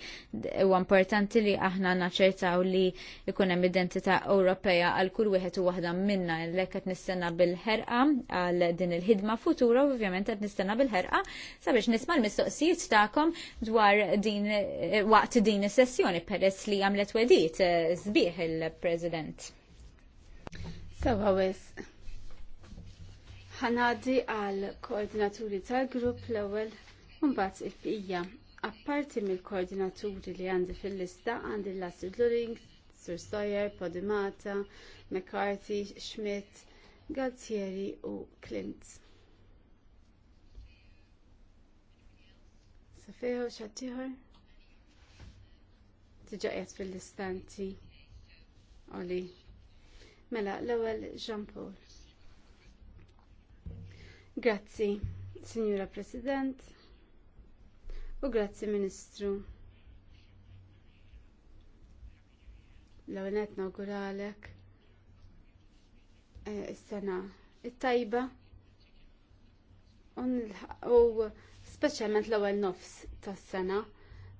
huwa importanti li aħna naċertaw li jkun hemm identità Ewropea għal kull wieħed u waħda minna lek qed nistenna bil-ħerqa għal din il-ħidma futura ovvjament qed nistenna bil-ħerqa sabiex nisma' l-mistoqsijiet tagħkom dwar din waqt din is-sessjoni peress li għamlet wedit eh, sbieħ il-President. Sawa wis. Ħanadi għal koordinaturi tal-grupp l-ewwel Mbagħad il-bqija Apparti mill-koordinaturi li għandi fil-lista għandi l-Lassid Luring, Sir Sawyer, Podimata, McCarthy, Schmidt, Galtieri u Klint. Safeħu xattiħor? Tiġaqjat fil-listanti. Oli. Mela, l-ewel Jean Paul. Grazzi, Signora President u grazzi Ministru. L-għonet nawguralek eh, is-sena it-tajba u speċjalment l-ewwel nofs tas-sena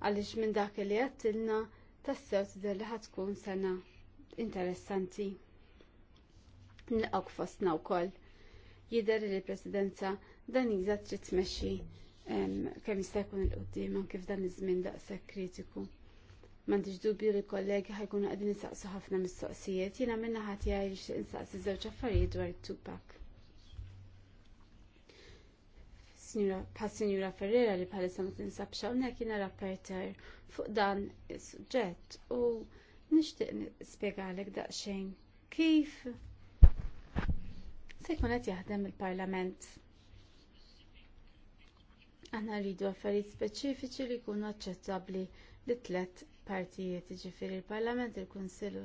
għaliex minn dak li għattilna tassew tidher li ħatkun sena interessanti. Nilqgħu fostna wkoll. Jidher li l-Presidenza Daniża trid tmexxi kemm jista' jkun il-qudiem anke f'dan iż-żmien daqshekk kritiku. M'għandix dubju li kollegi ħajkunu qegħdin isaqsu ħafna mistoqsijiet, jiena minna ħadd jgħid nixtieq insaqsi żewġ affarijiet dwar it-tupak. Bħal Sinjura Ferrera li bħalissa ma tinsabx hawnhekk jiena rapporter fuq dan is-suġġett u nixtieq nispjegalek daqsxejn kif se jkun qed jaħdem il-Parlament Aħna rridu affarijiet speċifiċi li jkunu aċċettabbli li tliet partijiet, jiġifieri l parlament il-Kunsill u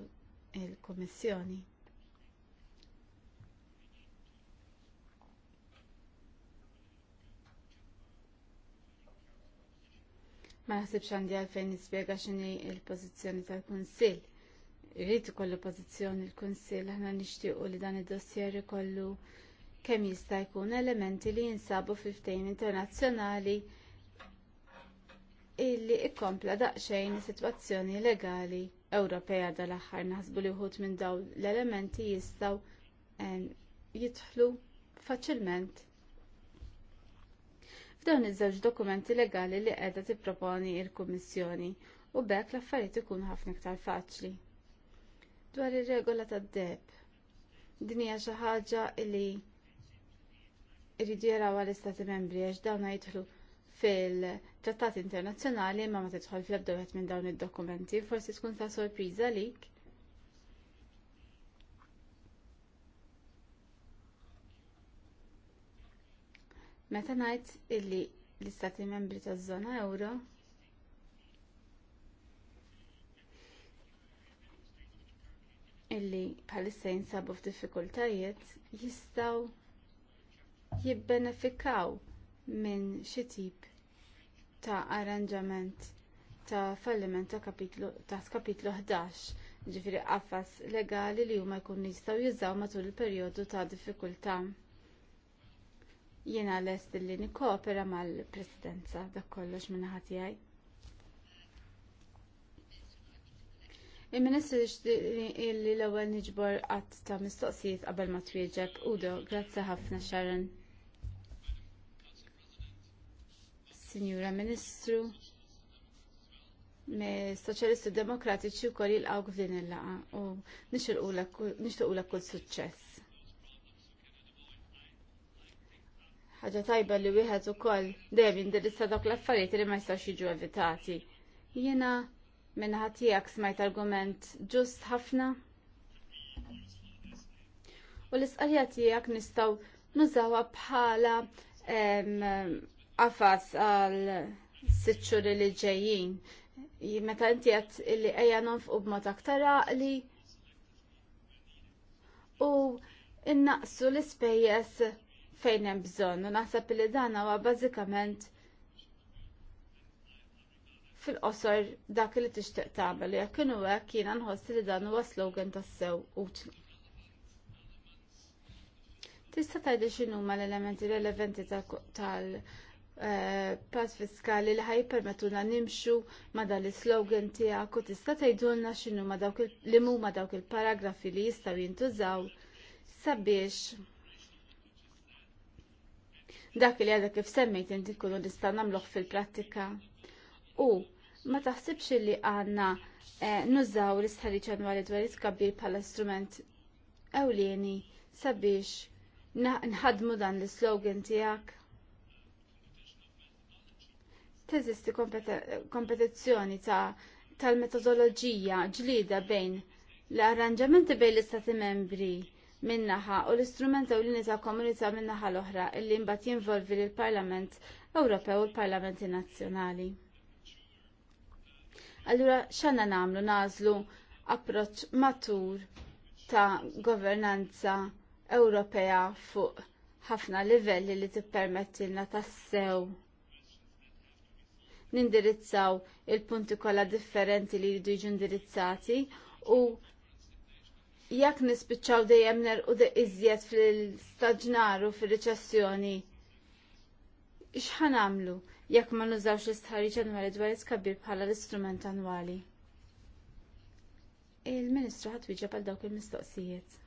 l kummissjoni Ma naħsibx għandi għalfejn nispjega x'inhi l-pożizzjoni tal-Kunsill. Irrid ikollu pożizzjoni l-Kunsill aħna nixtiequ li dan id-dossier ikollu kollu kemm jista' jkun elementi li jinsabu fiftejn internazzjonali illi ikkompla daqsxejn is-sitwazzjoni legali Ewropea dal-aħħar naħsbu li wħud minn dawn l-elementi jistgħu jidħlu faċilment f'dawn iż-żewġ dokumenti legali li qiegħda tipproponi l-Kummissjoni u b'hekk l-affarijiet ikunu ħafna iktar faċli. Dwar ir-regola tad-deb. Din hija xi ħaġa li irridu jaraw għal-istati membri għax dawna jidħlu fil-trattati internazzjonali ma ma tidħol fl wieħed minn dawn id-dokumenti, forsi tkun ta' sorpriża lik. Meta ngħid illi l-istati membri taż-żona Ewro illi bħalissa jinsabu f'diffikultajiet jistgħu jibbenefikaw minn xi tip ta' arranġament ta' falliment ta' kapitlu, taħt kapitlu 11 ġifiri qafas legali li huma jkunu jistgħu jużaw matul il-perjodu ta' diffikultà. Jiena lest li nikkopera mal-presidenza dak kollox minn ħadd tiegħi. Il-Ministru li l-ewwel niġbor qatt ta' mistoqsijiet qabel ma twieġeb Udo, grazzi ħafna Sharon. Sinjura Ministru, me Soċjalisti Demokratiċi wkoll jilqgħu f'din il-laqa u nixtiequlek kull suċċess. ħaġa tajba li wieħed ukoll dejjem jindirizza dawk l-affarijiet li ma jistax jiġu evitati. Jiena minn ħadd tiegħek smajt argument ġust ħafna. U l-isqarja tiegħek nistgħu nużawha bħala qafas għal sitxur li ġejjin. Meta inti għat li għajja nonfqu b'mod aktar għaqli u innaqsu l ispejjeż fejn hemm bżonn u naħseb li dan huwa bażikament fil-qosor dak li tixtieq tagħmel jekk kienu hekk jiena nħoss li dan huwa slogan tas-sew utli. Tista' tgħidli x'inhuma huma l-elementi relevanti tal Eh, pass fiskali li ħaj permetuna nimxu ma dan l-slogan tiegħek u tista' tgħidulna xinu ma dawk li huma dawk il-paragrafi li jistgħu jintużaw sabiex dak li għadha kif semmejt inti tkunu nista' nagħmluh fil-prattika. U ma taħsibx li għandna eh, nużaw l-istħarriċ annwali dwar it-tkabbir bħala strument ewlieni sabiex nħadmu dan l-slogan tiegħek teżisti kompetizzjoni ta' tal-metodoloġija ġlida bejn l-arranġamenti bejn l-istati membri minnaħa u l-istrumenta u l-unità komunità minnaħa l-oħra illi mbagħad jinvolvi l-Parlament Ewropew u l-Parlamenti Nazzjonali. Allura x'għandna nagħmlu nażlu approċċ matur ta' governanza Ewropea fuq ħafna livelli li tippermettilna tassew nindirizzaw il-punti kollha differenti li jridu jiġu indirizzati u jekk nispiċċaw dejjem nerqu iżjed fil-staġnar u fir-riċessjoni x'ħan għamlu jekk ma nużawx l-istħarriġ annwali dwar iskabir bħala l-istrument annwali. Il-Ministru ħadd wieġeb għal dawk il-mistoqsijiet.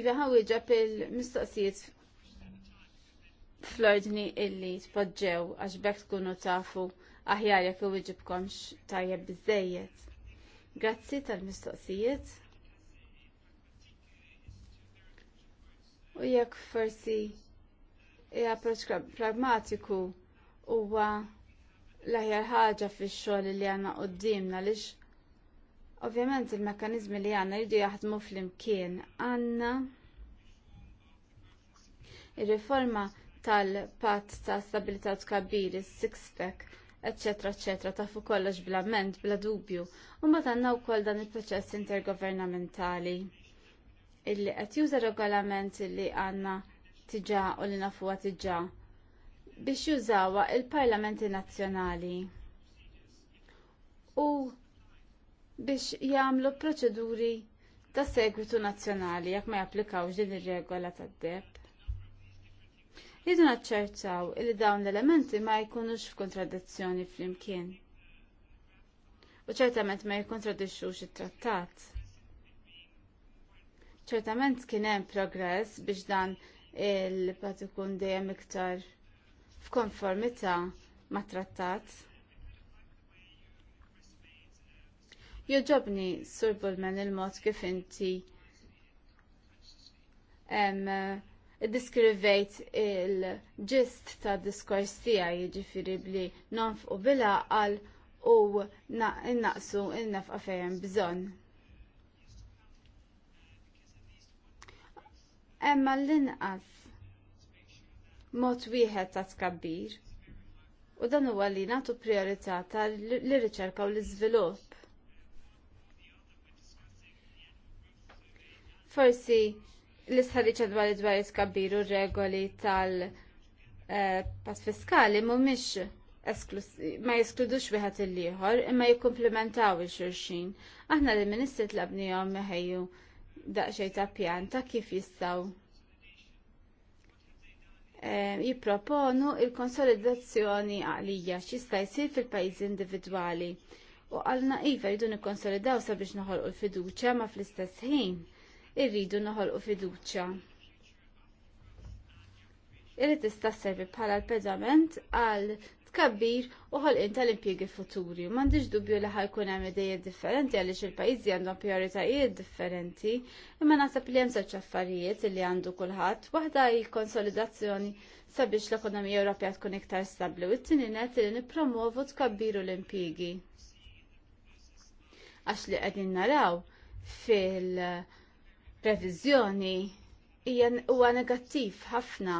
Iva ħawieġeb il-mistoqsijiet fl-ordni illi tpoġġew għax bekk tkunu tafu aħjar jekk iwiġibkomx tajjeb biżżejjed. Grazzi tal-mistoqsijiet. U jekk forsi approċ pragmatiku huwa l-aħjar ħaġa fix-xogħol li għandna qudiemna lix ovvjament il-mekkaniżmi li għandna jridu jaħdmu fl-imkien għandna ir-riforma tal-patt ta' stabilità tkabbir, six pack eċetera, eċetera, ta' fu kollox bla ment, bla dubju. U ma tanna wkoll dan il-proċess intergovernamentali illi qed juża regolament illi għandna tiġà u li nafuha diġà biex jużawha il-parlamenti nazzjonali u biex jagħmlu proċeduri ta' segwitu nazzjonali jekk ma japplikawx din ir-regola tad-deb. Jidu naċċertaw li dawn l-elementi ma jkunux f'kontradizzjoni fl-imkien. U ċertament ma jkontradixxux it-trattat. Ċertament kien hemm progress biex dan il-pat ikun dejjem iktar f'konformità mat trattat. Joġobni Sur Bullman il-mod kif inti Iddiskrivejt il-ġist ta' diskors tiegħi jiġifieri bli nonfqu bil-għaqal u innaqsu innafqa fejn bżonn. Emma l-inqas mod wieħed ta' tkabbir u dan huwa li nagħtu priorità l riċerka u l-iżvilupp. Forsi l-istħarriċa dwar dwar iskabbiru regoli tal-pass eh, fiskali mhumiex ma jeskludux wieħed il-ieħor imma jikkumplementaw il-xulxin. Aħna li ministri tlabnihom meħejju daqsxejn ta' pjanta kif jistgħu eh, jipproponu il-konsolidazzjoni għalija x'jista' jsir fil-pajjiżi individwali u għalna iva jridu nikkonsolidaw sabiex noħolqu l-fiduċja ma fl-istess ħin irridu noħolqu fiduċja. Irrid tista' servi bħala l-pedament għal tkabbir u ħolqien tal-impjiegi futuri. M'għandix dubju li ħajkun hemm idejiet differenti għaliex il-pajjiżi għandhom prijoritajiet differenti, imma naħseb li hemm żewġ affarijiet li għandu kulħadd. Waħda hi konsolidazzjoni sabiex l-ekonomija Ewropea tkun iktar stabbli u t-tieni net li nippromovu u l-impjiegi. Għax li qegħdin naraw fil- previżjoni hija huwa negattiv ħafna.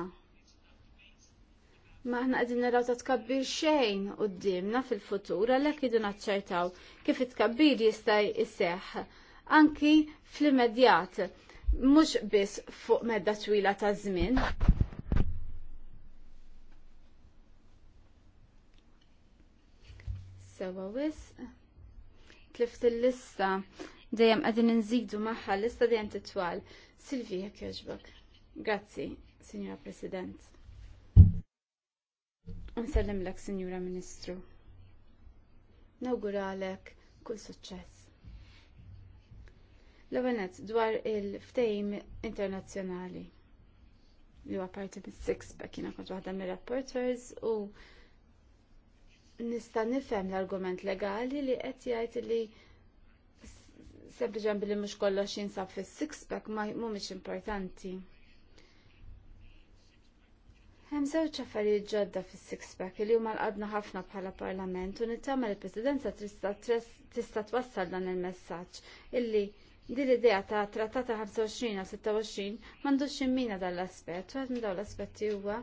Ma aħna qegħdin naraw ta' tkabbir xejn qudiemna fil-futur għalhekk idu naċċertaw kif it-tkabbir jista' jseħħ anki fl-immedjat mhux biss fuq medda twila ta' żmien. Sewa wis tlift il-lista dejjem qegħdin inżidu magħha lista dejjem titwal. Silvi, jekk jogħġbok. Grazzi, Sinjura President. Unsellimlek, Sinjura Ministru. Nawguralek kull suċċess. L-għanet dwar il-ftejm internazzjonali li huwa parti mis six pack jiena kont waħda mir-rapporters u nista' nifhem l-argument legali li qed jgħid li sempliċan billi mux xin sab fis six pack ma mhumiex importanti. Hemm żewġ affarijiet ġodda fis-six pack li huma l-qadna ħafna bħala parlament u nittama li presidenza tista' twassal dan il-messaġġ illi Din l-idea ta' trattata 25 26 m'għandux ximmina dan l-aspett, għad minn dawn l-aspetti huwa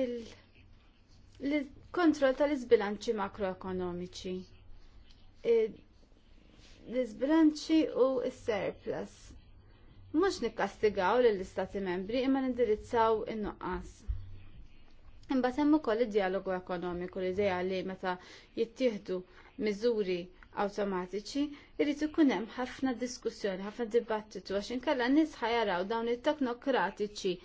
il-kontroll tal-izbilanċi makroekonomiċi l izbranċi u s-surplus. Mux nikkastigaw l-istati membri imma nindirizzaw in-nuqqas. Imba temmu koll dialogu ekonomiku li dija li meta jittieħdu miżuri awtomatiċi irrid ikun hemm ħafna diskussjoni, ħafna dibattitu għax inkella nies ħajaraw dawn it-teknokratiċi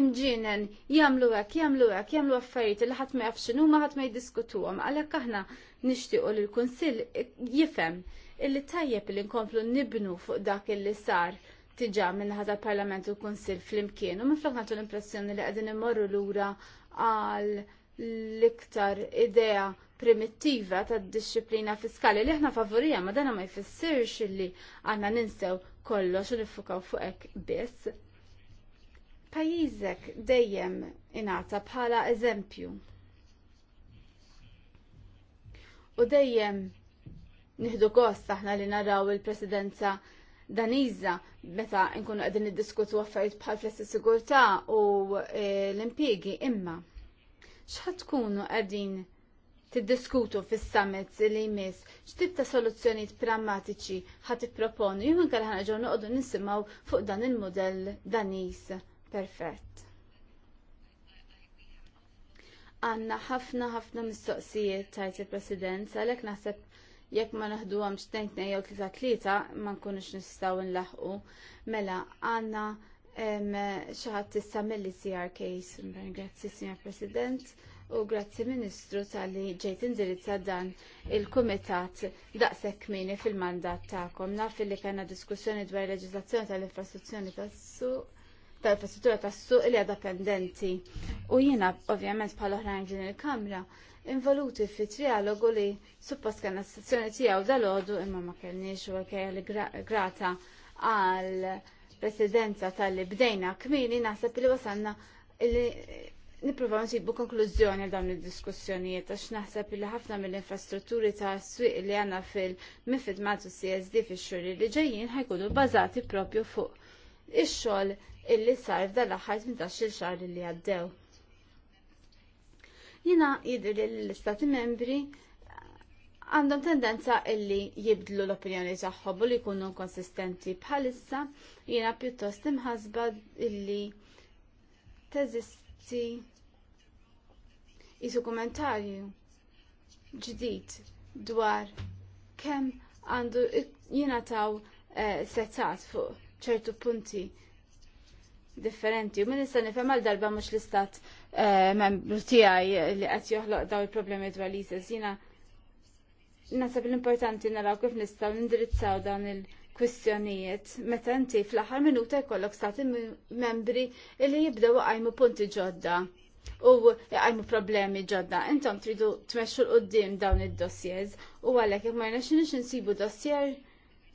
imġinen jagħmlu hekk, jagħmlu hekk, jagħmlu affarijiet li ħadd ma jafx ma ħadd ma jiddiskutuhom. Għalhekk aħna nixtiequ li l-Kunsill jifhem illi tajjeb li nkomplu nibnu fuq dak illi sar tiġa minn ħaza parlament u konsil fl-imkien u minflok nagħtu l-impressjoni li qegħdin immorru lura għal l-iktar idea primittiva ta' disċiplina fiskali li aħna favorija ma dana ma jfissirx li għanna ninsew kollox u nifukaw fuqek biss. Pajizek dejjem inata bħala eżempju. U dejjem Nieħdu gost aħna li naraw il-presidenza Daniza meta nkunu qegħdin niddiskutu affarijiet bħal flessi sigurtà u e, l-impjiegi imma x'ħad tkunu qegħdin tiddiskutu fis-summits li jmiss x'tip ta' soluzzjonijiet prammatiċi ħad tipproponu jew inkar ħana ġew noqogħdu nisimgħu fuq dan il-mudell Daniż perfett. Għanna ħafna ħafna mistoqsijiet tajt il-President, għalhekk naħseb jekk ma naħdu għam xtentna jew tlita tlita ma nkunux nistaw nlaħqu mela għanna xaħat tista mill CR case. Grazzi, Signor President, u grazzi Ministru tal-li ġejt indirizza dan il-Kumitat daqsek mini fil-mandat ta'kom. Naf li kena diskussjoni dwar il leġislazzjoni tal-infrastruzzjoni tas-suq tal fessitura tas-suq li għadha pendenti. U jiena ovvjament bħal oħrajn ġin il-Kamra involuti fi trialogu li suppost kena s sessjoni tiegħu dal-għodu imma ma kellniex u għakja li grata għal presidenza tal-li bdejna kmini naħseb li wasanna li Nipruvaw nsibu konklużjoni dawn id-diskussjonijiet għax naħseb li ħafna mill-infrastrutturi ta' swieq li għandna fil-mifid matu CSD fix xurri li ġejjin ħajkunu bbażati propju fuq ix-xogħol illi sar f'dan l-aħħar 18-il xahar li għaddew. Jina jidri li l-Istati membri għandhom tendenza illi jibdlu l-opinjoni tagħhom u li jkunu konsistenti bħalissa jiena pjuttost imħasba illi teżisti jisu kommentarju ġdid dwar kemm għandu jingħataw eh, setat fuq ċertu punti differenti. U minn issa nifhem għal darba mhux l-istat eh, membru tiegħi li qed joħloq daw il-problemi dwar l-ISIS. Jiena nasab l-importanti naraw kif nistgħu nindirizzaw dawn il-kwistjonijiet. Meta inti fl-aħħar minuta jkollok stati membri li jibdew għajmu punti ġodda u għajmu problemi ġodda. Intom tridu tmexxu l-qoddim dawn id-dossiers u għalhekk jekk ma xinu xinsibu dossier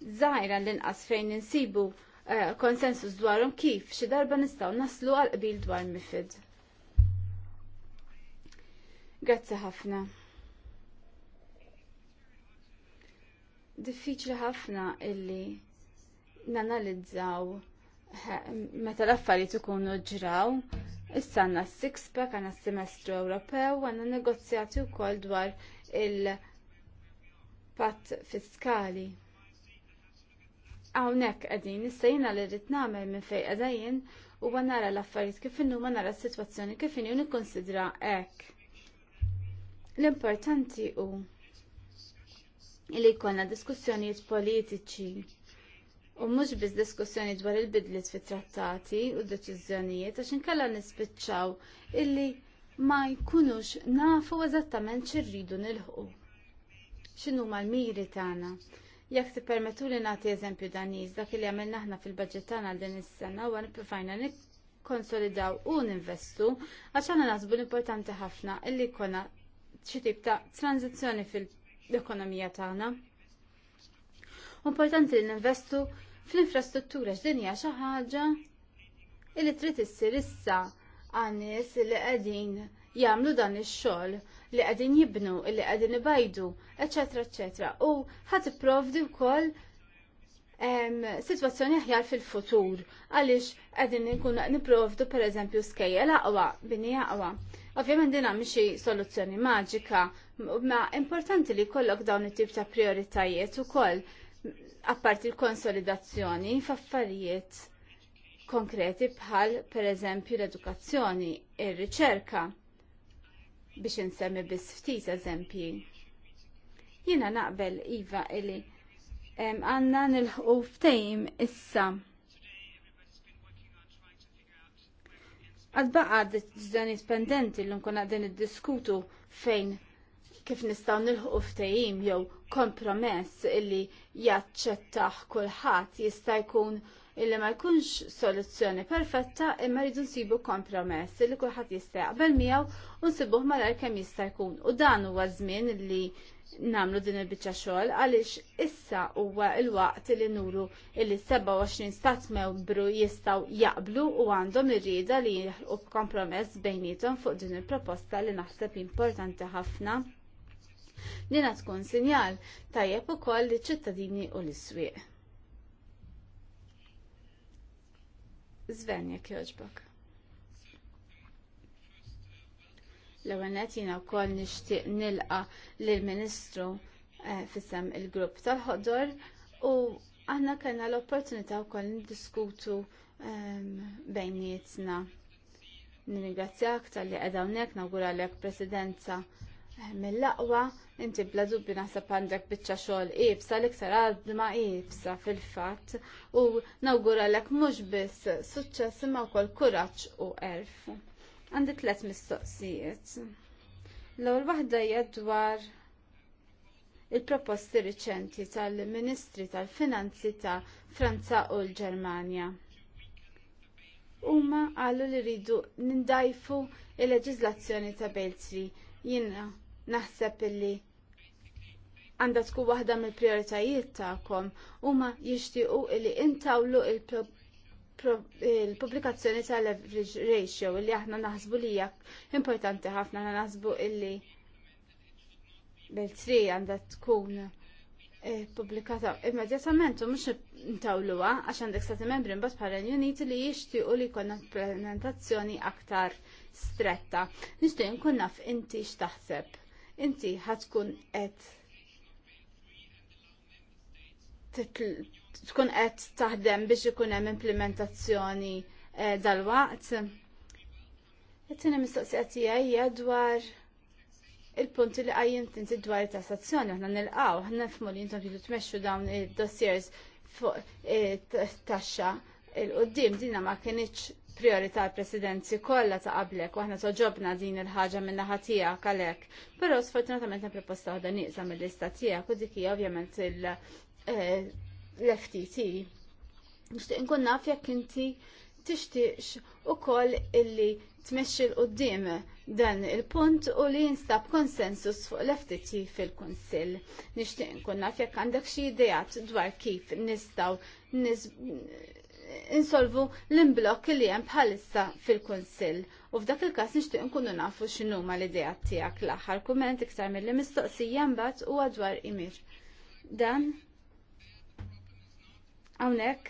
żgħira l-inqas fejn insibu Eh, konsensus dwarhom kif xi darba nistgħu naslu għal qbil dwar mifid. Grazzi ħafna. Diffiċli ħafna illi nanalizzaw eh, meta l-affarijiet ikunu ġraw, issa għandna s-six-pack, għandna s-semestru Ewropew, għandna negozjati wkoll dwar il-patt fiskali. Hawnhekk qegħdin istajna li rrid nagħmel minn fejn qegħdajjin u nara l-affarijiet kif innu għanara nara s-sitwazzjoni kif innu nikkonsidra hekk. L-importanti hu li jkollna diskussjonijiet politiċi U mhux biss diskussjoni dwar il bidlis fit trattati u deċiżjonijiet għax inkella nispiċċaw illi ma jkunux nafu eżattament xirridu nilħqu. X'inhu l-miri tagħna? Jekk permetu li nagħti eżempju Daniż dak li għamilna aħna fil-budget tagħna din is-sena huwa nippruvajna nikkonsolidaw u ninvestu għax għandna naħsbu l-importanti ħafna illi jkollna xi tip ta' tranzizzjoni fil-ekonomija tagħna. Importanti li ninvestu fl-infrastruttura x'dinja xi ħaġa illi trid issir issa għan nies li qegħdin jagħmlu dan ix-xogħol li qegħdin jibnu, li qegħdin ibajdu, eċetera, etc. U ħadd ipprovdi wkoll situazzjoni aħjar fil-futur għaliex qegħdin nkun nipprovdu pereżempju skejjel aqwa, bini aqwa. Ovvjament din mxie xi soluzzjoni maġika, ma importanti li jkollok dawn it-tip ta' prioritajiet ukoll apparti l-konsolidazzjoni f'affarijiet konkreti bħal pereżempju l-edukazzjoni, ir-riċerka biex insemmi biss ftit eżempji. Jiena naqbel Iva illi għandna nilħqu ftehim issa. Għad d deċiżjoni pendenti l nkun għadin id-diskutu fejn kif nistaw nilħu ftejim jew kompromess illi jaċċettaħ kulħadd jista' jkun illi ma jkunx soluzzjoni perfetta imma rridu nsibu kompromess illi kulħadd jista' jaqbel miegħu u nsibuh malar kemm jista' jkun. U dan huwa żmien li namlu din il-bicċa xogħol għaliex issa huwa l-waqt li nuru li 27 stat membru jistgħu jaqblu u għandhom ir-rieda li jilħqu kompromess bejnietom fuq din il-proposta li naħseb importanti ħafna. nina tkun sinjal tajjeb ukoll li ċittadini u l-iswieq. Zvenja kjoġbok. L-ewwel nett jiena wkoll nixtieq nilqa lill-Ministru eh, fissem il-grupp tal-ħodor u aħna kellna l-opportunità wkoll niddiskutu ehm, bejnietna. Nirringrazzjak tal-li qiegħda hawnhekk nawguralek presidenza eh, mill-aqwa, inti bla dubbi naħseb għandek biċċa xogħol ibsa l-iktar għadma ibsa fil-fatt u nawguralek mhux biss suċċess imma wkoll kuraġġ u erf. Għandi tlet mistoqsijiet. L-ewwel waħda hija dwar il-proposti riċenti tal-Ministri tal-Finanzi ta' Franza u l-Ġermanja. Huma qalu li rridu nindajfu il-leġiżlazzjoni ta' Beltri. Jiena naħseb illi għandha tkun waħda mill-prijoritajiet tagħkom huma jixtiequ li intawlu il-proposti il-pubblikazzjoni ta' leverage ratio illi aħna naħsbu li hija importanti ħafna aħna naħsbu illi bel 3 għandha tkun eh, pubblikata immedjatament u mhux intawluha għax għandek stati membri mbagħad bħala Unit li jixtiequ li jkollna prezentazzjoni aktar stretta. Nixtieq nkun naf inti x'taħseb. Inti ħatkun qed tkun qed taħdem biex ikun hemm implementazzjoni eh, dal-waqt. Qed mistoqsija tiegħi dwar il-punti li għajjim tinti dwar tassazzjoni, ħna nil-qaw, nifmu li jintom jidu tmexxu dawn il-dossiers fuq eh, taxxa il-qoddim dina ma kienieċ priorità presidenzi kollha ta' qablek waħna toġobna din il-ħaġa minn naħa tiegħek għalhekk. Però sfortunatament proposta waħda nieqsa mill-lista tiegħek u dik hija ovvjament il- eh, l-FTT. Nixtieq inkun naf jekk inti tixtieqx ukoll illi tmexxi l qudiem dan il-punt u li jinstab konsensus fuq l-FTT fil-Kunsill. Nixtieq inkun naf jekk għandek xi ideat dwar kif nistgħu insolvu l-imblok li hemm bħalissa fil-Kunsill. U f'dak il-każ nixtieq nkunu nafu x'inhuma l-idea tiegħek l-aħħar kumment iktar mill-mistoqsija mbagħad huwa dwar imir. Dan Hawnhekk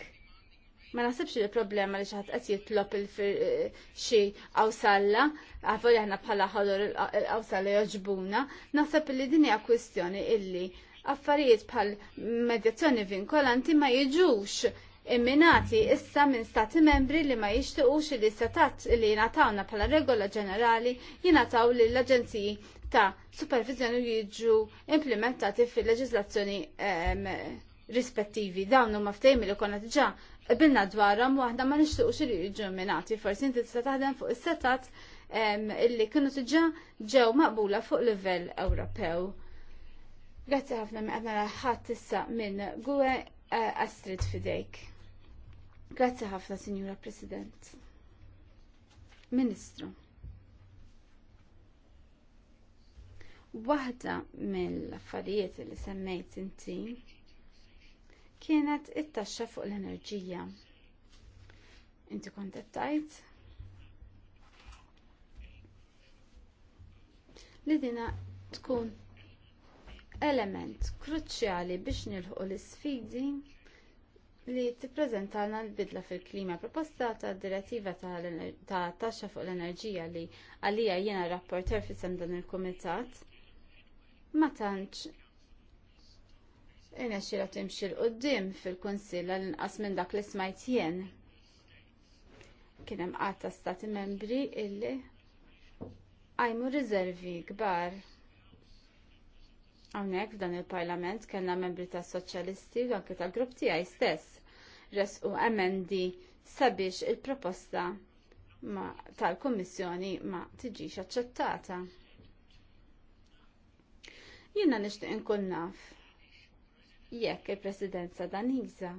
ma nasibx li problema li xaħat qed jitlob il-xi eh, awsalla, għafu li bħala ħodur għawsalla joġbuna, naħseb li din hija kwistjoni illi affarijiet bħal medjazzjoni vinkolanti ma jiġux imminati issa minn stati membri li ma jixtiqux li satat li jingħatawna bħala regola ġenerali jingħataw l aġenziji ta' supervizjoni jiġu implementati fil-leġislazzjoni ehm, rispettivi dawn huma ftehim li konna diġà bilna dwarhom waħda ma nixtuqx li jiġu minati. Forsi inti tista' taħdem fuq is-setat illi kienu diġà ġew maqbula fuq livell Ewropew. Grazzi ħafna mi għadna ħadd issa minn Gwe eh, Astrid fidejk. Grazzi ħafna, Sinjura President. Ministru. Waħda mill-affarijiet li semmejt inti kienet it-taxxa fuq l-enerġija. Inti kont li dina tkun element kruċjali biex nilħu l-sfidi li tippreżentalna l-bidla fil-klima proposta ta' direttiva ta' taxxa fuq l-enerġija li għalija jiena rapporter fi dan il-kumitat ma tantx Ina xira timxi l-qoddim fil-konsil għal-inqas minn dak li smajt jien. Kienem għata stati membri illi għajmu rizervi gbar. Għawnek f'dan il-parlament kena membri ta' soċjalisti u anke tal-grupp tiegħi stess. Resqu emendi sabiex il-proposta tal-Kommissjoni ma tiġix aċċettata. Jiena nixtieq inkun naf jekk il-Presidenza Daniża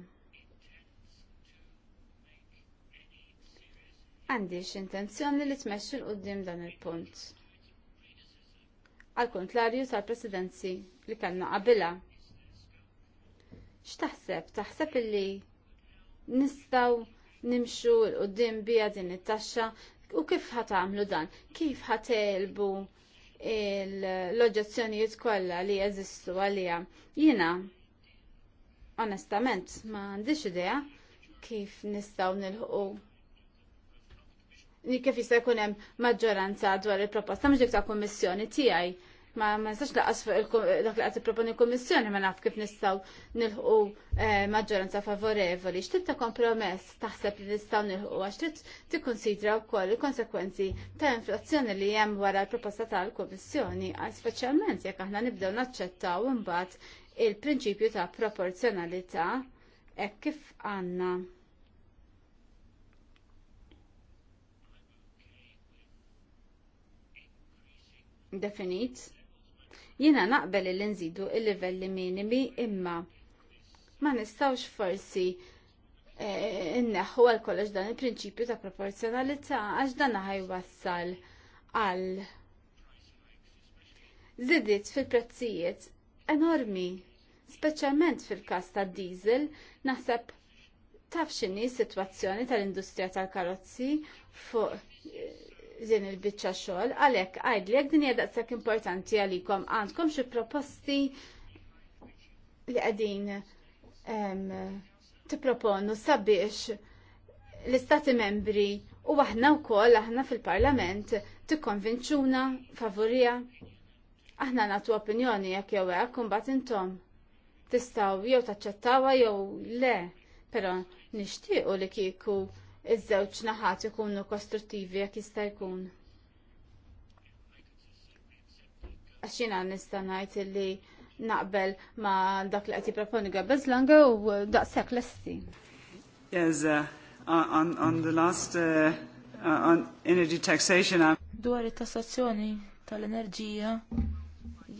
għandix intenzjoni li tmexxi l qudiem dan il-punt. Għal kontlarju tal-presidenzi li kellna qabilha. X'taħseb? Taħseb illi nistgħu nimxu l qudiem biha din it-taxxa u kif ħat dan? Kif ħat elbu l-oġġezzjonijiet kollha li jeżistu għalija? Jiena Onestament, ma għandix idea kif nistaw nilħu kif jista' jkun hemm maġġoranza dwar il-proposta mhux dik ta' kummissjoni tiegħi. Ma ma nistax laqas fuq dak li qed tipproponi kummissjoni ma naf kif nistgħu nilħu eh, maġġoranza favorevoli. X'tib ta' kompromess taħseb li nistgħu nilħu għax trid tikkunsidra wkoll il-konsekwenzi ta' inflazzjoni li hemm wara l-proposta tal-Kummissjoni, speċjalment jekk aħna nibdew naċċettaw imbagħad il-prinċipju ta' proporzjonalità hekk kif għandna definit. Jiena naqbel li nżidu il-livelli minimi imma ma nistawx forsi e, inneħħu għal kollox dan il-prinċipju ta' proporzjonalità għax dan ħajwassal għal zidiet fil-prezzijiet enormi, speċjalment fil-każ tad-diesel, naħseb taf x'inhi s-sitwazzjoni tal-industrija tal-karozzi fuq eh, din il-biċċa xogħol, għalhekk għajdlek din hija daqshekk importanti għalikom għandkom xi proposti li qegħdin ehm, tipproponu sabiex l-istati membri u aħna wkoll aħna fil-parlament tikkonvinċuna favorija aħna nagħtu opinjoni jekk jew hekk imbagħad intom tistgħu jew taċċettawha jew le, però nixtiequ li kieku iż-żewġ naħat ikunu kostruttivi jekk jista' jkun. jiena nista' ngħid li naqbel ma dak li qed jipproponi Gabbez Langa u daqshekk lesti. Yes, uh, on, on the last uh, uh, on energy taxation. Uh, Dwar it-tassazzjoni tal-enerġija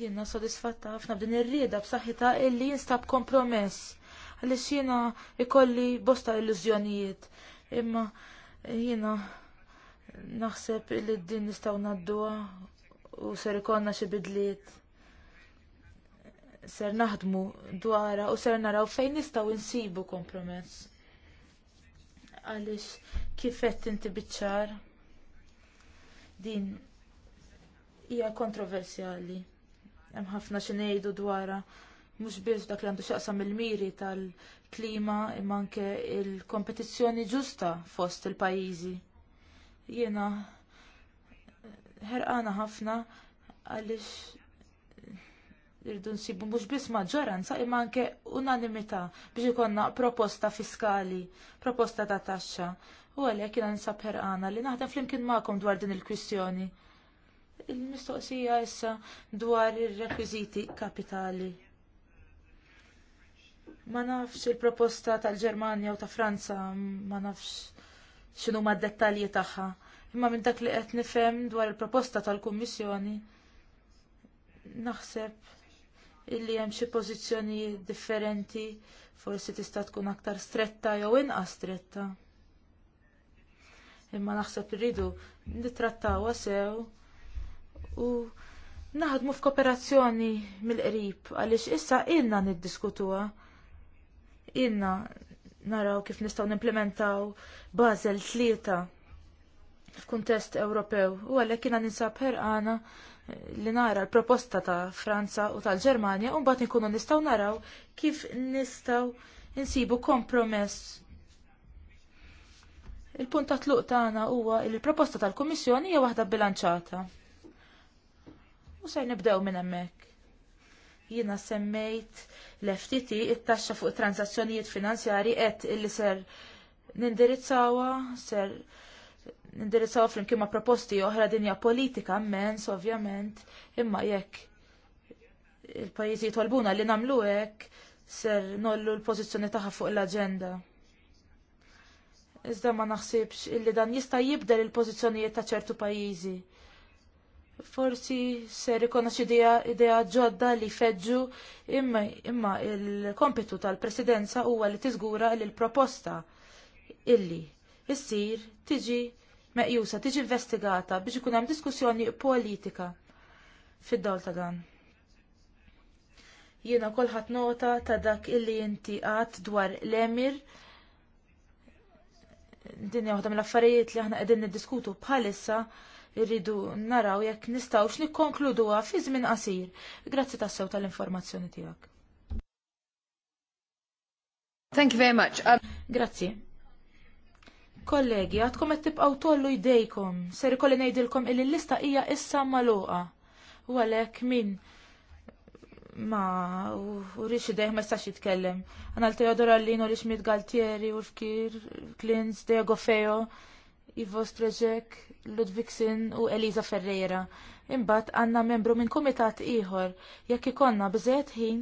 Jiena sodisfatta ħafna b'din ir-rieda b'saħħitha illi jinstab kompromess għaliex jiena ikolli bosta illużjonijiet. Imma jiena naħseb illi din nistgħu nadduha u ser ikollna xi bidliet. Ser naħdmu dwarha u ser naraw fejn nistgħu insibu kompromess. Għaliex kif qed inti biċċar din hija kontroversjali hemm ħafna xi ngħidu dwarha mhux biss dak li għandu x'aqsam il-miri tal-klima imma anke il-kompetizzjoni ġusta fost il-pajjiżi. Jiena ħerqana ħafna għaliex irdu nsibu mhux biss maġġoranza imma anke unanimità biex ikonna proposta fiskali, proposta ta' taxxa. U għalhekk jiena nisab ħerqana li naħdem flimkien magħkom dwar din il-kwistjoni. Il-mistoqsija issa dwar ir-rekwiżiti kapitali. Ma nafx il-proposta tal-Ġermanja u ta' Franza, ma nafx xinu ma' dettalji tagħha. Imma minn dak li qed nifhem dwar il-proposta tal-Kummissjoni naħseb illi hemm xi pożizzjonijiet differenti forsi tista' tkun aktar stretta jew inqas stretta. Imma naħseb irridu nittrattawha sew u naħdmu f'kooperazzjoni mill-qrib għaliex issa ilna niddiskutuha. Ilna naraw kif nistgħu nimplementaw Basel tlieta f'kuntest Ewropew u għalhekk kiena ninsab ħerqana eh, li nara l-proposta ta' Franza u tal-Ġermanja u mbagħad nkunu nistgħu naraw kif nistgħu insibu kompromess. Il-punt ta' tluq tagħna huwa li l-proposta tal-Kummissjoni hija waħda bilanċata. U ser nibdew minn hemmhekk. Jiena semmejt l-FTT it-taxxa fuq transazzjonijiet finanzjarji qed illi ser nindirizzawa, ser nindirizzawa flimkien ma' proposti oħra dinja politika mens, ovvjament, imma jekk il-pajjiżi jitolbuna li nagħmlu hekk ser nollu l-pożizzjoni tagħha fuq l-aġenda. Iżda ma naħsibx illi dan jista' jibdel il-pożizzjonijiet ta' ċertu pajjiżi forsi se rikonoxi idea ġodda li feġġu imma, imma il-kompitu tal-presidenza huwa li tiżgura li l-proposta illi issir tiġi meqjusa, tiġi investigata biex ikun hemm diskussjoni politika fid-dawl ta' dan. Jiena kolħat nota ta' dak illi inti għat dwar l-emir din waħda mill-affarijiet li aħna qegħdin niddiskutu bħalissa irridu naraw jekk nistgħux nikkonkluduha fi żmien qasir. Grazzi tassew tal-informazzjoni tiegħek. Thank you very much. Um... Grazzi. Kollegi, għadkom qed tibqgħu tollu jdejkom, ser ikolli ngħidilkom illi l-lista hija issa magħluqa. U għalhekk min ma u rix idejh ma jistax jitkellem. Għana l-Teodor Allino li xmit Galtieri u fkir Klins, Diego Feo, Ivo Streġek, Ludvigsin u Eliza Ferreira. Imbagħad għandna membru minn Komitat ieħor jekk ikonna biżejjed ħin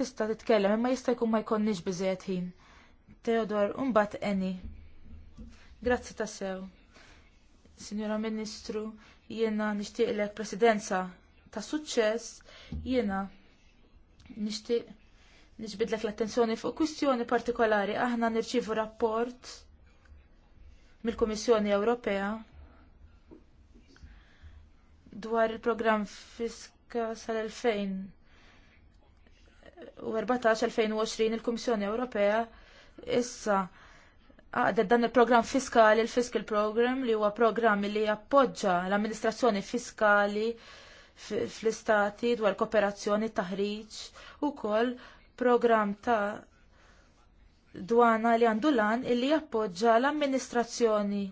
tista' titkellem imma jista' jkun ma jkollniex biżejjed ħin. Teodor, imbat Eni. Grazzi tassew. Signora Ministru, jiena nixtieqlek presidenza ta' suċċess, jena nixtieq nixbidlek l-attenzjoni fuq kwistjoni partikolari. Aħna nirċivu rapport mill-Kummissjoni Ewropea dwar il-programm fiska sal-2014-2020 il-Kummissjoni Ewropea issa għadet dan il-programm fiskali, il-Fiscal Program, li huwa programm li jappoġġa l-amministrazzjoni fiskali fl-istati dwar kooperazzjoni taħriġ u kol program ta' dwana li għandu lan illi jappoġġa l-amministrazzjoni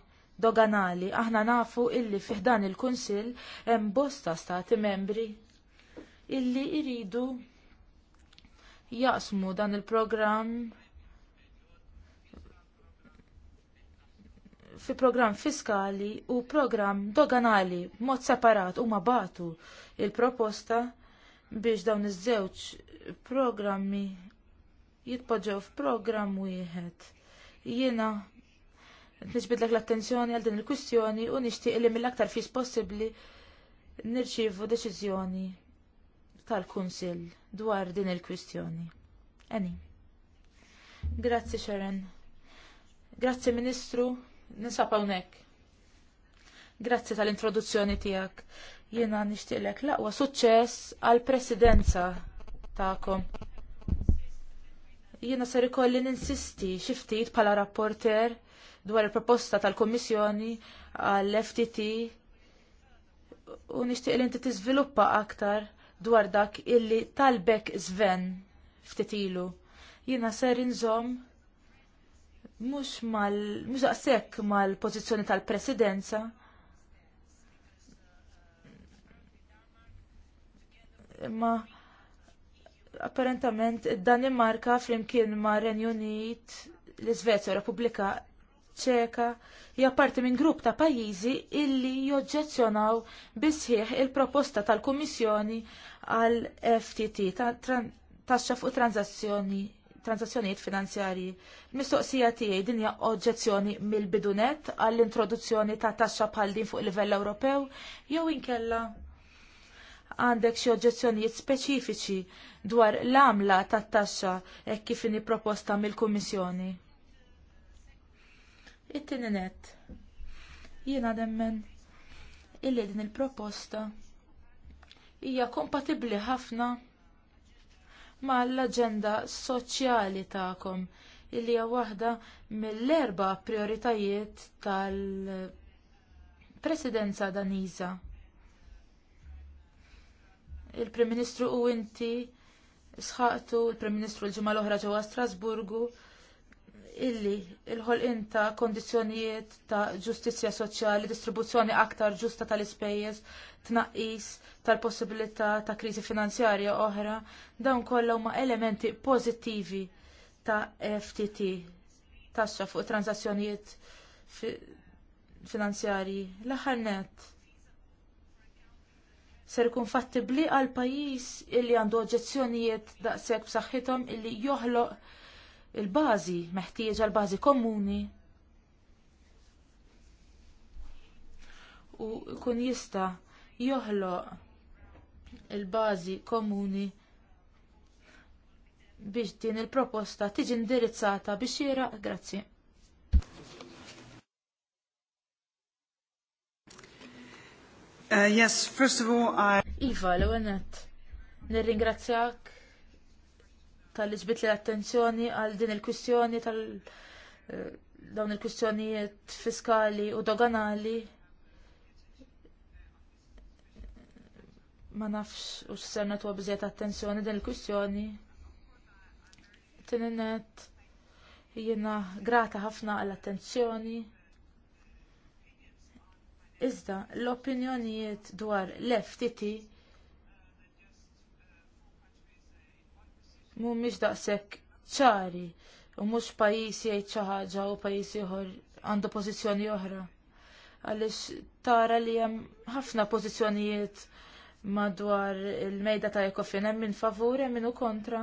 doganali. Aħna nafu illi fiħdan il-Kunsill hemm bosta stati membri illi jridu jaqsmu dan il-programm fi programm fiskali u programm doganali mod separat huma batu il-proposta biex dawn iż-żewġ programmi jitpoġġew f'programm wieħed. Jiena niġbidlek l-attenzjoni għal din il-kwistjoni u nixtieq li mill-aktar fis possibbli nirċievu deċiżjoni tal-Kunsill dwar din il-kwistjoni. Eni. Grazzi Sharon. Grazzi Ministru, ninsab hawnhekk. Grazzi tal-introduzzjoni tiegħek. Jiena nixtieqlek l-aqwa suċċess għall presidenza tagħkom. Jiena sar ikolli ninsisti xi ftit bħala rapporter dwar il-proposta tal-Kommissjoni għall-FTT u nixtieq li inti tiżviluppa aktar dwar dak illi talbek żven ftit ilu. Jiena ser inżomm mhux mal mhux daqshekk mal-pożizzjoni tal-Presidenza. Imma apparentament id-Danimarka flimkien ma' Renju Unit, l-Iżvezja u Repubblika Ċeka hija parti minn grupp ta' pajjiżi illi joġġezzjonaw bisħieħ il-proposta tal-Kummissjoni għal FTT ta' taxxa fuq transazzjoni transazzjonijiet finanzjarji. Mistoqsija tiegħi din hija oġġezzjoni mill-bidunet għall-introduzzjoni ta' taxxa bħal din fuq livell Ewropew jew inkella għandek xi oġġezzjonijiet speċifiċi dwar l-għamla tat-taxxa hekk kif inhi proposta mill-Kummissjoni. It-tieni nett. Jiena demmen illi din il-proposta hija kompatibbli ħafna mal-aġenda soċjali tagħkom illi hija waħda mill-erba' prioritajiet tal-Presidenza Daniża il-Prim Ministru u inti sħaqtu il-Prim Ministru l-ġimgħa l-oħra ġewwa Strasburgu illi il-ħolqien ta' kondizjonijiet ta' ġustizzja soċjali, distribuzzjoni aktar ġusta tal-ispejjeż, tnaqqis tal-possibilità ta' kriżi finanzjarja oħra, dawn kollha huma elementi pożittivi ta' FTT, taxxa fuq transazzjonijiet finanzjarji. L-aħħar nett ser ikun fattibli għal pajjiż illi għandu oġġezzjonijiet daqshekk b'saħħithom illi joħloq il-bażi meħtieġa l-bażi komuni u jkun jista' joħloq il-bażi komuni biex din il-proposta tiġi indirizzata biex jira, grazzi. Uh, yes, first of all, I... Iva, l-għenet, nirringrazzjak tal-ġbit li l-attenzjoni għal din il-kwistjoni tal- eh, dawn il-kwistjonijiet fiskali u doganali ma nafx u s sernet u għabżiet attenzjoni din il-kwistjoni tininnet jiena grata ħafna għall-attenzjoni Iżda l-opinjonijiet dwar l-FTT mhumiex daqshekk ċari u mhux pajjiż jgħid xi ħaġa u pajjiż ieħor għandu pożizzjoni oħra. Għaliex tara li hemm ħafna pożizzjonijiet madwar il-mejda ta' ekofin hemm min favur hemm min kontra.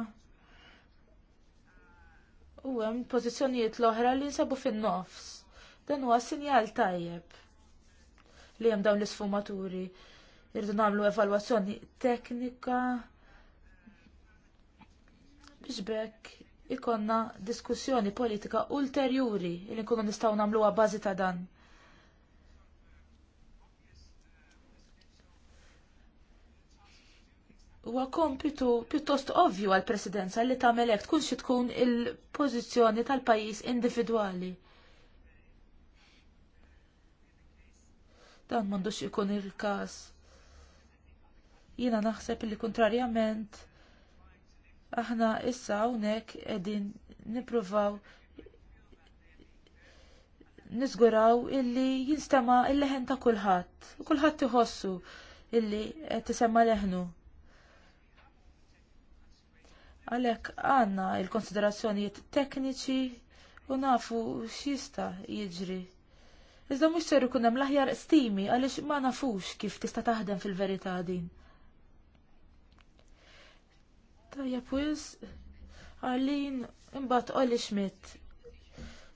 U hemm pożizzjonijiet l-oħra li jinsabu fin-nofs. Dan huwa sinjal tajjeb li hemm dawn l-isfumaturi. Irridu nagħmlu evalwazzjoni teknika biex bekk ikonna diskussjoni politika ulterjuri li nkunu nistgħu nagħmluha bażi ta' dan. huwa kompitu pjuttost ovvju għall presidenza li tagħmel hekk tkun xitkun tkun il-pożizzjoni tal-pajjiż individwali. Dan m'għandux ikun il-każ. Jiena naħseb li kontrarjament aħna issa hawnhekk qegħdin nippruvaw nizguraw illi jinstema il-leħen ta' kulħadd. Kulħadd iħossu illi qed tisemma' leħnu. Għalhekk għandna l konsiderazzjonijiet tekniċi u nafu x'jista' jiġri. Iżda mhux ser ikun hemm l-aħjar stimi għaliex ma nafux kif tista' taħdem fil-verità din. Tajja pwiż, għalin, imbagħad Oli Schmidt.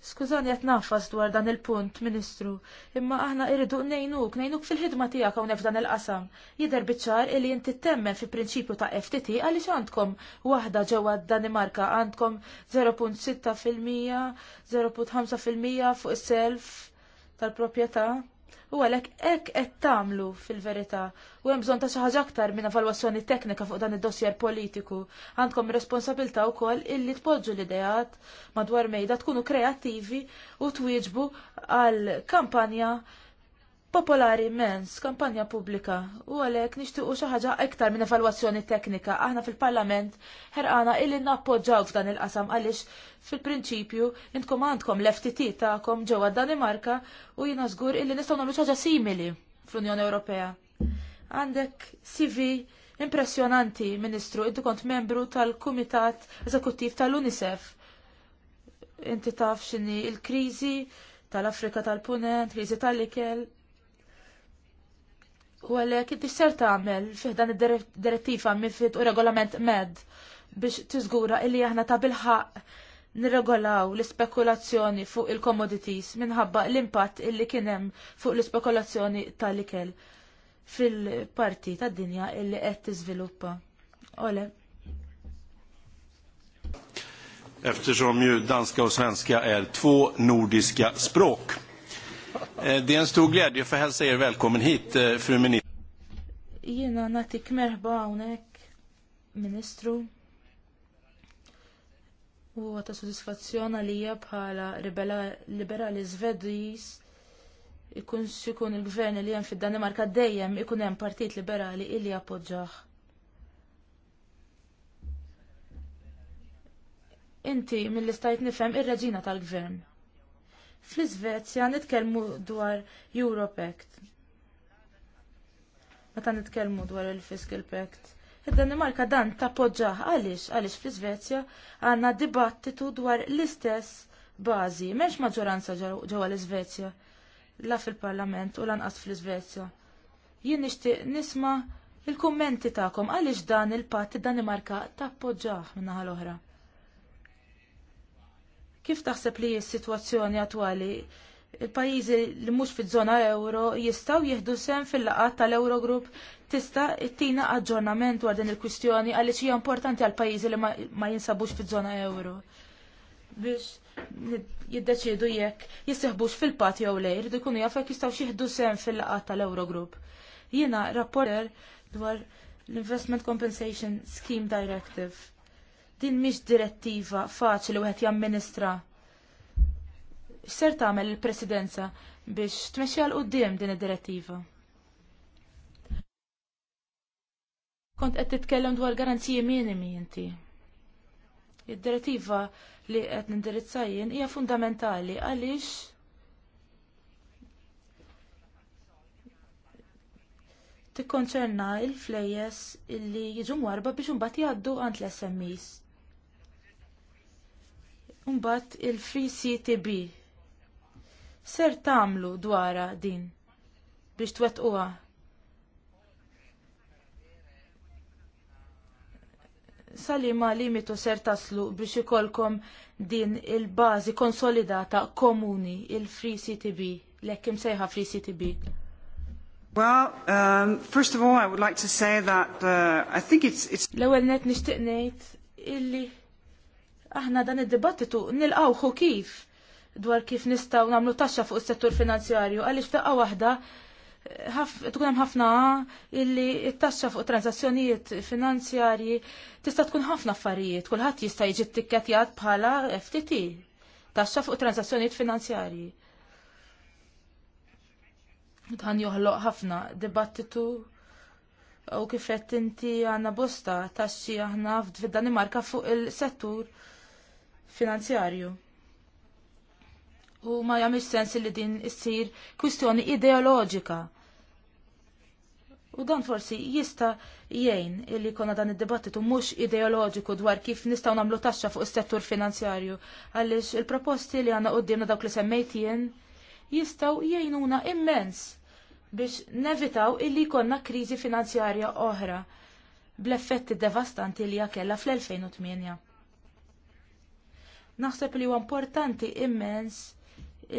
Skużani qed nafas dwar dan il-punt, Ministru, imma aħna irridu ngħinuk, ngħinuk fil-ħidma tiegħek hawnhekk f'dan il-qasam. Jidher biċ-ċar jien inti temmen fi prinċipju ta' FTT għaliex għandkom waħda ġewwa Danimarka għandkom 0.6%, 0.5% fuq is-self tal-proprjetà u għalhekk hekk qed tagħmlu fil-verità u hemm bżonn ta' xaħġa aktar minn evalwazzjoni teknika fuq dan id-dossier politiku. Għandkom responsabilità wkoll illi tpoġġu l-ideat madwar mejda tkunu kreattivi u twieġbu għal kampanja popolari immens, kampanja pubblika, u għalek nishtiqu xaħġa iktar minn evalwazzjoni teknika. Aħna fil-parlament herqana illi nappoġġaw f'dan il-qasam għalix fil-prinċipju intkom għandkom l-FTT ta'kom ġewwa Danimarka u jina żgur illi nistgħu nagħmlu ħaġa simili fl-Unjoni Ewropea. Għandek CV impressjonanti, Ministru, intu kont membru tal-Kumitat Eżekuttiv tal-UNICEF. Inti taf x'inhi il-kriżi tal-Afrika tal-Punent, kriżi tal-Ikel, U kif inti xser tagħmel fih dan id-direttiva mifid u regolament med biex tiżgura illi aħna ta' bilħaq nirregolaw l-ispekulazzjoni fuq il-commodities minħabba l-impatt illi kien hemm fuq l-ispekulazzjoni tal-ikel fil-parti tad-dinja illi qed tiżviluppa. Ole. Eftersom ju danska och svenska är två nordiska språk Eh, det är en stor glädje för hälsa er välkommen hit, eh, fru minister. Jena natik merħba hawnhekk, Ministru. U ta' sodisfazzjon għalija bħala liberali Svediż ikun ikun il-gvern li hemm fid-Danimarka dejjem ikun hemm partit liberali illi appoġġjah. Inti mill-istajt nifhem ir-reġina tal-gvern. Fl-Iżvezja nitkellmu dwar Europact. Meta nitkellmu dwar il-Fiscal Pact. Id-Danimarka dan tappoġġah għaliex għaliex fl-Iżvezja għandna dibattitu dwar l-istess bażi, m'hemmx maġġoranza ġewwa l-Iżvezja la fil-Parlament u lanqas fl-Iżvezja. Jien nixtieq nisma' il-kummenti tagħkom għaliex dan il-patt id-Danimarka tappoġġah min-naħa l-oħra. Kif taħseb li s-situazzjoni attwali il-pajizi li mhux fiż-żona euro jistgħu jieħdu sem fil-laqat tal-Eurogroup tista' ttina aġġornament dwar din il-kwistjoni għaliex hija importanti għal pajjiżi li ma jinsabux fiż-żona euro biex jiddeċidu jekk jisseħbux fil-pat jew lej jridu jkunu jafu jekk jistgħu jieħdu sem fil-laqat tal-Eurogroup. Jiena rapporter dwar l-Investment Compensation Scheme Directive Din mhix direttiva faċli wieħed jamministra. X'ser tagħmel il-Presidenza biex tmexxi għal quddiem din id-direttiva? Kont qed titkellem dwar garanziji minimi inti. Id-direttiva li qed jien hija fundamentali għaliex tikkonċerna l il flejjes illi jiġu mwarba biex imbagħad jgħaddu għand l-SMEs. Umbat il-Free CTB. Ser tagħmlu dwara din biex twettquha. uwa. Salima limitu ser taslu biex ikolkom din il bażi konsolidata komuni il-Free CTB, lekkim sejħa Free CTB. Well, um, first of all, I would like to say that uh, I think it's... it's... L-ewel net nishtiq ngħid illi Aħna dan id-dibattitu nilqawħu kif dwar kif nistgħu nagħmlu taxxa fuq is-settur finanzjarju għaliex f'daqqa waħda tkun hemm ħafna illi t-taxxa fuq transazzjonijiet finanzjarji tista' tkun ħafna affarijiet, kulħadd jista' jiġi tikkettjat bħala FTT, taxxa fuq transazzjonijiet finanzjarji. Dan joħloq ħafna dibattitu u kif qed inti għandna bosta taxxi aħna f'Danimarka fuq il-settur finanzjarju. U ma jamix sens li din issir kwistjoni ideoloġika. U dan forsi jista jgħin li konna dan id-dibattitu mhux ideoloġiku dwar kif nistgħu nagħmlu taxxa fuq is-settur finanzjarju għaliex il-proposti li għandna qudiemna dawk li semmejt jien jistgħu jgħinuna immens biex nevitaw illi jkollna kriżi finanzjarja oħra bl-effetti devastanti li kellha fl-2008. Naħseb li huwa importanti immens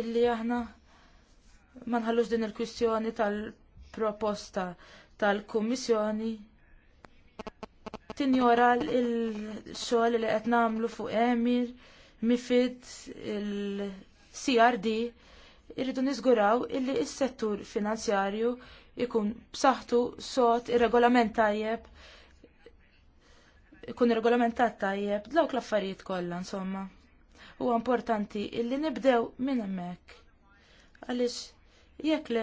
illi aħna ma nħallux din il-kwistjoni tal-proposta tal-Kummissjoni tinjora l xogħol li qed nagħmlu fuq Emir, Mifid, il-CRD, irridu niżguraw illi s-settur finanzjarju ikun b'saħħtu sod ir-regolament tajjeb ikun regolamentat tajjeb dawk l-affarijiet kollha insomma huwa importanti illi nibdew minn hemmhekk. Għaliex jekk le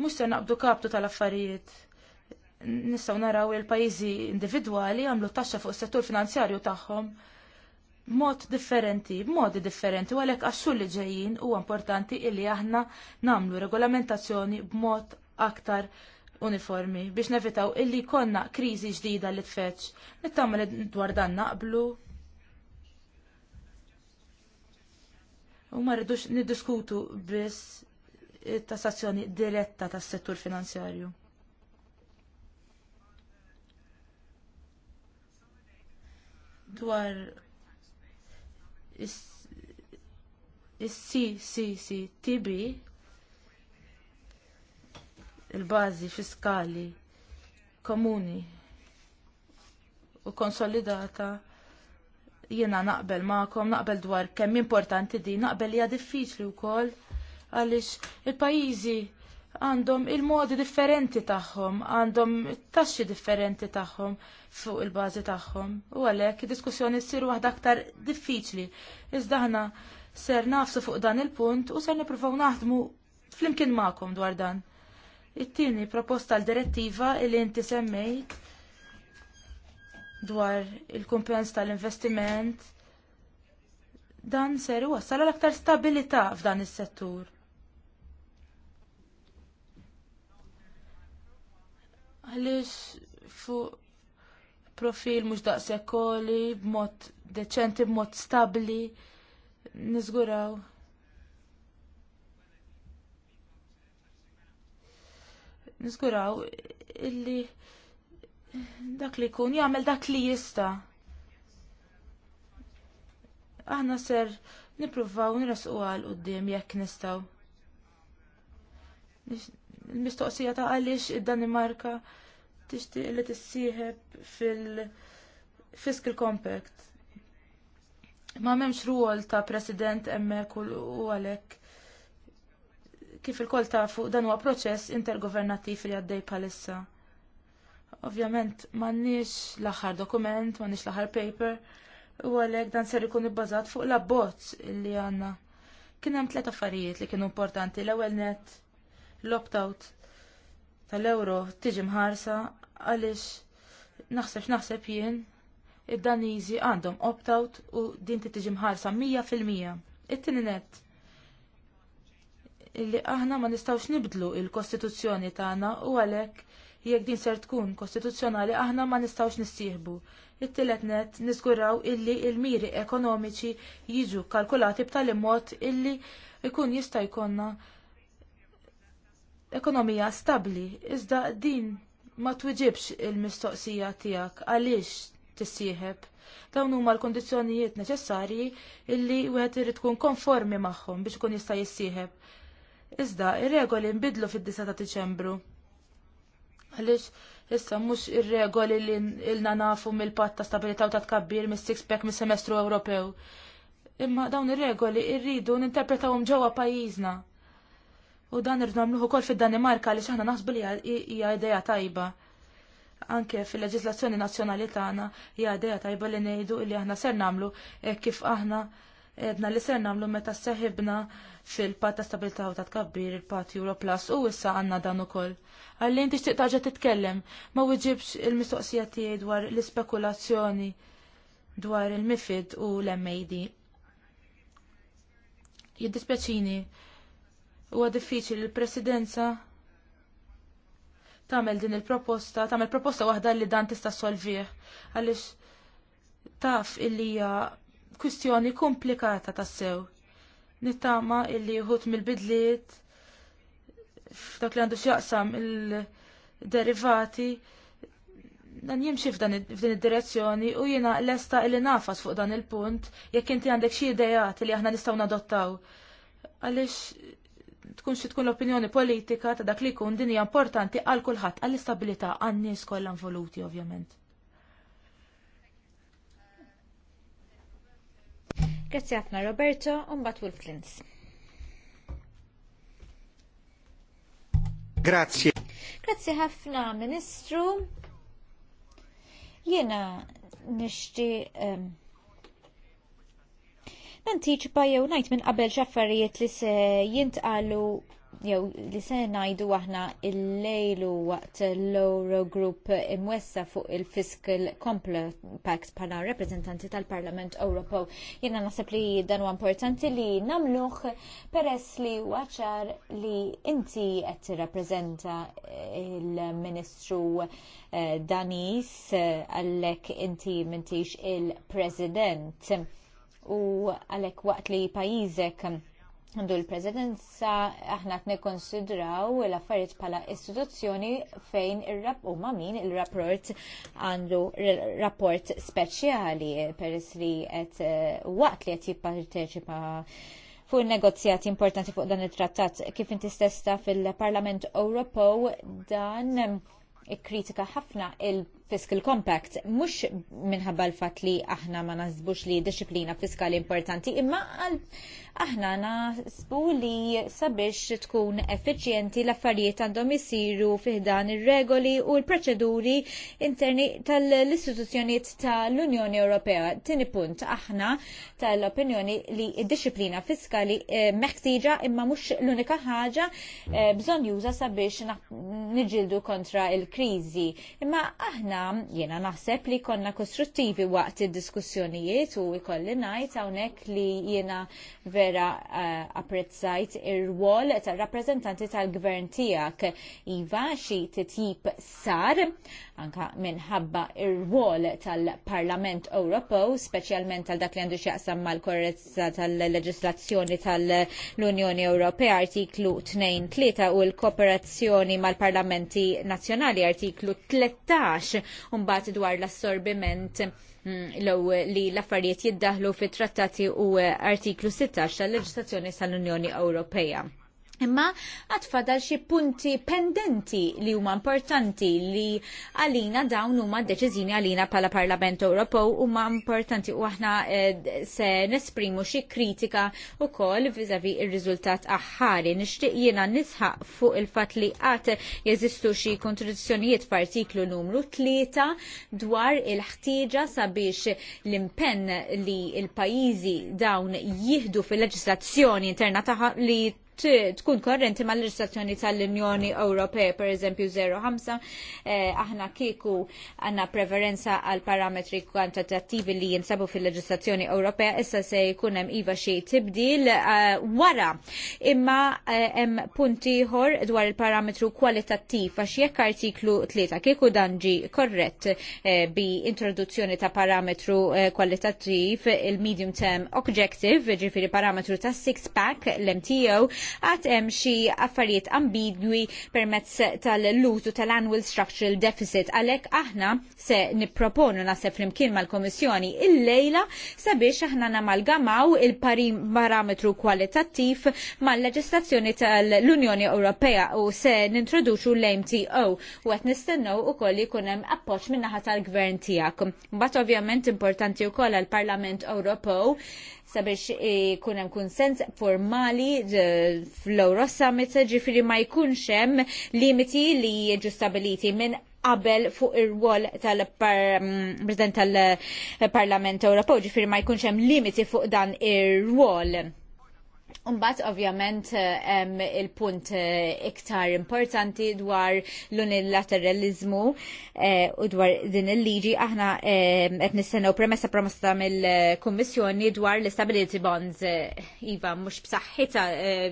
mhux se naqbdu kaptu tal-affarijiet. Nistgħu naraw il-pajjiżi individwali għamlu taxxa fuq is-settur finanzjarju tagħhom mod differenti, b'modi differenti, u għalhekk għax xogħol li ġejjin huwa importanti illi aħna nagħmlu regolamentazzjoni b'mod aktar uniformi biex nevitaw illi jkollna kriżi ġdida li tfetx. li dwar dan naqblu, U ma rridux niddiskutu biss tassazzjoni diretta tas-settur finanzjarju. Dwar is-CCCTB il-bażi fiskali komuni u konsolidata jiena naqbel ma'kom, naqbel dwar kemm importanti din, naqbel hija diffiċli wkoll għaliex il-pajjiżi għandhom il-modi differenti tagħhom, għandhom taxxi differenti tagħhom fuq il-bażi tagħhom. U għalhekk id-diskussjoni ssir waħda aktar diffiċli. Iżda aħna ser nafsu fuq dan il-punt u ser nippruvaw naħdmu flimkien magħkom dwar dan. It-tieni proposta l-direttiva li inti semmejt dwar il-kumpens tal-investiment. Dan ser wassal l-aktar stabilità f'dan is-settur. Għaliex fuq profil mhux daqshekk koli b'mod deċenti b'mod stabbli niżguraw Nizguraw illi Dak li jkun jagħmel dak li jista. Aħna ser nippruvaw nirasqu għal qudiem jekk nistgħu. Il-mistoqsija ta' għaliex id-Danimarka tixtieq li tissieħeb fil-Fiscal Compact. Ma memx ruol ta' president emmek u għalek. Kif il-kol ta' fuq dan huwa proċess intergovernattiv li għaddej palissa. Ovvjament m'għandniex l-aħħar dokument, m'għandniex l-aħħar paper, u għalhekk dan ser ikun ibbażat fuq l-abbozz li għandna. Kien hemm tliet affarijiet li kienu importanti. L-ewwel net l-opt-out tal-euro tiġi mħarsa għaliex naħseb naħseb jien id-Daniżi għandhom opt-out u din tiġi mħarsa mija fil-mija. It-tieni net illi aħna ma nistgħux nibdlu il-Kostituzzjoni tagħna u għalhekk jekk din ser tkun kostituzzjonali aħna ma nistgħux nissieħbu. It-tielet net niżguraw illi l-miri ekonomiċi jiġu kalkulati b'tali mod illi jkun jista' jkollna ekonomija stabbli iżda din ma twiġibx il-mistoqsija tiegħek għaliex tissieħeb. Dawn huma l-kondizzjonijiet neċessarji illi wieħed irid tkun konformi magħhom biex ikun jista' jissieħeb. Iżda, ir-regoli nbidlu fid disa ta' Diċembru. Għaliex issa mhux ir-regoli li ilna nafu mill pat ta' stabilità u ta' tkabbir mis-six pack mis-semestru Ewropew. Imma dawn ir-regoli rridu ninterpretawhom ġewwa pajjiżna. U dan irridu nagħmluh ukoll fid-Danimarka għaliex aħna naħsbu li hija idea tajba. Anke fil-leġislazzjoni nazzjonali tagħna hija idea tajba li ngħidu li aħna ser nagħmlu kif aħna edna li ser nagħmlu meta seħibna fil-pat ta' stabilità u ta' tkabbir il-pat Europlus u issa għandna dan ukoll. koll. Għallin t taġa titkellem, ma uġibx il-mistoqsija tiegħi dwar l-ispekulazzjoni dwar il-MIFID u l-MAD. Jiddispjaċini, huwa diffiċli l-presidenza tagħmel din il-proposta, tagħmel proposta waħda li dan tista' solvih għaliex taf illi hija kwistjoni komplikata tas-sew. Nittama illi jħut mill-bidliet f'dak li għandu x'jaqsam il-derivati dan jimxi f'dan id-direzzjoni u jiena lesta illi nafas fuq dan il-punt jekk inti għandek xi idejat li aħna nistgħu nadottaw. Għaliex tkun xie tkun l-opinjoni politika ta' dak li jkun din hija importanti għal kulħadd għall istabilita għan-nies kollha involuti ovvjament. Grazzi ħafna Roberto, bat Wolf Klins. Grazzi. Grazzi ħafna Ministru. Jena nishti um, ehm, nantiċipa jew najt minn qabel xaffarijiet li se jintqalu jew li se ngħidu aħna il-lejlu waqt l-Euro Group imwessa fuq il-Fiscal Compact bħala rappreżentanti tal-Parlament Ewropew. Jiena naħseb li dan huwa importanti li nagħmluh peress li waċar li inti qed tirrappreżenta il-Ministru eh, Danis għalhekk inti mintix il-President u għalhekk waqt li pajjiżek għandu l-prezidenza aħna qed nikkonsidraw l-affarijiet bħala istituzzjoni fejn ir-rap huma min il-rapport għandu rapport speċjali per isri qed eh, waqt li qed jipparteċipa fuq negozjati importanti fuq dan it-trattat kif inti stesta fil-Parlament Ewropew dan ikkritika eh, ħafna il- fiscal compact mhux minħabba l-fatt li aħna ma naħsbux li disciplina fiskali importanti imma aħna nasbu li sabiex tkun effiċjenti l-affarijiet għandhom isiru fiħdan ir-regoli u l-proċeduri interni tal-istituzzjonijiet tal-Unjoni Ewropea. Tieni punt aħna tal-opinjoni li d-disciplina fiskali eh, meħtieġa imma mhux l-unika ħaġa eh, bżonn juża sabiex niġildu kontra il-kriżi. Imma aħna Mela, jiena naħseb li konna kostruttivi waqt id-diskussjonijiet u ikolli ngħid hawnhekk li jiena vera uh, apprezzajt ir-rwol tar-rappreżentanti tal-gvern tiegħek. Iva xi titjib sar anka minħabba ir-wol tal-Parlament Ewropew, speċjalment tal dak li għandu xjaqsam mal-korrezza tal-leġislazzjoni tal-Unjoni Ewropea, artiklu 2-3 u l-kooperazzjoni mal-Parlamenti Nazzjonali, artiklu 13, mbagħad dwar l-assorbiment mm, law li l-affarijiet jiddaħlu fit trattati u artiklu 16 tal-leġislazzjoni tal-Unjoni Ewropea. Imma għatfadal xie punti pendenti li huma importanti li għalina dawn huma deċiżjoni għalina pala Parlament Ewropew huma importanti u aħna eh, se nesprimu xi kritika wkoll vizavi il riżultat aħħari. Nixtieq jiena nisħaq fuq il-fatt li qatt jeżistu xi kontradizzjonijiet f'artiklu numru tlieta dwar il-ħtieġa sabiex l-impenn li l-pajjiżi dawn jieħdu fil-leġislazzjoni interna li tkun korrenti mal leġislazzjoni tal-Unjoni Ewropea, per eżempju 05, eh, aħna kieku għanna preferenza għal parametri kwantitattivi li jinsabu fil-leġislazzjoni Ewropea, issa se jkun hemm iva xi tibdil eh, wara. Imma eh, hemm punti ħor dwar il-parametru kwalitattiv għax jekk artiklu 3 kieku danġi korrett bi introduzzjoni ta' parametru kwalitattiv il-medium term objective, ġifiri parametru ta' six pack l-MTO għat hemm xi affarijiet ambigwi permezz tal-lutu tal-annual structural deficit għalhekk aħna se nipproponu nasef flimkien mal-Komissjoni il-lejla sabiex aħna namalgamaw il-parim parametru kwalitattiv mal-leġislazzjoni tal-Unjoni Ewropea u se nintroduċu l-MTO u għet nistennew u koll kunem appoċ minnaħat tal-gvern tijak. Bat ovvjament importanti u koll għal-Parlament Ewropew sabiex ikun hemm kunsens formali eh, fl-Euro Summit ġifieri ma jkunx hemm limiti li jiġu stabiliti minn qabel fuq ir-wol tal-President mm, tal-Parlament Ewropew ġifieri ma jkunx hemm limiti fuq dan ir-wol Umbat ovvjament hemm eh, il-punt eh, iktar importanti dwar l-unilateralizmu eh, u dwar din il-liġi aħna qed nistennew premessa promosta mill-Kummissjoni dwar l-Stability Bonds iva mhux b'saħħitha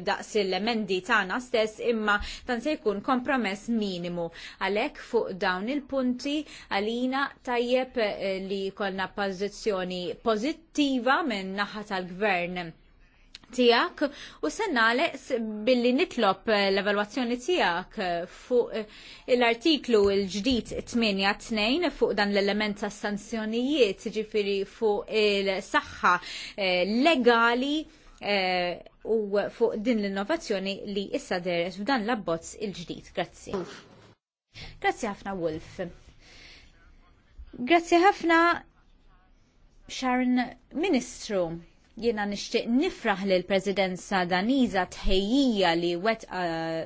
daqs il-emendi tagħna stess imma dan se jkun kompromess minimu. Għalhekk fuq dawn il-punti għalina tajjeb li jkollna pożizzjoni pożittiva minn naħa tal-gvern tijak u sennale billi nitlop eh, l-evaluazzjoni tijak eh, fuq eh, l-artiklu l-ġdijt 8-2 fuq dan l-element ta' sanzjonijiet ġifiri fuq il-saxħa legali u fuq din l-innovazzjoni li issa deres f'dan l-abbozz il-ġdijt. Grazzi. Grazzi ħafna Wolf. Grazzi ħafna Sharon Ministru. Jiena nixtieq nifraħ l presidenza Daniża tħejjija li uh,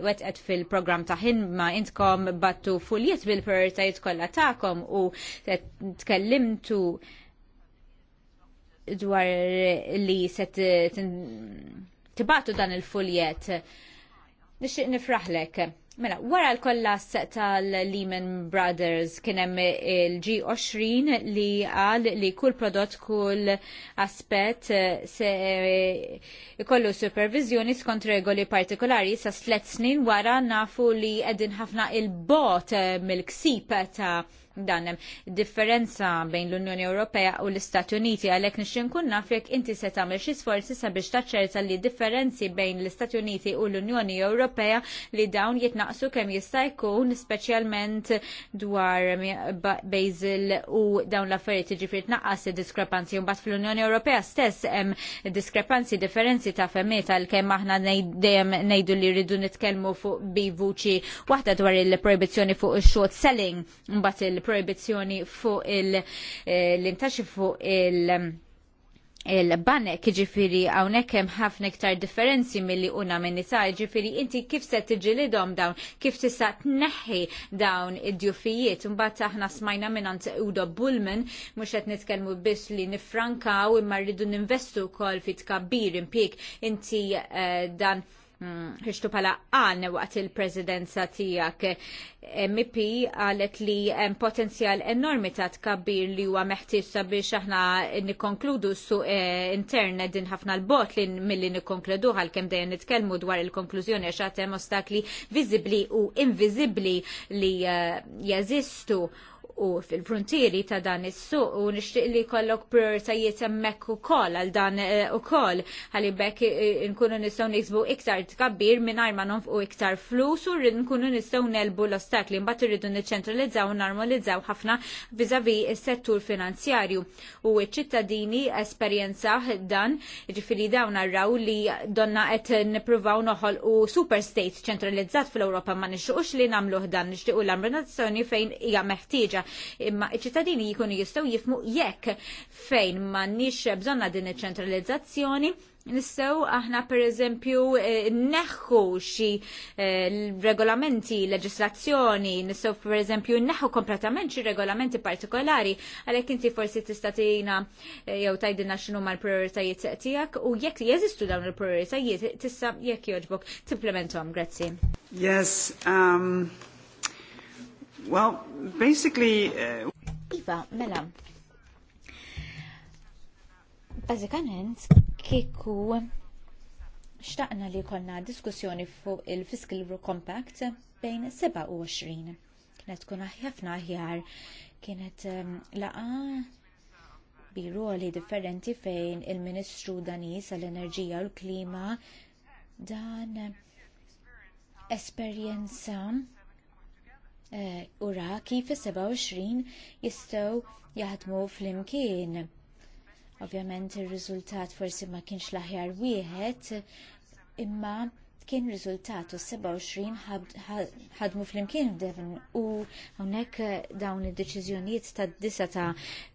wetqet fil-programm ta' ħinma intkom battu fuljiet bil-prioritajiet kollha tagħkom u tkellimtu dwar li se tibatu dan il-fuljet. Nixtieq nifraħlek. Mela, wara l-kollas tal-Lehman Brothers kienem il-G20 li għal li kull prodott, kull aspet se kollu supervizjoni skont regoli partikolari sa s-let snin wara nafu li għedin ħafna il-bot mill-ksib ta' dan hemm differenza bejn l-Unjoni Ewropea u l-Istati Uniti għalhekk nixtieq nkun naf jekk inti se tagħmel xi sforzi sabiex taċċerta li differenzi bejn l-Istati Uniti u l-Unjoni Ewropea li dawn jitnaqsu kemm jista' jkun speċjalment dwar Basil u dawn l-affarijiet jiġifieri tnaqqas id-diskrepanzi u mbagħad fl-Unjoni Ewropea stess hemm diskrepanzi differenzi ta' femmita għalkemm aħna dejjem ngħidu li rridu nitkellmu fuq bivuċi waħda dwar il-proibizzjoni fuq ix-short selling mbagħad il il-proibizjoni fuq il-intaxi eh, fuq il- il-banek ġifiri għawnek hemm ħafna iktar differenzi mill-li una minnita ġifiri inti kif se tiġilidhom dawn, kif tista' tneħħi dawn id-djufijiet. Imbagħad aħna smajna minnant Udo Bullman mhux qed nitkellmu biss li nifrankaw imma rridu ninvestu wkoll fi tkabbir impjek inti eh, dan ħiċtu mm. pala għalne waqt il-prezidenza tijak MP għalet li potenzjal enormi ta' tkabbir li huwa meħtieġ sabiex aħna nikonkludu su eh, internet din ħafna l-bot li milli nikonkludu għalkemm dejjem nitkellmu dwar il-konklużjoni għax hemm ostakli viżibbli u inviżibbli li eh, jeżistu u fil-frontieri ta' dan is-suq u nixtieq li jkollok prioritajiet hemmhekk ukoll għal dan eh, ukoll ħalli bekk eh, nkunu nistgħu niksbu iktar tkabbir mingħajr ma nonfqu iktar flus u nkunu nistgħu nelbu l-ostakli mbagħad irridu niċċentralizzaw u normalizzaw ħafna viżavi s-settur finanzjarju u ċ-ċittadini esperjenza dan ġifieri dawn arraw li donna qed nippruvaw noħolqu super state ċentralizzat fl-Ewropa ma nixtiequx li nagħmluh dan nixtiequ l-amministrazzjoni fejn hija meħtieġa imma iċ-ċittadini jkunu jistgħu jifmu jekk fejn m'għandniex bżonna din iċ-ċentralizzazzjoni Nistaw aħna per eżempju eh, neħħu xi eh, regolamenti, leġislazzjoni, nistaw per eżempju neħħu kompletament xi regolamenti partikolari, għalhekk inti forsi tista' tgħina eh, jew tajdilna x'inhu mal-prioritajiet tiegħek u jekk jeżistu dawn il-prioritajiet tista' jekk jogħġbok timplementhom. Grazzi. Yes, um... Well, basically... Uh... Iva, mela. Bazzikament, kieku xtaqna li konna diskussjoni fuq il-Fiscal Compact bejn 27. Kienet kuna ħafna ħjar, kienet um, laqa bi ruoli differenti fejn il-Ministru Danis għall-Enerġija u l-Klima dan esperjenza Eh, ura kif is-27 jistgħu jaħdmu flimkien. Ovvjament ir-riżultat forsi ma kienx l-aħjar wieħed, imma kien riżultat u 27 ħadmu flimkien f'Devon u hawnhekk eh, dawn id-deċiżjonijiet tad disa ta'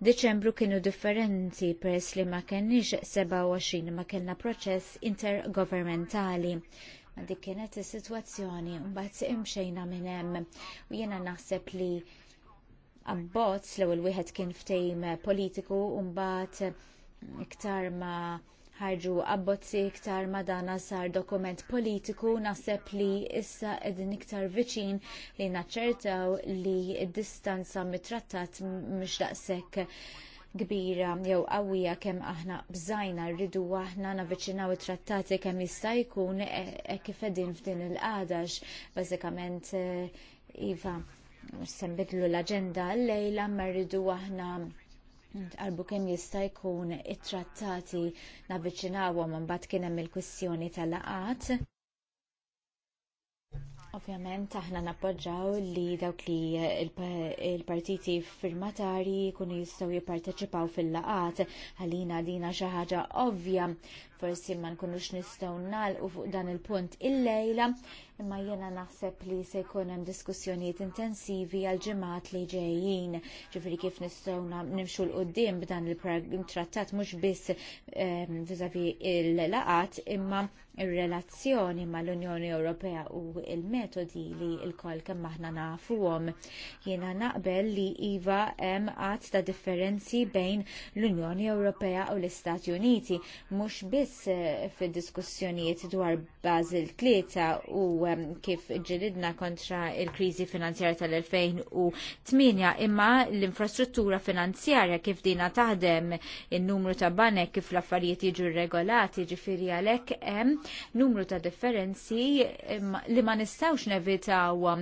Diċembru kienu differenti peress li ma kenniex 27 ma kellna proċess intergovernmentali dik kienet is-sitwazzjoni mbagħad imxejna minn hemm u jiena naħseb li abbozz l-ewwel wieħed kien ftehim politiku u mbagħad iktar ma ħarġu abbozzi iktar ma dana sar dokument politiku naħseb li issa qegħdin iktar viċin li naċċertaw li d-distanza mit-trattat mhux daqshekk kbira jew qawwija kemm aħna bżajna rridu aħna naviċinaw it-trattati kemm jista' jkun hekk e, kif qegħdin f'din il-qadax bażikament e, iva se nbiddlu l-aġenda llejla ma rridu aħna Għalbu kem jista' jkun it-trattati naviċinawhom mbagħad kien hemm il-kwistjoni tal-laqat. Ovvjament aħna nappoġġaw li dawk li il-partiti firmatari jkunu jistgħu jipparteċipaw fil-laqat għalina dina xi ħaġa ovvja forsi ma nkunux nistgħu nagħlqu fuq dan il-punt illejla, imma jiena naħseb li se jkun hemm diskussjonijiet intensivi għal ġimgħat li ġejjin. Ġifieri kif nistgħu nimxu l qudiem b'dan il-trattat mhux biss ehm, viżavi il-laqat imma ir-relazzjoni mal unjoni Ewropea u l metodi li l-koll kemm aħna nafuhom. Jiena naqbel li iva hemm qatt ta' differenzi bejn l-Unjoni Ewropea u l-Istati Uniti mhux biss biss eh, fid diskussjonijiet dwar Basel tlieta u ehm, kif ġilidna kontra il-kriżi finanzjarja tal-2008 imma l-infrastruttura finanzjarja kif dina taħdem in-numru ta' banek kif l-affarijiet jiġu regolati ġifiri għalhekk hemm numru ta' differenzi li ma nistgħux nevitaw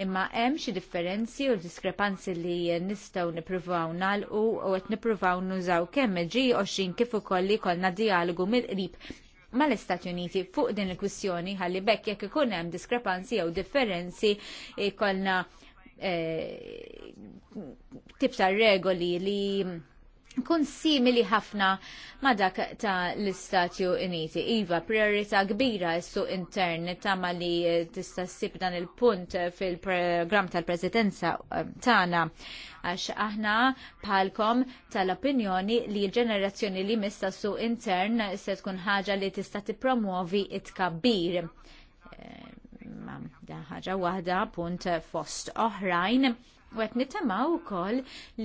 imma hemm xi differenzi u diskrepanzi li nistgħu nippruvaw nagħlqu u qed nippruvaw nużaw kemm ġi xin kif ukoll li jkollna dialogu mill mill mal-Istati Uniti fuq din il-kwistjoni ħalli bekk jekk ikun hemm diskrepanzi jew differenzi ikollna e, tip ta' regoli li kun simili ħafna ma dak ta' l-Istati Uniti. Iva, priorità kbira su intern ma li eh, tista' ssib dan il-punt fil-programm tal-prezidenza eh, tagħna għax aħna palkom tal-opinjoni li l-ġenerazzjoni li mista su intern se tkun ħaġa li tista' tippromuovi it-kabbir. Eh, ma, da ħaġa waħda punt fost oħrajn. U għet nitemaw koll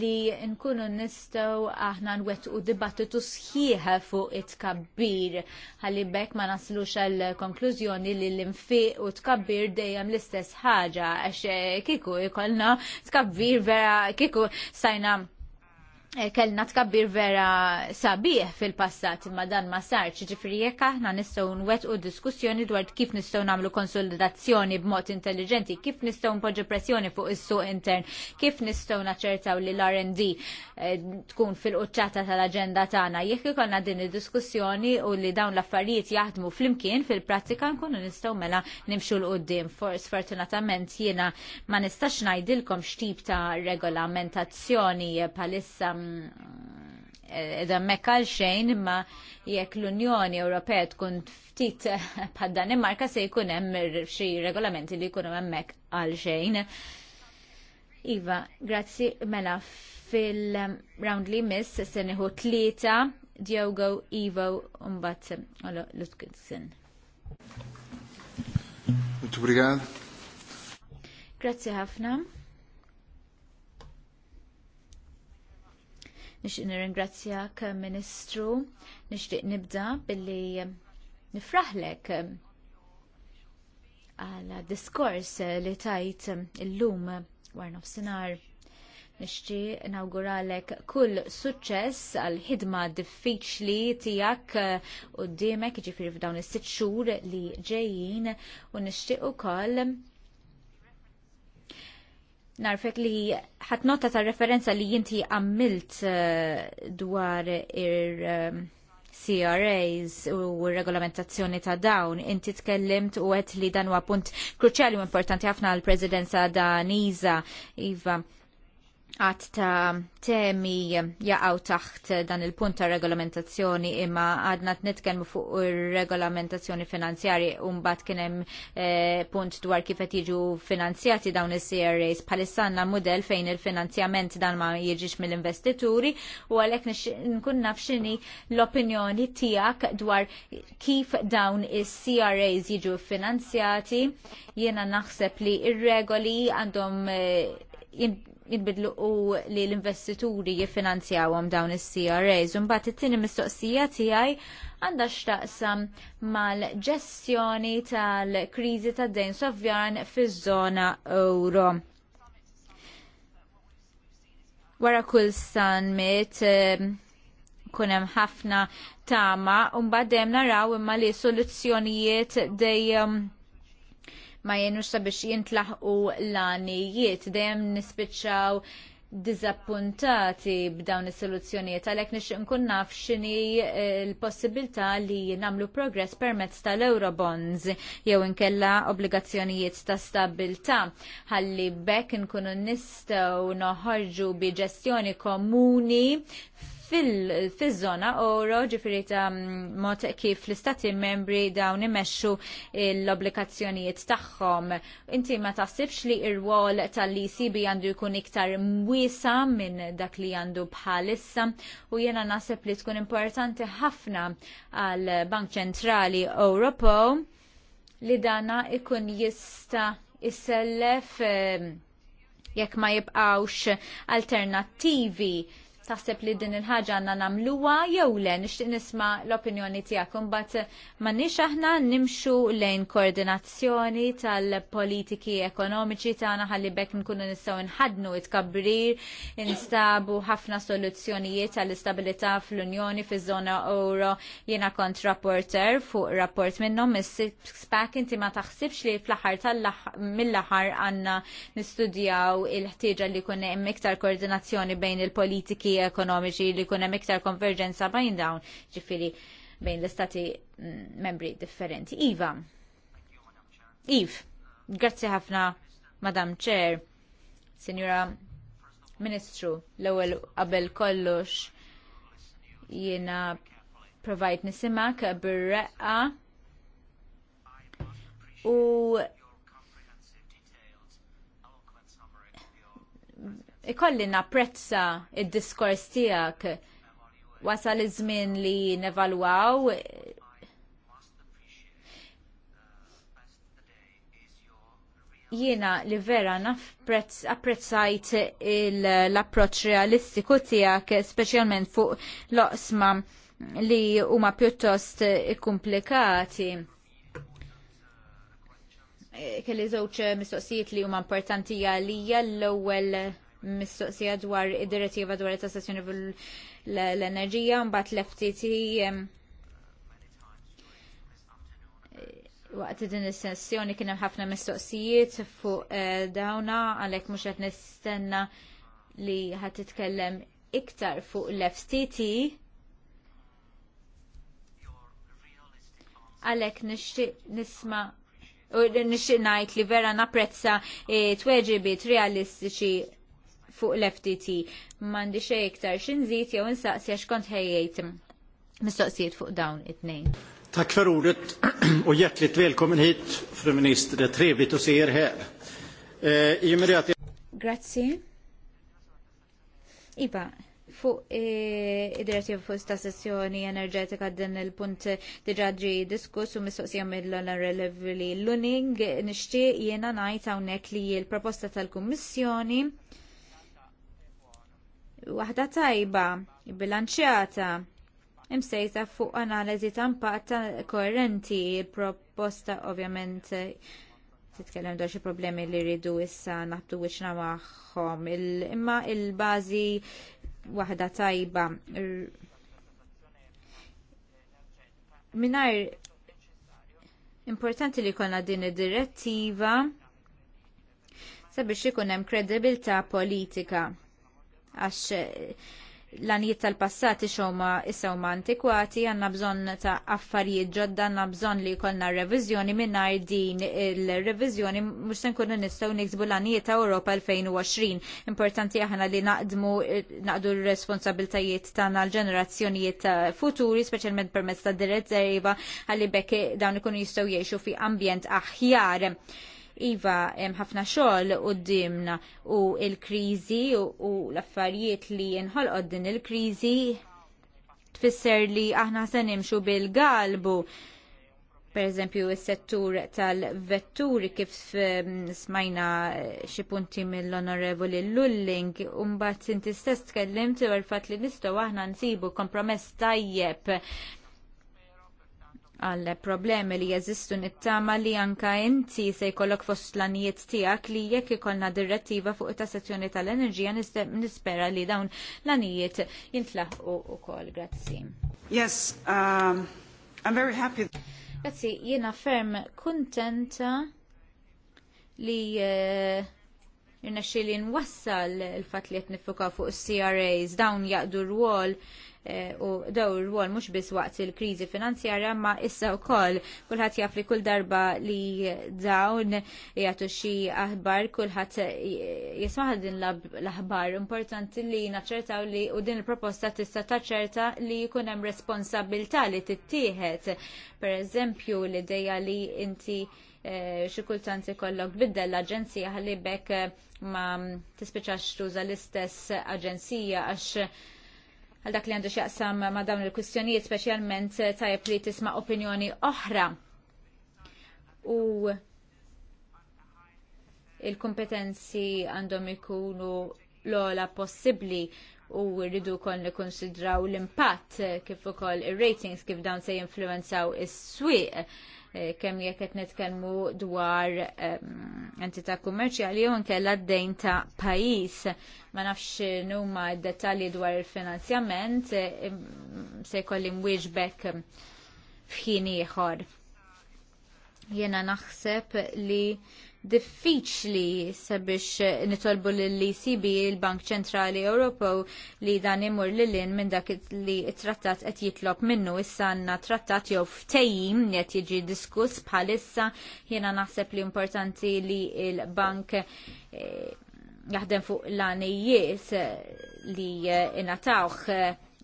li nkunu nistaw aħna nwet u dibattitu sħiħa fuq it-kabbir. Għalli bekk ma naslux għal konklużjoni li l-infiq u tkabbir dejjem l-istess ħaġa. Għax eh, kiku ikolna tkabbir vera kiku sajna Eh, kellna tkabbir vera sabiħ fil-passat imma dan ma sarx, ġifri jekk aħna nistgħu nwettqu diskussjoni dwar kif nistgħu nagħmlu konsolidazzjoni b'mod intelligenti, kif nistgħu npoġġu pressjoni fuq is-suq intern, kif nistgħu naċċertaw li l-R&D eh, tkun fil-quċċata tal-aġenda tagħna. Jekk ikollna din id-diskussjoni u li dawn l-affarijiet jaħdmu flimkien fil-prattika nkunu nistgħu mela nimxu l qudiem Sfortunatament jiena ma nistax ngħidilkom x'tip ta' regolamentazzjoni bħalissa edha mekkal xejn imma jekk l-Unjoni Ewropea tkun ftit bħad Danimarka se jkun hemm xi regolamenti li jkunu hemmhekk għal xejn. Iva, grazzi mela fil-round li miss se nieħu tlieta Diogo Ivo mbagħad Olo Lutkinson. Muito obrigado. Grazie ħafna. Nixtieq nirringrazzjak eh, Ministru, nixtieq nibda billi eh, nifraħlek eh, għal diskors li tajt illum war nofsinhar. Nixtieq nawguralek kull suċċess għal ħidma diffiċli tiegħek quddiemek jiġifieri f'dawn is-sitt xhur li ġejjin u nixtieq ukoll Narfek li ħat nota ta' referenza li jinti għammilt uh, dwar ir um, eh, CRAs u regolamentazzjoni ta' dawn. Inti tkellimt u għet li dan huwa punt kruċjali u importanti ħafna għal-presidenza Daniża Iva għat ta' temi jaqaw taħt dan il-punt ta' regolamentazzjoni imma għadna t fuq fuq regolamentazzjoni finanzjari umbat kienem e, punt dwar kif qed jiġu finanzjati dawn is-CRAs palissanna model fejn il-finanzjament dan ma jiġix mill-investituri u għalhekk nkun naf x'inhi l-opinjoni tiegħek dwar kif dawn is-CRAs jiġu finanzjati jiena naħseb li ir-regoli għandhom e, jitbidlu u li l-investituri jiffinanzjawhom dawn is-CRAs. Mbagħad it-tieni mistoqsija tiegħi għandha x'taqsam mal-ġestjoni tal-kriżi tad-dejn sovjan fiż-żona euro. Wara kull eh, kun kunem ħafna tama, un dejjem naraw imma li soluzzjonijiet dejjem ma jenux sabiex jintlaħqu l-għanijiet, dejjem nispiċċaw dizappuntati b'dawn is-soluzzjonijiet għalhekk nixtieq nkun naf x'inhi eh, l-possibilità li nagħmlu progress permezz tal-Eurobonds jew inkella obbligazzjonijiet ta' stabilità ħalli bekk nkunu nistgħu noħorġu bi ġestjoni komuni fil-zona oro ġifiri ta' mot kif l-istati membri dawn imexxu l-obbligazzjonijiet tagħhom. Inti ma taħsibx li r wol tal-ECB għandu jkun iktar mwisa minn dak li għandu bħalissa u jena naħseb li tkun importanti ħafna għal Bank Ċentrali Ewropew li dana ikun jista issellef eh, jekk ma jibqawx alternattivi taħseb li din il-ħaġa għanna namluwa jew le nixtieq nisma' l-opinjoni tiegħek imbagħad m'għandniex aħna nimxu lejn koordinazzjoni tal-politiki ekonomiċi tagħna ħalli bekk nkunu nistgħu nħadnu it kabrir instabu ħafna soluzzjonijiet għall-istabilità fl-Unjoni fiż-żona euro jiena kont rapporter fuq rapport minnhom is-six inti ma taħsibx li fl-aħħar tal-mill-aħħar għandna nistudjaw il-ħtieġa li kun hemm iktar koordinazzjoni bejn il-politiki ekonomiċi li kunem iktar konverġenza bajn dawn, ġifiri bejn l-istati mm, membri differenti. Iva, Iv, grazzi ħafna, Madam Chair, Signora Ministru, l-ewwel qabel kollox jiena provajt nisimak bir-reqqa u ikolli napprezza id-diskors tiegħek wasal iż-żmien li nevalwaw jiena li vera apprezzajt l-approċ realistiku tiegħek, speċjalment fuq loqsma li huma pjuttost komplikati. Kelli żewġ mistoqsijiet li huma importanti għalija l-ewwel mistoqsija dwar id-direttiva dwar it-tassazzjoni l-enerġija, mbagħad l-FTT waqt din is-sessjoni kien hemm ħafna mistoqsijiet fuq eh, dawna għalhekk mhux qed nistenna li ħad titkellem iktar fuq l-FTT. Għalhekk nixtieq nisma' u nixtieq ngħid li vera napprezza eh, tweġibiet realistiċi fuq l-FTT. Mandi xej iktar xin xinżit jew insaqsi għax kont ħejjejt mistoqsijiet fuq dawn it-tnejn. Tak för ordet och hjärtligt välkommen hit, fru minister. Det är trevligt att se er här. Eh, I och med det att jag... Grazie. Iba, fuq eh, id-direttiva fuq sta sessjoni enerġetika din il-punt diġaġi diskus u mistoqsija mill l Luning nixtieq jiena najt għawnek li l-proposta tal kommissjoni waħda tajba, bilanċjata, imsejta fuq analiżi ta' impatt koerenti proposta ovvjament titkellem dwar xi problemi li rridu issa naħdu wiċċna magħhom. Imma il-bażi waħda tajba. Minar importanti li jkollna din id-direttiva sabiex ikun hemm kredibilità politika għax eh, l-anijiet tal-passati xoma issa huma antikwati, għanna bżon ta' affarijiet ġodda, għanna bżon li kolna revizjoni minnar din il-revizjoni mux nkunu nistaw niksbu l-anijiet ta' Europa 2020. Importanti aħna li naqdmu eh, naqdu l-responsabiltajiet tagħna l-ġenerazzjonijiet futuri, speċjalment permezz ta' direttiva, għalli bekk dawn ikunu jistgħu jgħixu fi ambjent aħjar. Iva hemm ħafna xogħol dimna u l-kriżi u l-affarijiet li jinħolqod din il-kriżi tfisser li aħna se nimxu bil-galbu per eżempju il-settur tal-vetturi kif ehm, smajna xi punti mill-onorevoli Lulling, umbat inti stess tkellimt u fat li nistgħu aħna nsibu kompromess tajjeb għal problemi li jeżistu nittama li anka inti se jkollok fost l-anijiet tijak li jekk ikollna direttiva fuq ta' sezzjoni tal-enerġija nispera li dawn l-anijiet jintlaħqu u kol. Grazzi. Yes, um, I'm very happy. Grazzi, jena ferm kontenta li uh, eh, irna nwassal il-fat li jtnifuka fuq CRAs dawn jaqdu rwol Eh, u daw l-għol mux bis waqt il-krizi finanzjarja ma issa u koll kullħat jafri kull darba li dawn jgħatu xi aħbar kullħat jismaħ din l-aħbar importanti li naċċertaw li u din il-proposta tista taċċerta li jkun hemm responsabilta li tittieħed per eżempju l-ideja li inti eh, xi kultant ikollok biddel l-aġenzija ħalli bekk ma tispiċax tuża l-istess aġenzija għax għal dak li għandu xaqsam ma dawn il-kwistjonijiet speċjalment eh, tajjeb li tisma' opinjoni oħra. U il-kompetenzi għandhom ikunu l-ola possibbli u rridu kon nikkonsidraw l-impatt kif ukoll ir-ratings kif dawn se jinfluenzaw is-swieq Eh, kemm jekk qed nitkellmu dwar ehm, entità kummerċjali jew inkella d-dejn ta' pajjiż. Ma nafx numa dettalji dwar il-finanzjament eh, se jkolli mwieġbek ehm, f'ħin ieħor. Jiena naħseb li diffiċli sabiex nitolbu l-ECB il-Bank Ċentrali Ewropew li dan imur lilin minn dak li t trattat qed jitlob minnu issa għandna trattat jew ftehim li qed jiġi diskuss bħalissa jiena naħseb li importanti li l bank eh, jaħdem fuq l-għanijiet eh, li eh, inatawħ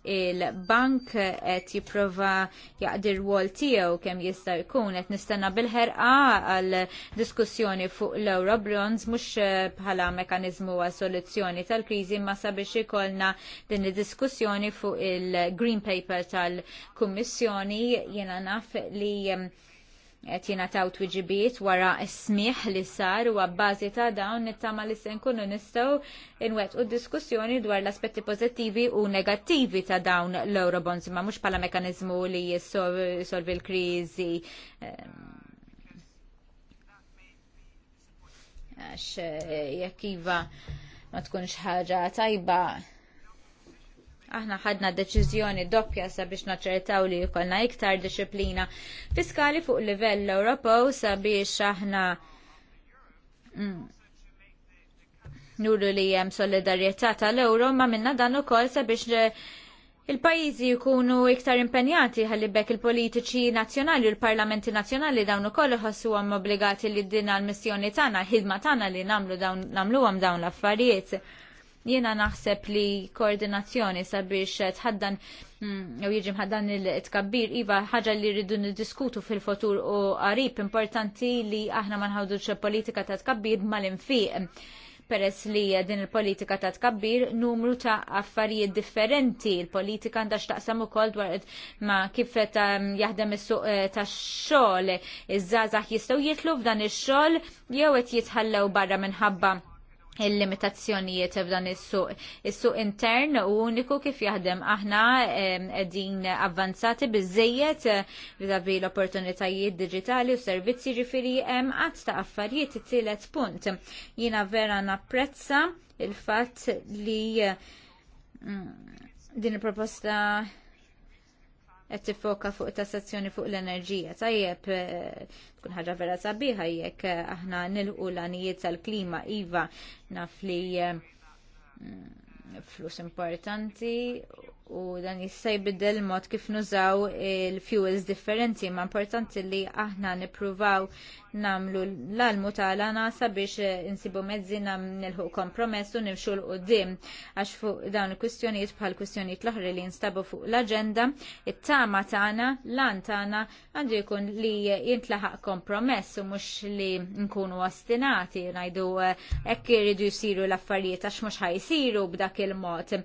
il-bank qed jipprova jaqdir wol tiegħu kemm jista' jkun qed nistenna bil-ħerqa għal diskussjoni fuq l-euro bonds mhux bħala mekanizmu għal soluzzjoni tal-kriżi ma sabiex ikollna din id-diskussjoni fuq il-green paper tal-Kummissjoni jiena naf li qed jingħataw twiġibiet wara smieħ li sar u għabbażi ta' dawn nittama li se nkunu nistgħu nwettqu diskussjoni dwar l-aspetti pożittivi u negattivi ta' dawn l-Eurobonds ma mhux bħala mekanizmu li jissolvi l-kriżi ehm, għax eh, jekk iva ma tkunx ħaġa tajba Aħna ħadna deċiżjoni doppja sabiex naċċertaw li jkollna iktar disciplina fiskali fuq livell Ewropew sabiex aħna mm, nuru li hemm solidarjetà tal-euro ma minna dan ukoll sabiex il-pajjiżi jkunu iktar impenjati ħalli bekk il-politiċi nazzjonali u l-parlamenti nazzjonali dawn ukoll iħossuhom obbligati li d-dina l-missjoni tagħna, l-ħidma tagħna li namlu dawn nagħmluhom dawn l-affarijiet Jiena naħseb li koordinazzjoni sabiex tħaddan mm, jew jiġi mħaddan il-tkabbir iva ħaġa li rridu niddiskutu fil-futur u qarib importanti li aħna ma nħawdux politika ta' tkabbir mal-infiq peress li din il-politika ta' tkabbir numru ta' affarijiet differenti. Il-politika għandha x'taqsam ukoll dwar ma' kif um, jaħdem is-suq eh, tax-xogħol. Iż-żgħażagħ jistgħu jitlu f'dan ix-xogħol jew qed jitħallew barra minħabba il-limitazzjonijiet f'dan is-suq. Is-suq intern u uniku kif jaħdem aħna din avvanzati biżejjed eh, vizavi l-opportunitajiet digitali u servizzi ġifieri hemm qatt ta' affarijiet it-tielet punt. Jiena vera napprezza il-fatt li mm, din il-proposta qed tifoka fuq tassazzjoni fuq l-enerġija. Tajjeb eh, tkun ħaġa vera sabiħa jekk eh, aħna nilqu l-anijiet tal-klima iva naf li eh, mm, flus importanti u dan jista' jbidel mod kif nużaw il-fuels differenti ma' importanti li aħna nippruvaw nagħmlu l-almu tagħna sabiex insibu mezzi nilħu kompromess u nimxu l qoddim għax fuq dawn il-kwistjonijiet bħal kwistjonijiet l-oħra li jinstabu fuq l-aġenda, it-tama tagħna, lan tagħna għandu jkun li jintlaħaq kompromess u mhux li nkunu ostinati ngħidu eh, hekk iridu jsiru l-affarijiet għax mhux ħajsiru b'dak il-mod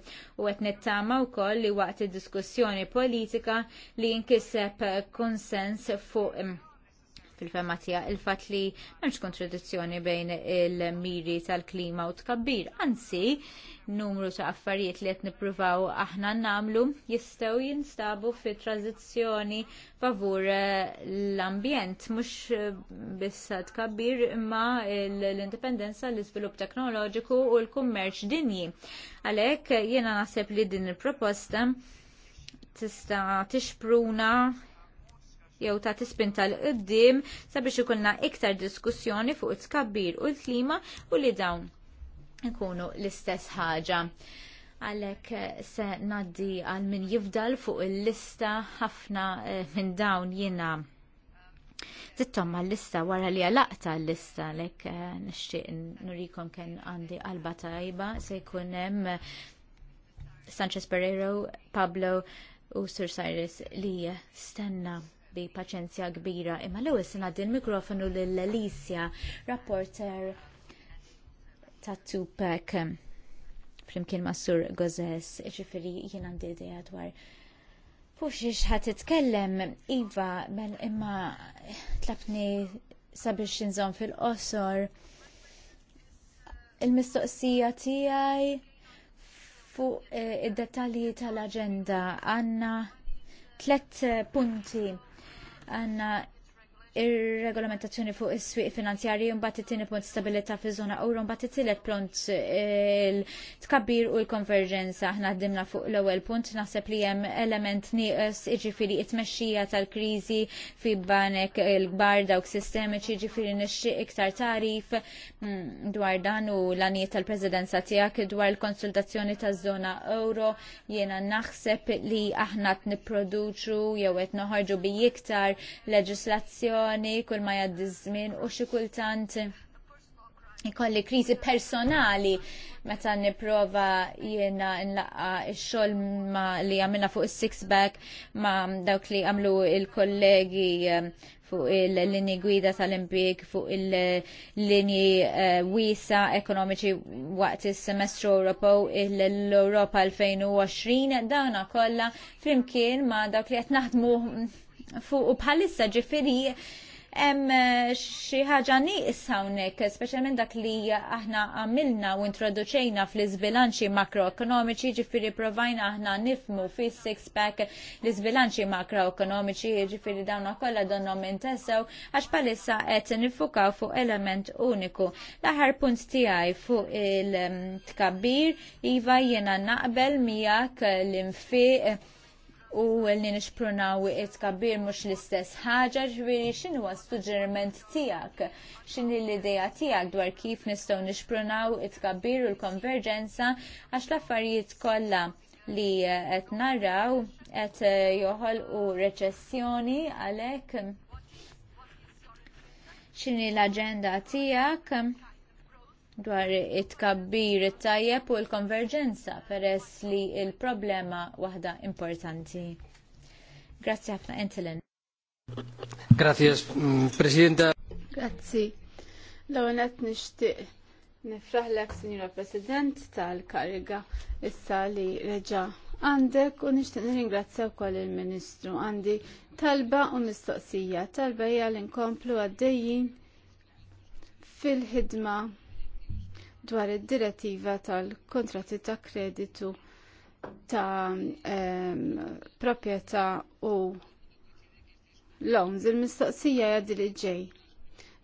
u qed nittama wkoll li waqt id-diskussjoni politika li jinkiseb konsens fuq fil-fema tija il-fatt li m'hemmx kontradizzjoni bejn il-miri tal-klima u tkabbir. Anzi, numru ta' affarijiet li qed nippruvaw aħna nagħmlu jistgħu jinstabu fit tranzizzjoni favur eh, l-ambjent mhux eh, biss tkabbir imma l-indipendenza l-iżvilupp teknoloġiku u l-kummerċ dinji. Għalhekk jiena naħseb li din il-proposta tista' tixpruna jew ta' tispin tal-qoddim sabiex ikunna iktar diskussjoni fuq it-tkabbir u l-klima u li dawn ikunu l-istess ħaġa. Għalek eh, se naddi għal min jifdal fuq il-lista ħafna eh, minn dawn jina Zittom ma l-lista wara li għalaqta l-lista lek eh, nishtiq nurikom ken għandi għalba tajba se jkun hemm Sanchez Pereiro, Pablo u Sir Cyrus li stenna bi paċenzja kbira. Imma l ewwel sena l mikrofonu lill Alicia, rapporter ta' Tupac. Flimkien mas-Sur Gozes, ġifiri jien għandi idea dwar Fux ħat t-tkellem, Iva, mel imma tlapni sabiex nżom fil-qosor. Il-mistoqsija tiegħi fuq eh, id-dettalji tal-agenda għanna tlet eh, punti għanna ir-regolamentazzjoni fuq is-swieq finanzjarji mbagħad it-tieni punt stabilità fiż-żona euro mbagħad it-tielet punt il-tkabbir u l-konverġenza. Aħna ħdimna fuq l-ewwel punt naħseb li hemm element nieqes jiġifieri t-tmexxija tal-kriżi fi banek il-kbar dawk sistemiċi jiġifieri nixtieq iktar tarif mm, dwar dan u l-għanijiet tal-Presidenza tiegħek dwar il-konsultazzjoni taż-żona euro jiena naħseb li aħna qed nipproduċu jew qed noħorġu bi iktar leġislazzjoni depressjoni kull ma jgħaddi żmien u xi kultant ikolli kriżi personali meta nipprova jiena nlaqqa x-xogħol li għamilna fuq is-six back ma' dawk li għamlu il-kollegi ehm, fuq il-linji gwida tal-impik, fuq il-linji uh, wisa ekonomiċi waqt il-semestru Ewropew l-Europa 2020, dawna kolla flimkien ma dawk li qed naħdmu fuq u bħalissa ġifiri hemm xi ħaġa nieqis hawnhekk, speċjalment dak li aħna għamilna u introduċejna fl-iżbilanċi makroekonomiċi, ġifieri provajna aħna nifmu fis six pack l-iżbilanċi makroekonomiċi, ġifieri dawna ukoll donhom intessew għax bħalissa qed nifukaw fuq element uniku. L-aħħar punt tiegħi fuq il-tkabbir iva jiena naqbel miegħek l-infiq u għelni nixprunaw it kabir mux l-istess ħaġa ġviri xinu suġġeriment tijak, xinu l-ideja tijak dwar kif nistaw nixprunaw it kabir u l-konverġenza għax l-affarijiet kolla li qed narraw qed joħolqu reċessjoni għalhekk x'inhi l-aġenda tiegħek dwar it-kabbir it-tajjeb u l-konverġenza peress li l problema waħda importanti. Grazzi ħafna, Entelen. Grazzi, mm, Presidenta. Grazzi. L-għonet nishtiq nifraħlek, Signora President, tal-kariga issa li reġa għandek u nishtiq nirringrazzja wkoll il-Ministru għandi talba u mistoqsija. Talba hija l-inkomplu għaddejjin fil-ħidma dwar id-direttiva tal-kontratti ta' kreditu ta' ehm, proprjetà u loans. Il-mistoqsija jadi li ġej.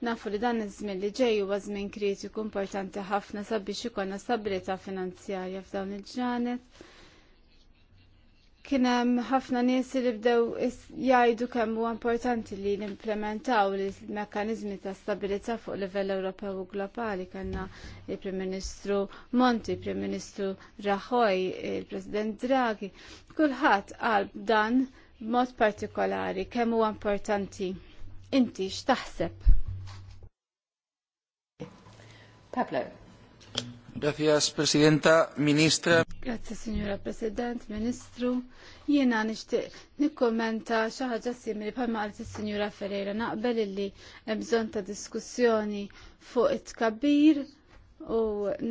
Nafu li dan iż-żmien li ġej huwa żmien kritiku importanti ħafna sabiex ikollna stabilità finanzjarja f'dawn il-ġranet Kien hemm ħafna nies li bdew jgħidu kemm huwa importanti li nimplementaw l-mekkaniżmi ta' stabilità fuq livell Ewropew u globali kanna il-Prim Ministru Monti, il-Prim Ministru Rajoy, il-President Draghi. Kulħadd għal dan b'mod partikolari kemm huwa importanti. Inti x'taħseb? Pablo. Grazie Presidenta, Ministra. Grazie, Signora President, Ministru. Jiena nixtieq nikkommenta xi ħaġa simili bħalma qalet is-Sinjura Ferreira naqbel illi hemm bżonn ta' diskussjoni fuq it-tkabbir u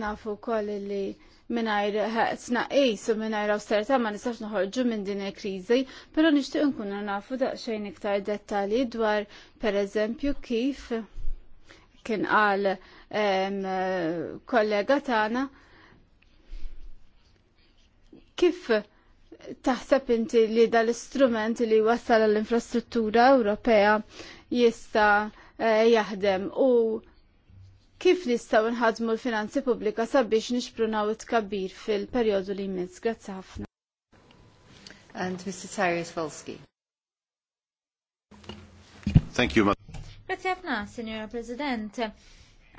nafu wkoll illi mingħajr tnaqqis u mingħajr awsterità ma nistax noħorġu minn din il-kriżi, però nixtieq nkunu nafu daqsxejn iktar dettalji dwar pereżempju kif kien qal Eh, kollega Tana. Kif taħseb inti li dal-istrument li wassal l-infrastruttura Ewropea jista' eh, jaħdem u kif nistgħu nħadmu l-finanzi pubblika sabiex nixprunaw it kabir fil-perjodu li jmiss. Grazzi ħafna. And Mr. Cyrus Volsky. Thank you, Grazie ħafna, Signora President.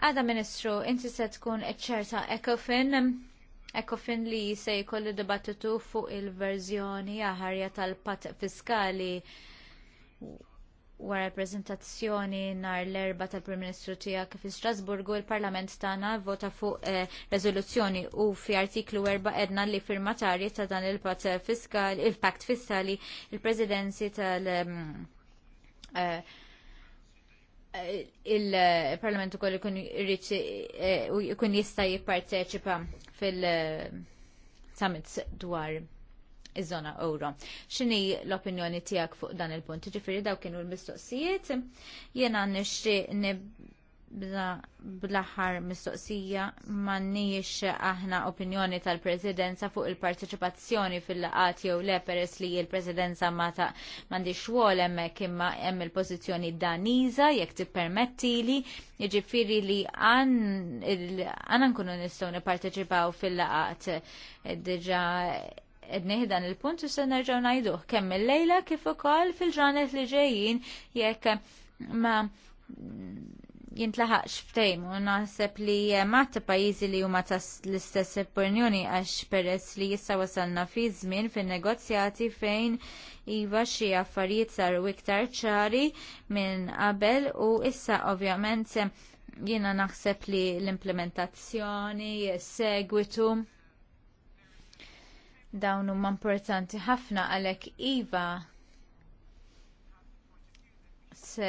Għada Ministru, inti se tkun eċċerta ECOFIN, ECOFIN li se jkollu dibattitu fuq il-verżjoni aħarja tal-pat fiskali wara prezentazzjoni nhar l-erba tal-Prim Ministru tiegħek fi Strasburgu il-Parlament tagħna vota fuq eh, rezoluzzjoni u fi artiklu 4 edna li firmatari ta' dan il pat fiskali, il-pakt fiskali, il-Presidenzi tal- mm, eh, il-Parlament ukoll kun irrid ikun eh, jista' jipparteċipa fil-summits eh, dwar iż-żona euro. X'inhi l-opinjoni tiegħek fuq dan il-punt? Ġifieri daw kienu l-mistoqsijiet. Jiena nixtieq bl-aħħar mistoqsija m'għandniex aħna opinjoni tal-Presidenza fuq il-parteċipazzjoni fil-laqat jew le peress li l-Presidenza ma ta' m'għandix xogħol hemmhekk imma hemm il-pożizzjoni Daniża jekk tippermettili, jiġifieri li għandna nkunu nistgħu nipparteċipaw fil-laqat diġà edniħi dan il-punt u se nerġgħu ngħiduh kemm il-lejla kif ukoll fil-ġranet li ġejjin jekk ma' jintlaħaqx ftejm u naħseb li matta pajjiżi li huma ta' l-istess opinjoni għax peress li jista' wasalna fi żmien fin negozjati fejn iva xi affarijiet saru iktar ċari minn qabel u issa ovvjament jiena naħseb li l-implementazzjoni, segwitu dawn huma importanti ħafna għalhekk iva se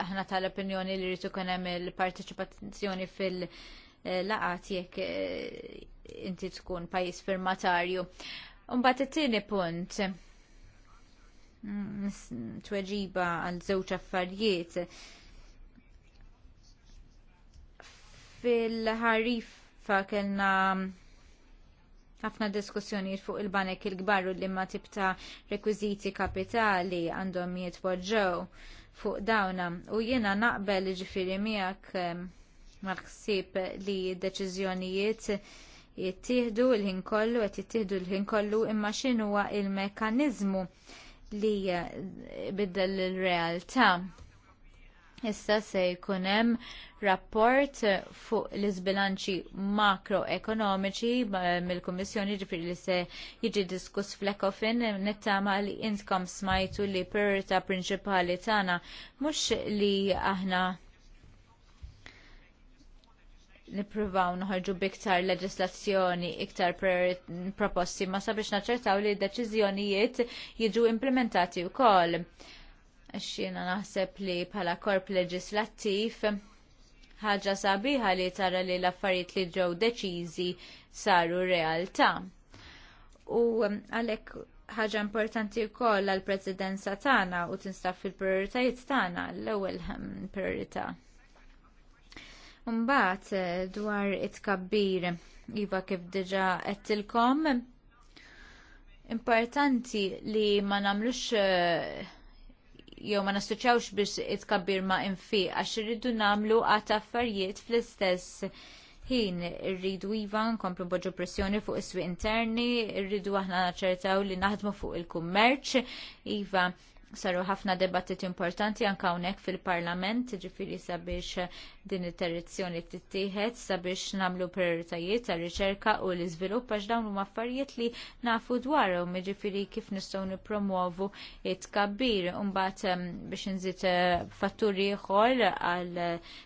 aħna tal-opinjoni li rritu hemm il-parteċipazzjoni fil-laqat jekk eh, inti tkun pajjiż firmatarju. Umbat it-tieni punt mm, tweġiba għal żewġ affarijiet fil-ħarifa kellna ħafna diskussjoni fuq il-banek il gbarru li ma tibta rekwiziti kapitali għandhom jitpoġġew fuq dawna u jiena naqbel ġifiri miegħek mal-ħsieb li deċiżjonijiet jittieħdu l-ħin kollu qed jittieħdu l-ħin kollu imma x'inhuwa l mekkaniżmu li biddel l realtà Issa se jkun hemm rapport fuq l-iżbilanċi makroekonomiċi mill-Kummissjoni ġifieri li se jiġi diskuss fl-Ecofin nittama li intkom smajtu li priorità prinċipali tagħna mhux li aħna nipruvaw noħorġu biktar leġislazzjoni, iktar proposti, ma sabiex naċċertaw li d deċiżjonijiet jiġu implementati wkoll għax naħseb li bħala korp leġislattiv ħaġa sabiħa li tara li l-affarijiet li ġew deċiżi saru realtà. U um, għalhekk ħaġa importanti wkoll għall presidenza tagħna u tinstab fil-prioritajiet tagħna l-ewwel hm, priorità. Mbagħad eh, dwar it-kabbir iva kif diġà qedtilkom importanti li ma nagħmlux eh, jew ma nastuċawx biex itkabbir ma' infi għax irridu namlu għat affarijiet fl-istess ħin irridu iva nkomplu boġġu pressjoni fuq is swi interni, irridu aħna naċċertaw li naħdmu fuq il-kummerċ, iva saru ħafna debattit importanti anke hawnhekk fil-parlament, ġifiri sabiex din it-terrizzjoni tittieħed sabiex nagħmlu prioritajiet għar riċerka u l-iżvilupp għax dawn huma affarijiet li nafu dwarhom, jiġifieri kif nistgħu nippromovu it-kabbir mbagħad ehm, biex inżid eh, fatturi ieħor għal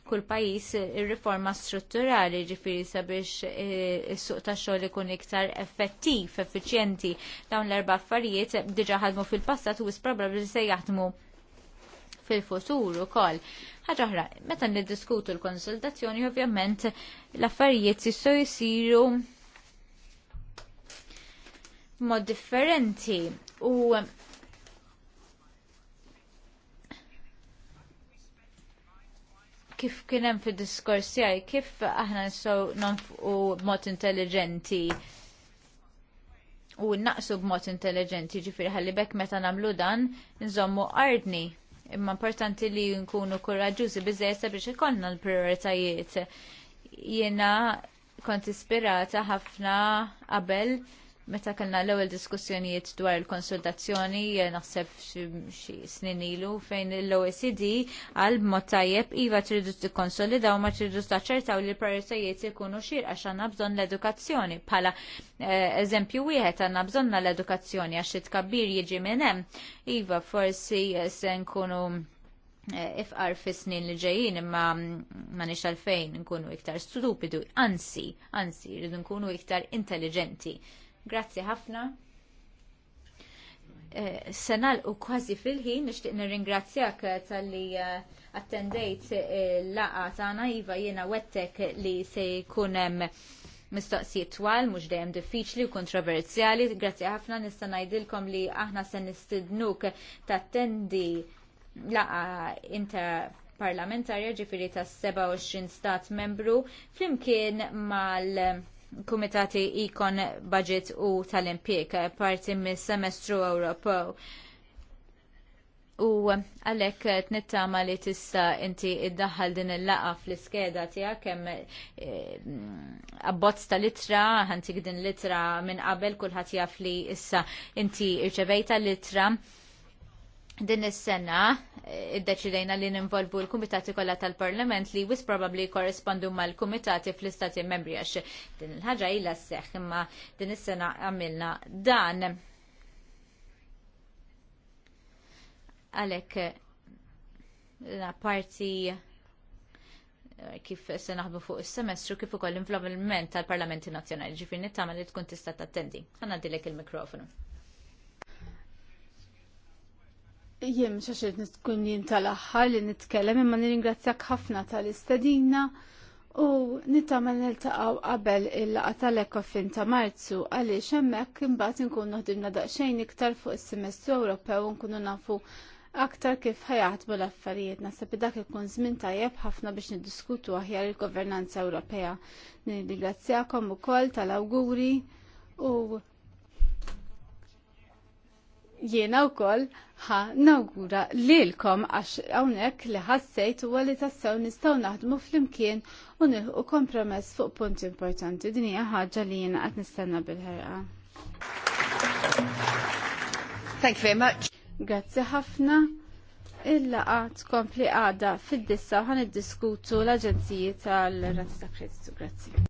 kull pajjiż ir-riforma strutturali ġifiri sabiex eh, is-suq tax-xogħol ikun iktar effettiv, effiċjenti. Dawn l-erba' affarijiet diġà ħadmu fil-passat u probabbli se jaħdmu fil-futur ukoll. Ħaġa oħra, meta niddiskutu l-konsultazzjoni ovvjament l-affarijiet jistgħu jsiru mod differenti u kif kien hemm fid-diskors tiegħi kif aħna nsew nonfqu b'mod intelligenti u naqsu b'mod intelligenti ġifiri ħalli bekk meta nagħmlu dan nżommu ardni. Imma importanti li nkunu koraġużi biżejjed biex ikollna l-prioritajiet. Jiena kont ispirata ħafna qabel Meta kellna l-ewwel diskussjonijiet dwar il-konsultazzjoni naħseb xi snin ilu fejn l-OECD għal mod tajjeb iva tridu tikkonsolidaw ma tridu taċċertaw li l-prioritajiet ikunu xir għax għandna bżonn l-edukazzjoni. Bħala eh, eżempju wieħed għandna bżonn l-edukazzjoni għax it-kabbir jiġi minn hemm. Iva forsi eh, se nkunu eh, ifqar fis snin li ġejjin imma ma mm, nix għalfejn nkunu iktar stupidu, anzi, anzi, rridu nkunu iktar intelligenti Grazzi ħafna. Eh, Senal u kważi fil-ħin, nixtieq nirringrazzjak eh, tal-li eh, attendejt l-laqa tagħna iva jiena wettek li se jkun hemm mistoqsijiet twal, mhux dejjem diffiċli u kontroversjali. Grazzi ħafna nista' ngħidilkom li aħna se nistidnuk tattendi laqa inter parlamentarja ġifiri ta' 27 stat membru flimkien mal- kumitati ikon budget u tal-impjek parti mis semestru Ewropew. U għalek t-nittama li tista inti id-daħal din il-laqa fl-iskeda tijak kem eh, abbozz ta' litra għantik din litra minn qabel kullħat jaf li issa inti irċevejta litra. litra din is-sena eh, iddeċidejna li ninvolvu l-kumitati kollha tal-Parlament li wis probabbli korrespondu mal-kumitati fl-istati membri għax din il-ħaġa ilha sseħħ imma din is-sena għamilna dan. Għalhekk eh, la parti eh, kif se naħbu fuq is-semestru kif ukoll l-involviment tal-Parlamenti Nazzjonali ġifier nittama li tkun tista' tattendi. Ħanna dilek il-mikrofonu. Jiem xaxet nitkun jien tal-axħar li nitkellem imma nirringrazzjak ħafna tal-istadina u nittama taqaw qabel il-laqa tal-ekofin ta' marzu għaliex hemmhekk imbagħad nkun noħdimna daqsxejn iktar fuq is-semestru Ewropew u nkunu nafu aktar kif ħajaħdmu l-affarijiet naħseb dak ikun żmien tajjeb ħafna biex niddiskutu aħjar il-governanza Ewropea. Nirringrazzjakom ukoll tal-awguri u jiena u koll ħa nawgura lilkom għax għawnek li ħassejt u għalli tassew nistaw naħdmu fl-imkien u nilħu kompromess fuq punt importanti. Din hija ħaġa li jiena qed nistenna bil-ħerqa. Thank you very much. Grazzi ħafna. il għat tkompli għada fid-dissa għan id-diskutu l-Aġenziji tal-Razzi ta' Kreditu. Grazzi.